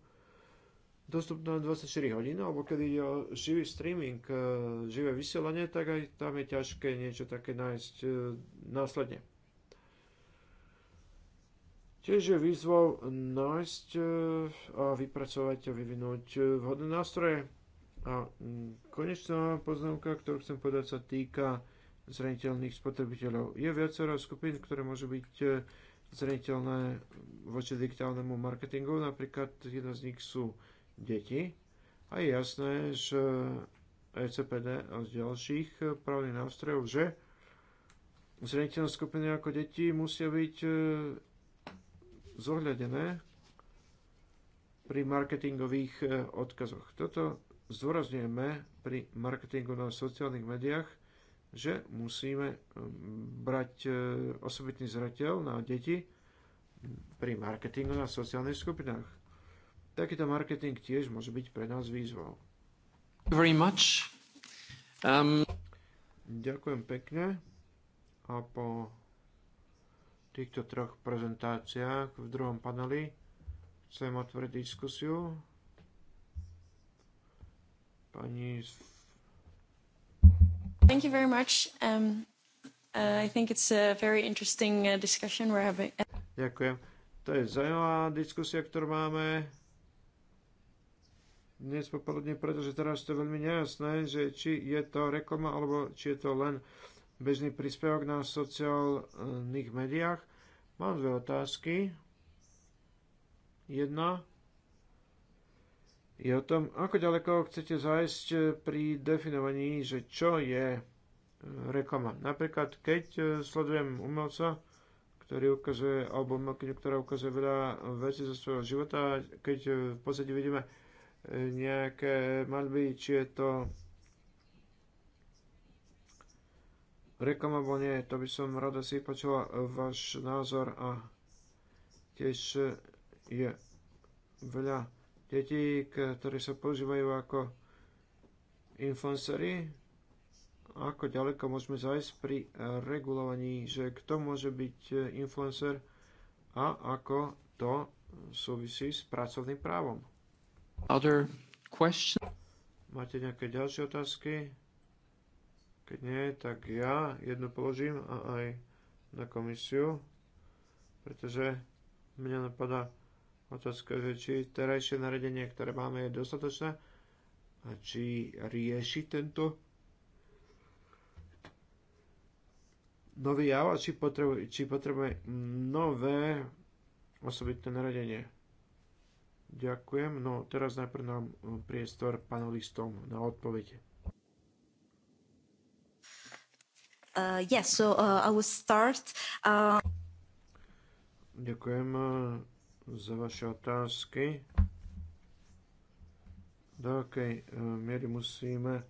dostupné 24 hodín, alebo kedy ide o živý streaming, živé vysielanie, tak aj tam je ťažké niečo také nájsť následne. Tiež je výzvou nájsť e, a vypracovať a vyvinúť e, vhodné nástroje. A konečná poznámka, ktorú chcem podať, sa týka zraniteľných spotrebiteľov. Je viacero skupín, ktoré môžu byť e, zraniteľné voči digitálnemu marketingu. Napríklad jedna z nich sú deti. A je jasné, že ECPD a z ďalších právnych nástrojov, že zraniteľné skupiny ako deti musia byť zohľadené pri marketingových e, odkazoch. Toto zdôrazňujeme pri marketingu na sociálnych médiách, že musíme e, brať e, osobitný zreteľ na deti pri marketingu na sociálnych skupinách. Takýto marketing tiež môže byť pre nás výzvou. Very much. Um... Ďakujem pekne a po týchto troch prezentáciách v druhom paneli. Chcem otvoriť diskusiu. Pani... Thank you very much. Um, uh, I think it's a very interesting uh, discussion we're having. Ďakujem. To je zaujímavá diskusia, ktorú máme dnes popoludne, pretože teraz to je veľmi nejasné, že či je to reklama, alebo či je to len uh, bežný príspevok na sociálnych médiách. Mám dve otázky. Jedna je o tom, ako ďaleko chcete zájsť pri definovaní, že čo je e, reklama. Napríklad, keď e, sledujem umelca, ktorý ukazuje, alebo umelkyňu, ktorá ukazuje veľa veci zo svojho života, keď e, v podstate vidíme nejaké malby, či je to Rekom alebo nie, to by som rada si počula eh, váš názor a tiež eh, je veľa detí, ktoré sa používajú ako influencery. Ako ďaleko môžeme zajsť pri eh, regulovaní, že kto môže byť influencer a ako to súvisí s pracovným právom. Other question? Máte nejaké ďalšie otázky? Keď nie, tak ja jednu položím a aj na komisiu, pretože mňa napadá otázka, že či terajšie naredenie, ktoré máme, je dostatočné a či rieši tento nový jav a či, potrebuje, či potrebuje nové osobitné naredenie. Ďakujem. No teraz najprv nám priestor panelistom na odpovede. Uh, yes, so uh, I will start. Uh... Ďakujem uh, za vaše otázky. Do akej uh, miery musíme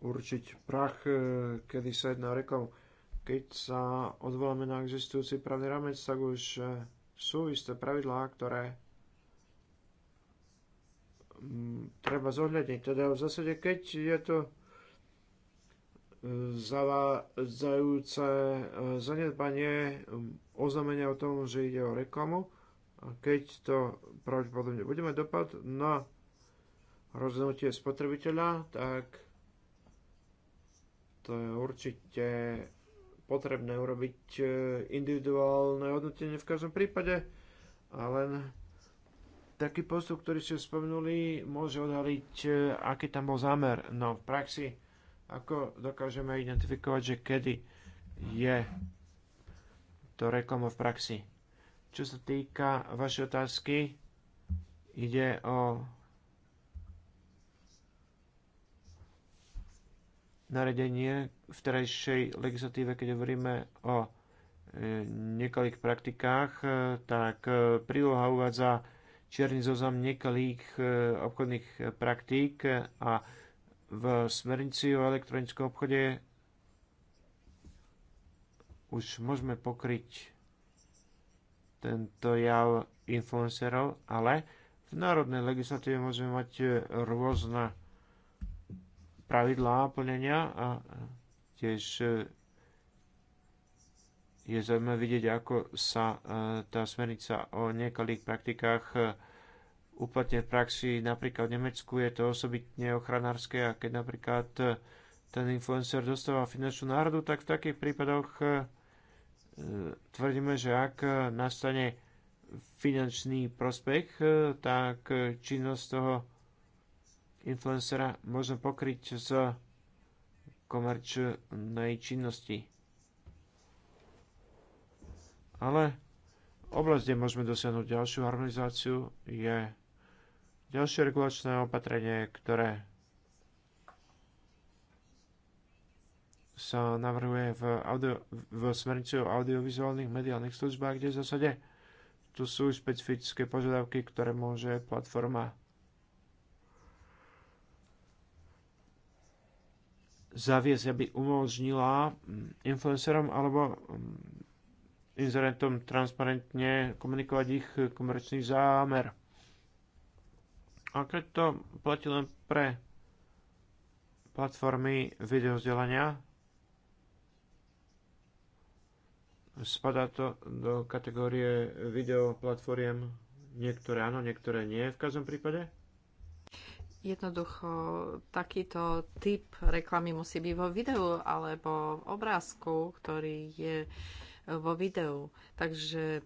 určiť prach, kedy sa jedná reklamu. Keď sa odvoláme na existujúci právny ramec, tak už sú isté pravidlá, ktoré mm, treba zohľadniť. Teda v zásade, keď je to zavádzajúce e, zanedbanie oznámenia o tom, že ide o reklamu, keď to pravdepodobne bude mať dopad na rozhodnutie spotrebiteľa, tak to je určite potrebné urobiť e, individuálne hodnotenie v každom prípade a len taký postup, ktorý ste spomenuli, môže odhaliť, e, aký tam bol zámer. No v praxi ako dokážeme identifikovať, že kedy je to reklama v praxi? Čo sa týka vašej otázky, ide o naredenie v terajšej legislatíve, keď hovoríme o e, niekoľkých praktikách, e, tak e, príloha uvádza čierny zoznam nekalých obchodných praktík a v smernici o elektronickom obchode už môžeme pokryť tento jav influencerov, ale v národnej legislatíve môžeme mať rôzne pravidlá plnenia a tiež e, je zaujímavé vidieť, ako sa e, tá smernica o nekalých praktikách e, uplatniť v praxi. Napríklad v Nemecku je to osobitne ochranárske a keď napríklad eh, ten influencer dostáva finančnú náhradu, tak v takých prípadoch eh, tvrdíme, že ak nastane finančný prospech, eh, tak činnosť toho influencera môžem pokryť z komerčnej činnosti. Ale oblasť, kde môžeme dosiahnuť ďalšiu harmonizáciu, je Ďalšie regulačné opatrenie, ktoré sa navrhuje v, audio, v smernici o audiovizuálnych mediálnych službách, kde v zásade tu sú špecifické požiadavky, ktoré môže platforma zaviesť, aby umožnila mm, influencerom alebo mm, inzerentom transparentne komunikovať ich komerčný zámer. A keď to platí len pre platformy videozdelania, spadá to do kategórie videoplatformiem. Niektoré áno, niektoré nie v každom prípade? Jednoducho, takýto typ reklamy musí byť vo videu alebo v obrázku, ktorý je vo videu. Takže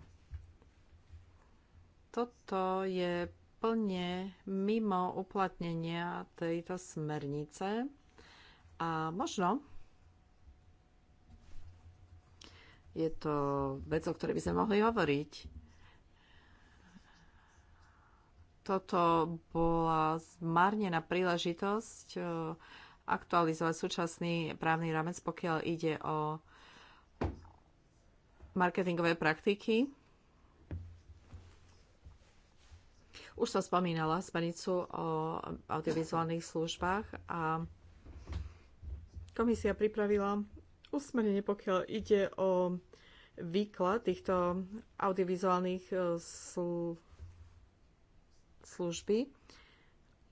toto je úplne mimo uplatnenia tejto smernice a možno je to vec, o ktorej by sme mohli hovoriť. Toto bola zmarnená príležitosť eh, aktualizovať súčasný právny rámec, pokiaľ ide o marketingové praktiky Už som spomínala smernicu o audiovizuálnych službách a komisia pripravila usmernenie, pokiaľ ide o výklad týchto audiovizuálnych e, služby.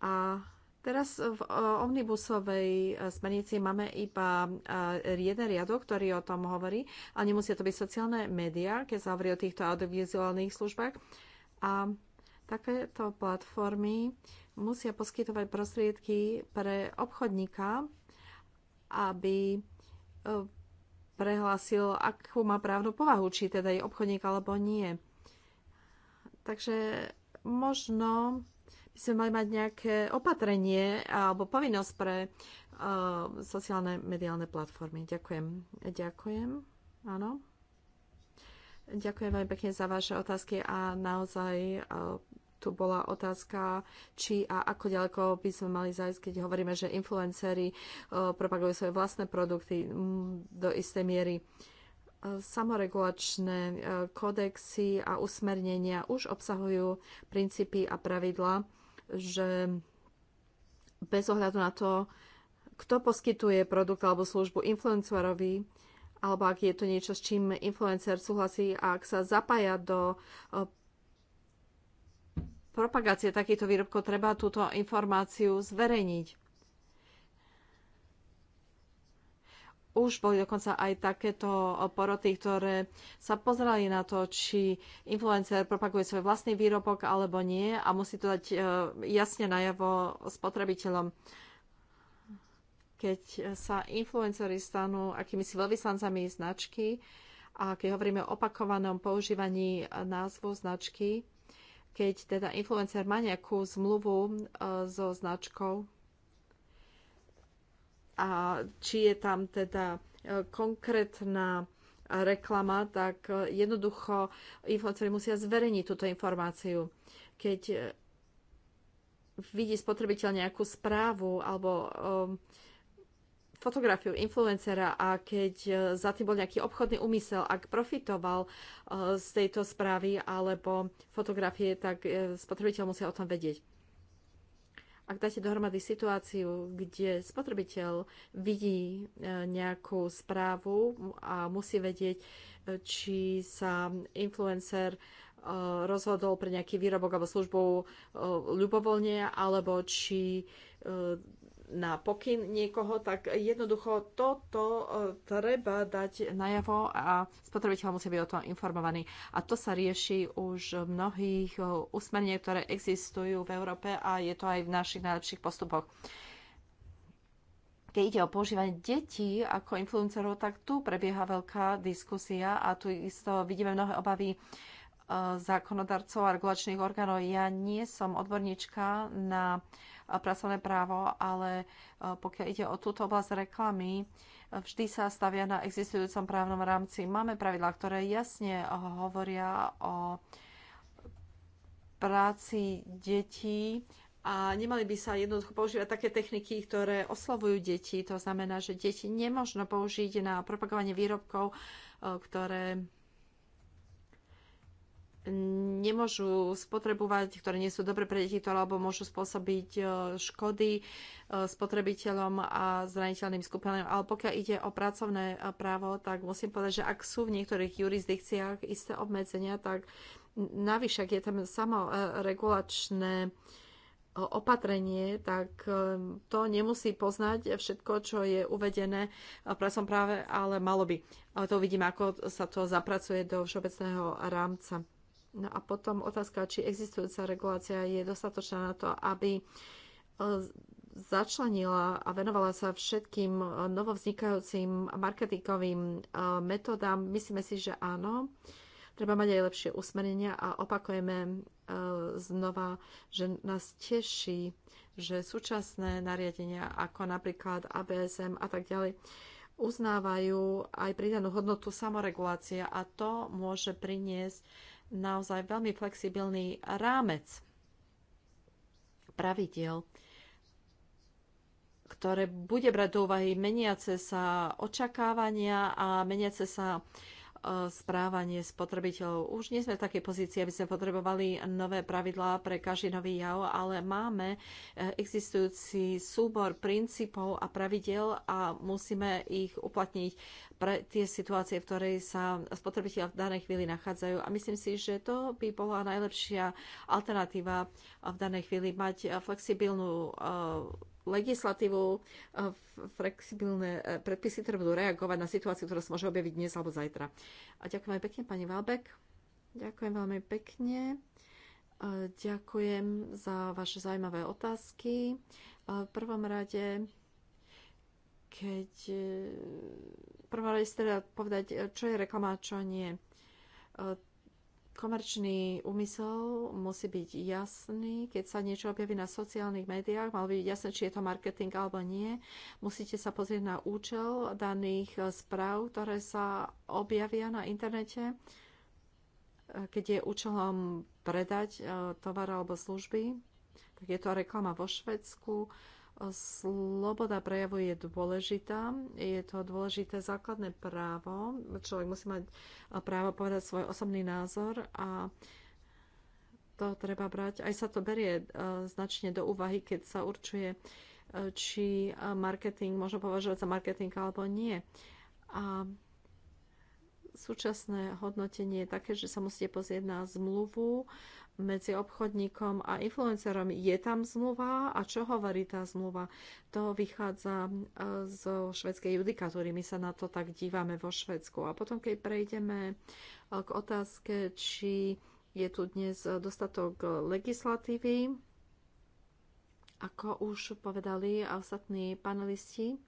A teraz v e, omnibusovej e, smernici máme iba jeden riadok, ktorý o tom hovorí, ale nemusia to byť sociálne médiá, keď sa hovorí o týchto audiovizuálnych službách. A Takéto platformy musia poskytovať prostriedky pre obchodníka, aby e, prehlásil, akú má právnu povahu, či teda je obchodník alebo nie. Takže možno by sme mali mať nejaké opatrenie alebo povinnosť pre uh, sociálne mediálne platformy. Ďakujem. Ďakujem. Áno. Ďakujem veľmi pekne za vaše otázky a naozaj e, tu bola otázka, či a ako ďaleko by sme mali zájsť, keď hovoríme, že influenceri e, propagujú svoje vlastné produkty do istej miery. E, samoregulačné kodexy a usmernenia už obsahujú princípy a pravidla, že bez ohľadu na to, kto poskytuje produkt alebo službu influencerovi, alebo ak je to niečo, s čím influencer súhlasí a ak sa zapája do e, propagácie takýchto výrobkov, treba túto informáciu zverejniť. už boli dokonca aj takéto poroty, ktoré sa pozerali na to, či influencer propaguje svoj vlastný výrobok alebo nie a musí to dať e, jasne najavo spotrebiteľom keď sa influencery stanú akýmisi veľvyslancami značky a keď hovoríme o opakovanom používaní názvu značky, keď teda influencer má nejakú zmluvu e, so značkou a či je tam teda e, konkrétna reklama, tak e, jednoducho influenceri musia zverejniť túto informáciu. Keď vidí spotrebiteľ nejakú správu alebo um, fotografiu influencera a keď e, za tým bol nejaký obchodný úmysel, ak profitoval e, z tejto správy alebo fotografie, tak e, spotrebiteľ musia o tom vedieť. Ak dáte dohromady situáciu, kde spotrebiteľ vidí nejakú správu a musí vedieť, či sa influencer rozhodol pre nejaký výrobok alebo službu ľubovoľne, alebo či na pokyn niekoho, tak jednoducho toto e, treba dať najavo a spotrebiteľ musí byť o tom informovaný. A to sa rieši už v mnohých e, usmerniach, ktoré existujú v Európe a je to aj v našich najlepších postupoch. Keď ide o používanie detí ako influencerov, tak tu prebieha veľká diskusia a tu isto vidíme mnohé obavy e, zákonodarcov a regulačných orgánov. Ja nie som odborníčka na pracovné právo, ale e, pokiaľ ide o túto oblasť reklamy, e, vždy sa stavia na existujúcom právnom rámci. Máme pravidlá, ktoré jasne hovoria o práci detí a nemali by sa jednoducho používať také techniky, ktoré oslovujú deti. To znamená, že deti nemožno použiť na propagovanie výrobkov, e, ktoré nemôžu spotrebovať, ktoré nie sú dobre pre deti, alebo môžu spôsobiť e, škody e, spotrebiteľom a zraniteľným skupinám. Ale pokiaľ ide o pracovné e, právo, tak musím povedať, že ak sú v niektorých jurisdikciách isté obmedzenia, tak navyšak je tam samoregulačné opatrenie, tak to nemusí poznať všetko, čo je uvedené v pracovnom práve, ale malo by. To uvidíme, ako sa to zapracuje do všeobecného rámca. No a potom otázka, či existujúca regulácia je dostatočná na to, aby e, začlenila a venovala sa všetkým e, novovznikajúcim marketingovým e, metodám? Myslíme si, že áno. Treba mať aj lepšie usmerenia a opakujeme znova, že nás teší, že súčasné nariadenia ako napríklad ABSM a tak ďalej uznávajú aj pridanú hodnotu samoregulácie a to môže priniesť naozaj veľmi flexibilný rámec pravidiel, ktoré bude brať do úvahy meniace sa očakávania a meniace sa uh, správanie spotrebiteľov. Už nie sme v takej pozícii, aby sme potrebovali nové pravidlá pre každý nový jav, ale máme eh, existujúci súbor princípov a pravidel a musíme ich uplatniť pre tie situácie, v ktorej sa spotrebiteľ v danej chvíli nachádzajú. A myslím si, že to by bola najlepšia alternatíva v danej chvíli mať flexibilnú eh, legislatívu, e, flexibilné e, predpisy, ktoré budú reagovať na situáciu, ktorá sa môže objaviť dnes alebo zajtra. A ďakujem aj pekne, pani Valbek. Ďakujem veľmi pekne. E, ďakujem za vaše zaujímavé otázky. V prvom rade, keď v prvom rade ste teda povedať, čo je reklama a čo nie komerčný úmysel musí byť jasný. Keď sa niečo objaví na sociálnych médiách, malo by byť jasné, či je to marketing alebo nie. Musíte sa pozrieť na účel daných správ, ktoré sa objavia na internete. Keď je účelom predať eh, tovar alebo služby, tak je to reklama vo Švedsku Sloboda prejavu je dôležitá, je to dôležité základné právo. Človek musí mať právo povedať svoj osobný názor a to treba brať. Aj sa to berie e, značne do úvahy, keď sa určuje, e, či e, marketing môže považovať za marketing alebo nie. A súčasné hodnotenie je také, že sa musíte pozrieť na zmluvu, medzi obchodníkom a influencerom. Je tam zmluva a čo hovorí tá zmluva? To vychádza e, zo švedskej judikatúry. My sa na to tak dívame vo Švedsku. A potom, keď prejdeme e, k otázke, či je tu dnes dostatok legislatívy, ako už povedali ostatní panelisti,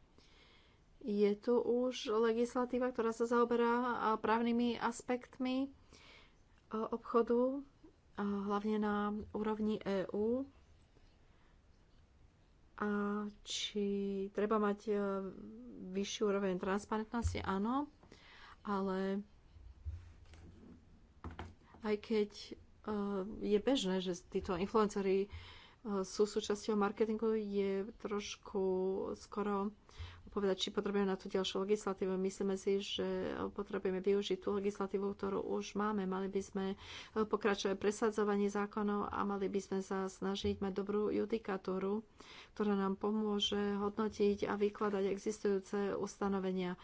je tu už legislatíva, ktorá sa zaoberá právnymi aspektmi e, obchodu hlavne na úrovni EÚ a či treba mať e, vyššiu úroveň transparentnosti, áno, ale aj keď e, je bežné, že títo influenceri e, sú súčasťou marketingu, je trošku skoro povedať, či potrebujeme na tú ďalšiu legislatívu. Myslíme si, že potrebujeme využiť tú legislatívu, ktorú už máme. Mali by sme eh, pokračovať presadzovanie zákonov a mali by sme sa snažiť mať dobrú judikatúru, ktorá nám pomôže hodnotiť a vykladať existujúce ustanovenia.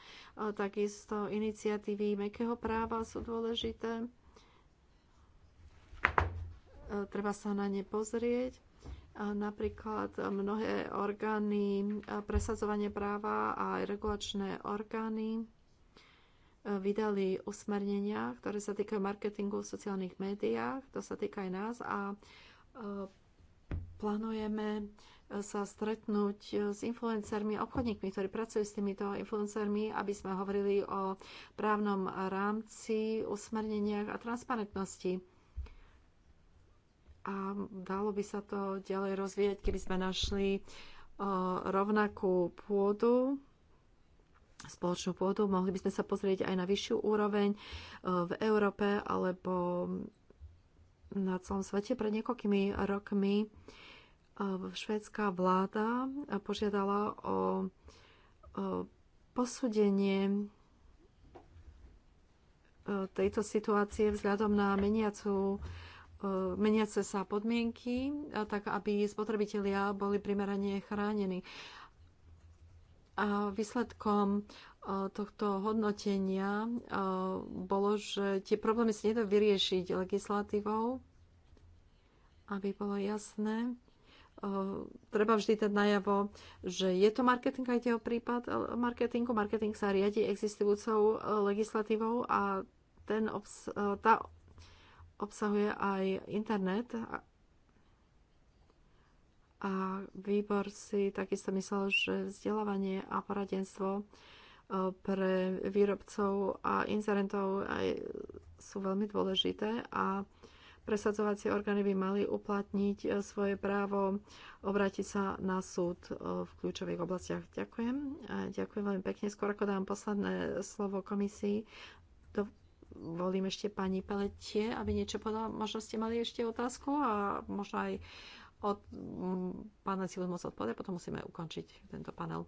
Takisto iniciatívy mekého práva sú dôležité. Eh, treba sa na ne pozrieť Napríklad mnohé orgány, presadzovania práva a aj regulačné orgány e, vydali usmernenia, ktoré sa týkajú marketingu v sociálnych médiách, to sa týka aj nás a e, plánujeme e, sa stretnúť s influencermi, obchodníkmi, ktorí pracujú s týmito influencermi, aby sme hovorili o právnom rámci, usmerneniach a transparentnosti a dalo by sa to ďalej rozvíjať, keby sme našli rovnakú pôdu, spoločnú pôdu. Mohli by sme sa pozrieť aj na vyššiu úroveň v Európe alebo na celom svete. Pred niekoľkými rokmi švédská vláda požiadala o posúdenie tejto situácie vzhľadom na meniacu E, meniace sa podmienky, e, tak aby spotrebitelia boli primerane chránení. A výsledkom e, tohto hodnotenia bolo, že tie problémy sa nedá vyriešiť legislatívou, aby bolo jasné. Treba vždy dať najavo, že je to marketing aj jeho prípad marketingu. Marketing sa riadi existujúcou legislatívou a ten obs- tá obsahuje aj internet. A výbor si takisto myslel, že vzdelávanie a poradenstvo e, pre výrobcov a inzerentov aj sú veľmi dôležité a presadzovacie orgány by mali uplatniť e, svoje právo obrátiť sa na súd e, v kľúčových oblastiach. Ďakujem. Ďakujem veľmi pekne. Skôr ako dám posledné slovo komisii, volím ešte pani Peletie, aby niečo povedala. Možno ste mali ešte otázku a možno aj od pána Silimosa odpovede, potom musíme ukončiť tento panel.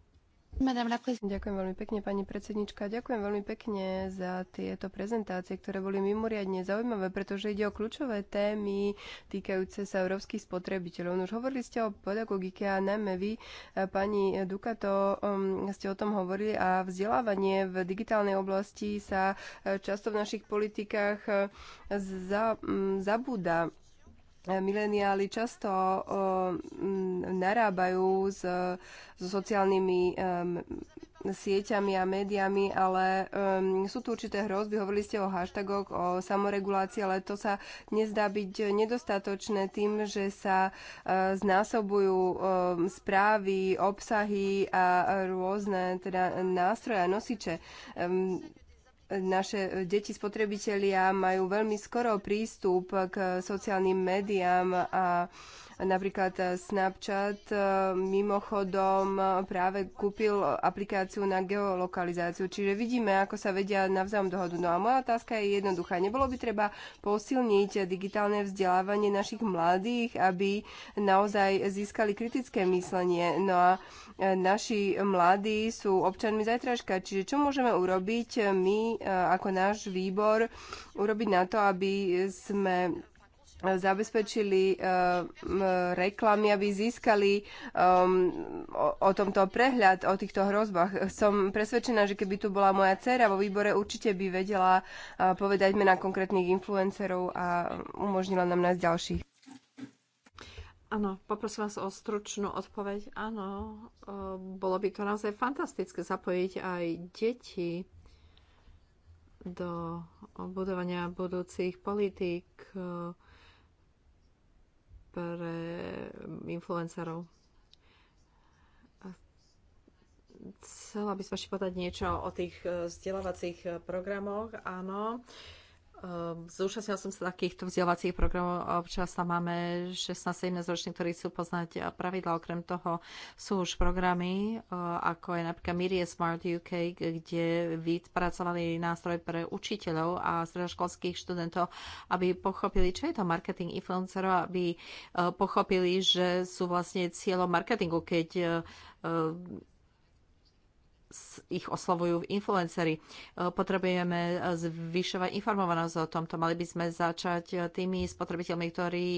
Ďakujem veľmi pekne, pani predsednička. Ďakujem veľmi pekne za tieto prezentácie, ktoré boli mimoriadne zaujímavé, pretože ide o kľúčové témy týkajúce sa európskych spotrebiteľov. No už hovorili ste o pedagogike a najmä vy, eh, pani Dukato, um, ste o tom hovorili a vzdelávanie v digitálnej oblasti sa eh, často v našich politikách eh, mm, zabúda mileniáli často narábajú s, so sociálnymi sieťami a médiami, ale um, sú tu určité hrozby. Hovorili ste o hashtagoch, o samoregulácii, ale to sa nezdá byť nedostatočné tým, že sa uh, znásobujú um, správy, obsahy a rôzne teda nástroje a nosiče. Um, naše deti spotrebitelia majú veľmi skoro prístup k sociálnym médiám a Napríklad eh, Snapchat eh, mimochodom eh, práve kúpil aplikáciu na geolokalizáciu, čiže vidíme, ako sa vedia navzájom dohodu. No a moja otázka je jednoduchá. Nebolo by treba posilniť digitálne vzdelávanie našich mladých, aby naozaj získali kritické myslenie. No a naši mladí sú občanmi zajtražka, čiže čo môžeme urobiť my ako náš výbor, urobiť na to, aby sme zabezpečili eh, reklamy, aby získali ehm, o tomto prehľad, o týchto hrozbách. Som presvedčená, že keby tu bola moja dcera vo výbore, určite by vedela eh, povedať mena konkrétnych influencerov a umožnila nám nás ďalších. Áno, poprosím vás o stručnú odpoveď. Áno, eh, bolo by to naozaj fantastické zapojiť aj deti do budovania budúcich politík, pre influencerov. Chcela by som ešte povedať niečo o tých eh, vzdelávacích eh, programoch. Áno, uh, Ehm, zúčastnila som sa takýchto vzdelávacích programov a občas tam máme 16-17 roční, ktorí chcú poznať eh, pravidla. Okrem toho sú už programy, eh, ako je napríklad Mirie Smart UK, kde vypracovali nástroj pre učiteľov a stredoškolských študentov, aby pochopili, čo je to marketing influencerov, aby eh, pochopili, že sú vlastne cieľom marketingu, keď ich oslovujú influencery. E, potrebujeme e, zvyšovať informovanosť o tomto. Mali by sme začať e, tými spotrebiteľmi, ktorí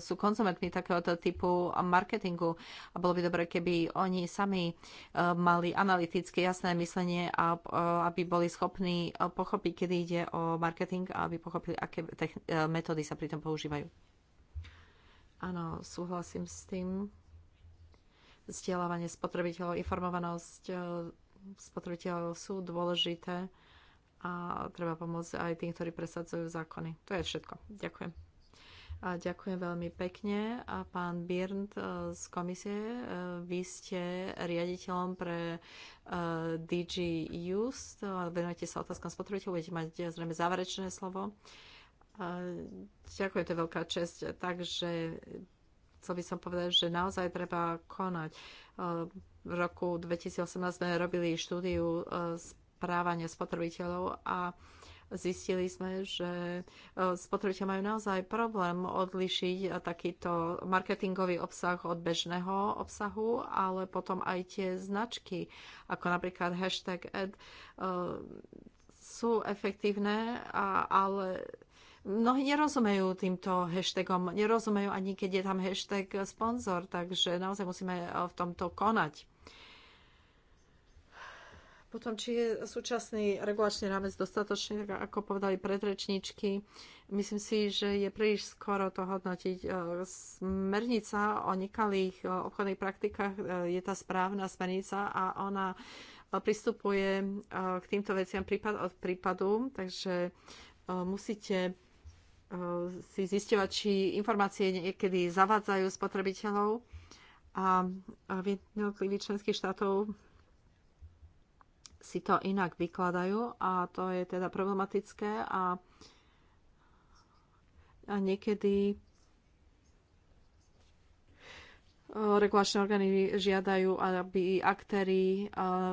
sú konzumentmi takéhoto typu marketingu. A bolo by dobre, keby oni sami mali analytické jasné myslenie a aby boli schopní pochopiť, kedy ide o marketing a aby pochopili, aké metódy sa pri tom používajú. Áno, súhlasím s tým vzdelávanie spotrebiteľov, informovanosť spotrebiteľov sú dôležité a treba pomôcť aj tým, ktorí presadzujú zákony. To je všetko. Ďakujem. A ďakujem veľmi pekne. A pán Birnt e, z komisie, e, vy ste riaditeľom pre e, DG Just. Venujete sa otázkam spotrebiteľov, budete mať zrejme záverečné slovo. ďakujem, to je veľká čest. Takže chcel by som povedať, že naozaj treba konať. E, v roku 2018 sme robili štúdiu e, správania spotrebiteľov a zistili sme, že e, spotrebiteľ majú naozaj problém odlišiť takýto marketingový obsah od bežného obsahu, ale potom aj tie značky, ako napríklad hashtag ad, sú efektívne, ale Mnohí nerozumejú týmto hashtagom, nerozumejú ani keď je tam hashtag sponzor, takže naozaj musíme eh, v tomto konať. Potom, či je súčasný regulačný rámec dostatočný, tak ako povedali predrečníčky, myslím si, že je príliš skoro to hodnotiť. Eh, smernica o nekalých eh, obchodných praktikách je tá správna smernica a ona pristupuje k týmto veciam prípad od prípadu, takže musíte si zistovať, či informácie niekedy zavádzajú spotrebiteľov a v jednotlivých členských štátov si to inak vykladajú a to je teda problematické a, a niekedy e, regulačné orgány žiadajú, aby aktéry e,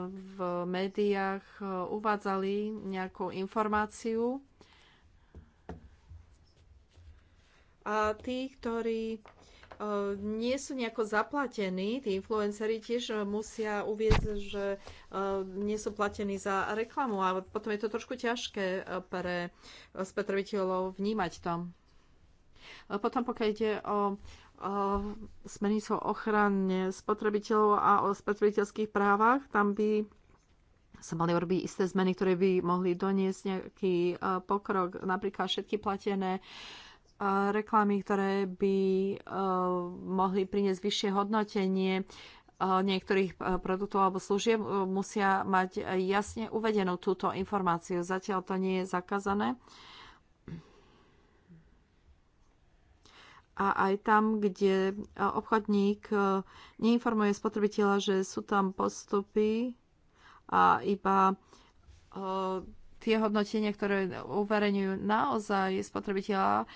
v médiách e, uvádzali nejakú informáciu A tí, ktorí e, nie sú nejako zaplatení, tí influenceri tiež musia uvieť, že e, nie sú platení za reklamu a potom je to trošku ťažké e, pre spotrebiteľov vnímať to. Potom pokiaľ ide o smernicu o ochrane spotrebiteľov a o spotrebiteľských právach, tam by sa mali urobiť isté zmeny, ktoré by mohli doniesť nejaký pokrok, napríklad všetky platené uh, reklamy, ktoré by eh, mohli priniesť vyššie hodnotenie eh, niektorých eh, produktov alebo služieb, musia mať jasne uvedenú túto informáciu. Zatiaľ to nie je zakázané. A aj tam, kde obchodník neinformuje spotrebiteľa, že sú tam postupy a iba tie hodnotenia, ktoré uverejňujú naozaj spotrebiteľa, e,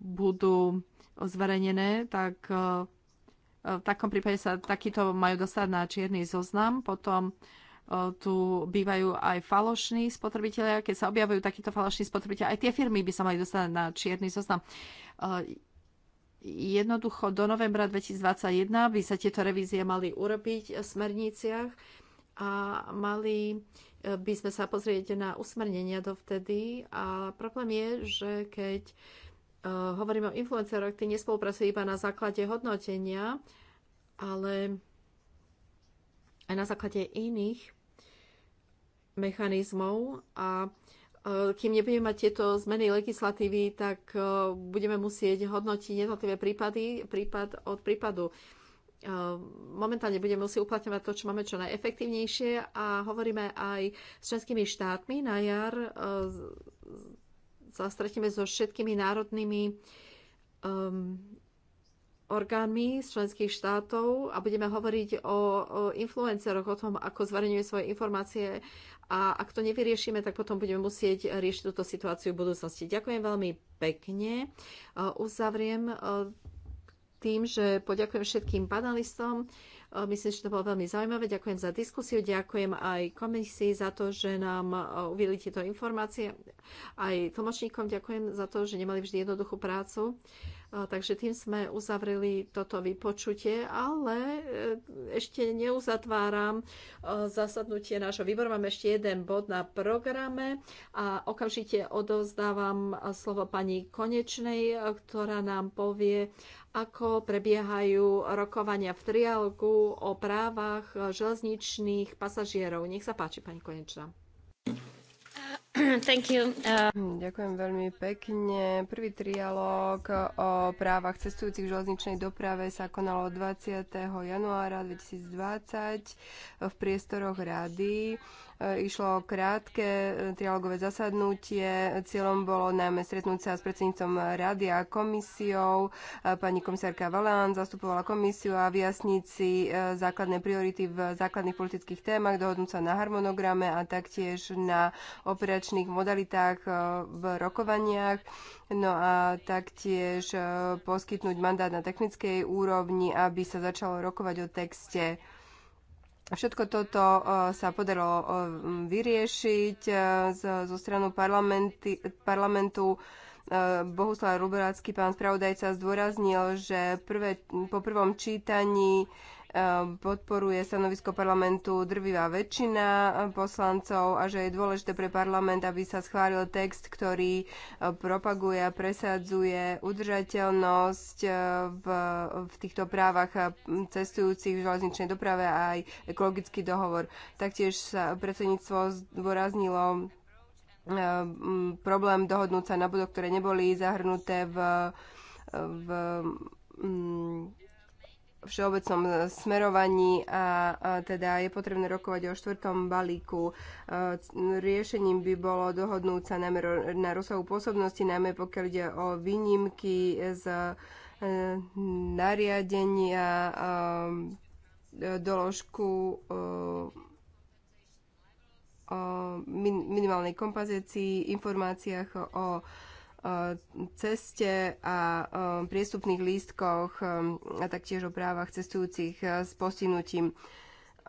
budú zverejnené, tak e, v takom prípade sa takýto majú dostať na čierny zoznam. Potom e, tu bývajú aj falošní spotrebitelia. Keď sa objavujú takíto falošní spotrebitelia, aj tie firmy by sa mali dostať na čierny zoznam. Jednoducho do novembra 2021 by sa tieto revízie mali urobiť v smerniciach a mali eh, by sme sa pozrieť na usmernenia dovtedy. A problém je, že keď eh, hovoríme o influenceroch, tí nespolupracujú iba na základe hodnotenia, ale aj na základe iných mechanizmov a eh, kým nebudeme mať tieto zmeny legislatívy, tak budeme musieť hodnotiť jednotlivé prípady, prípad od prípadu. Ehm, momentálne budeme musieť uplatňovať to, čo máme čo najefektívnejšie a hovoríme aj s členskými štátmi na jar. Ehm, zastretíme so všetkými národnými um, orgánmi z členských štátov a budeme hovoriť o, o influenceroch, o tom, ako zverejňujú svoje informácie a ak to nevyriešime, tak potom budeme musieť riešiť túto situáciu v budúcnosti. Ďakujem veľmi pekne. Uzavriem tým, že poďakujem všetkým panelistom. E, myslím, že to bolo veľmi zaujímavé. Ďakujem za diskusiu, ďakujem aj komisii za to, že nám e, uviedli tieto informácie. Aj tlmočníkom ďakujem za to, že nemali vždy jednoduchú prácu. Takže tým sme uzavreli toto vypočutie, ale e, ešte neuzatváram e, zasadnutie nášho výboru. Mám ešte jeden bod na programe a okamžite odovzdávam slovo pani Konečnej, e, ktorá nám povie, ako prebiehajú rokovania v triálku o právach železničných pasažierov. Nech sa páči, pani Konečná. Uh, Ďakujem veľmi pekne. Prvý trialóg o právach cestujúcich v železničnej doprave sa konalo 20. januára 2020 v priestoroch rady. Išlo o krátke e, trialogové zasadnutie. Cieľom bolo najmä stretnúť sa s predsednícom rady a komisiou. E, pani komisárka Valán zastupovala komisiu a vyjasniť si e, základné priority v základných politických témach, dohodnúť sa na harmonograme a taktiež na operačných modalitách v rokovaniach. No a taktiež poskytnúť mandát na technickej úrovni, aby sa začalo rokovať o texte Všetko toto e, sa podarilo e, vyriešiť e, zo stranu parlamentu. Bohuslav Rubelácky, pán spravodajca, zdôraznil, že prvé, po prvom čítaní podporuje stanovisko parlamentu drvivá väčšina poslancov a že je dôležité pre parlament, aby sa schválil text, ktorý e, propaguje a presadzuje udržateľnosť e, v, v týchto právach e, cestujúcich v železničnej doprave a aj ekologický dohovor. Taktiež sa predsedníctvo zdôraznilo problém dohodnúť sa na budov, ktoré neboli zahrnuté v, v všeobecnom smerovaní a, a teda je potrebné rokovať o štvrtom balíku. E, riešením by bolo dohodnúť sa najmä na rozsahu pôsobnosti, najmä pokiaľ ide o výnimky z e, nariadenia e, doložku o minimálnej kompozícii, informáciách o ceste a um, priestupných lístkoch um, a taktiež o právach cestujúcich uh, s postihnutím.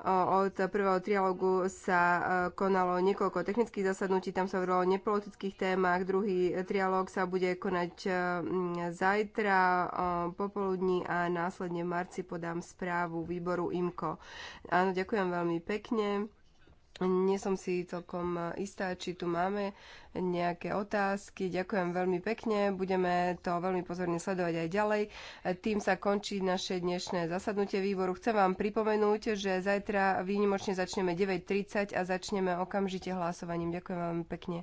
Od prvého trialógu sa uh, konalo niekoľko technických zasadnutí, tam sa hovorilo o nepolitických témach. Druhý trialóg sa bude konať uh, mm, zajtra popoludní a následne v marci podám správu výboru IMKO. Áno, ďakujem veľmi pekne. Nie som si celkom e, istá, či tu máme nejaké otázky. Ďakujem veľmi pekne. Budeme to veľmi pozorne sledovať aj ďalej. E, tým sa končí naše dnešné zasadnutie výboru. Chcem vám pripomenúť, že zajtra výnimočne začneme 9.30 a začneme okamžite hlasovaním. Ďakujem vám pekne.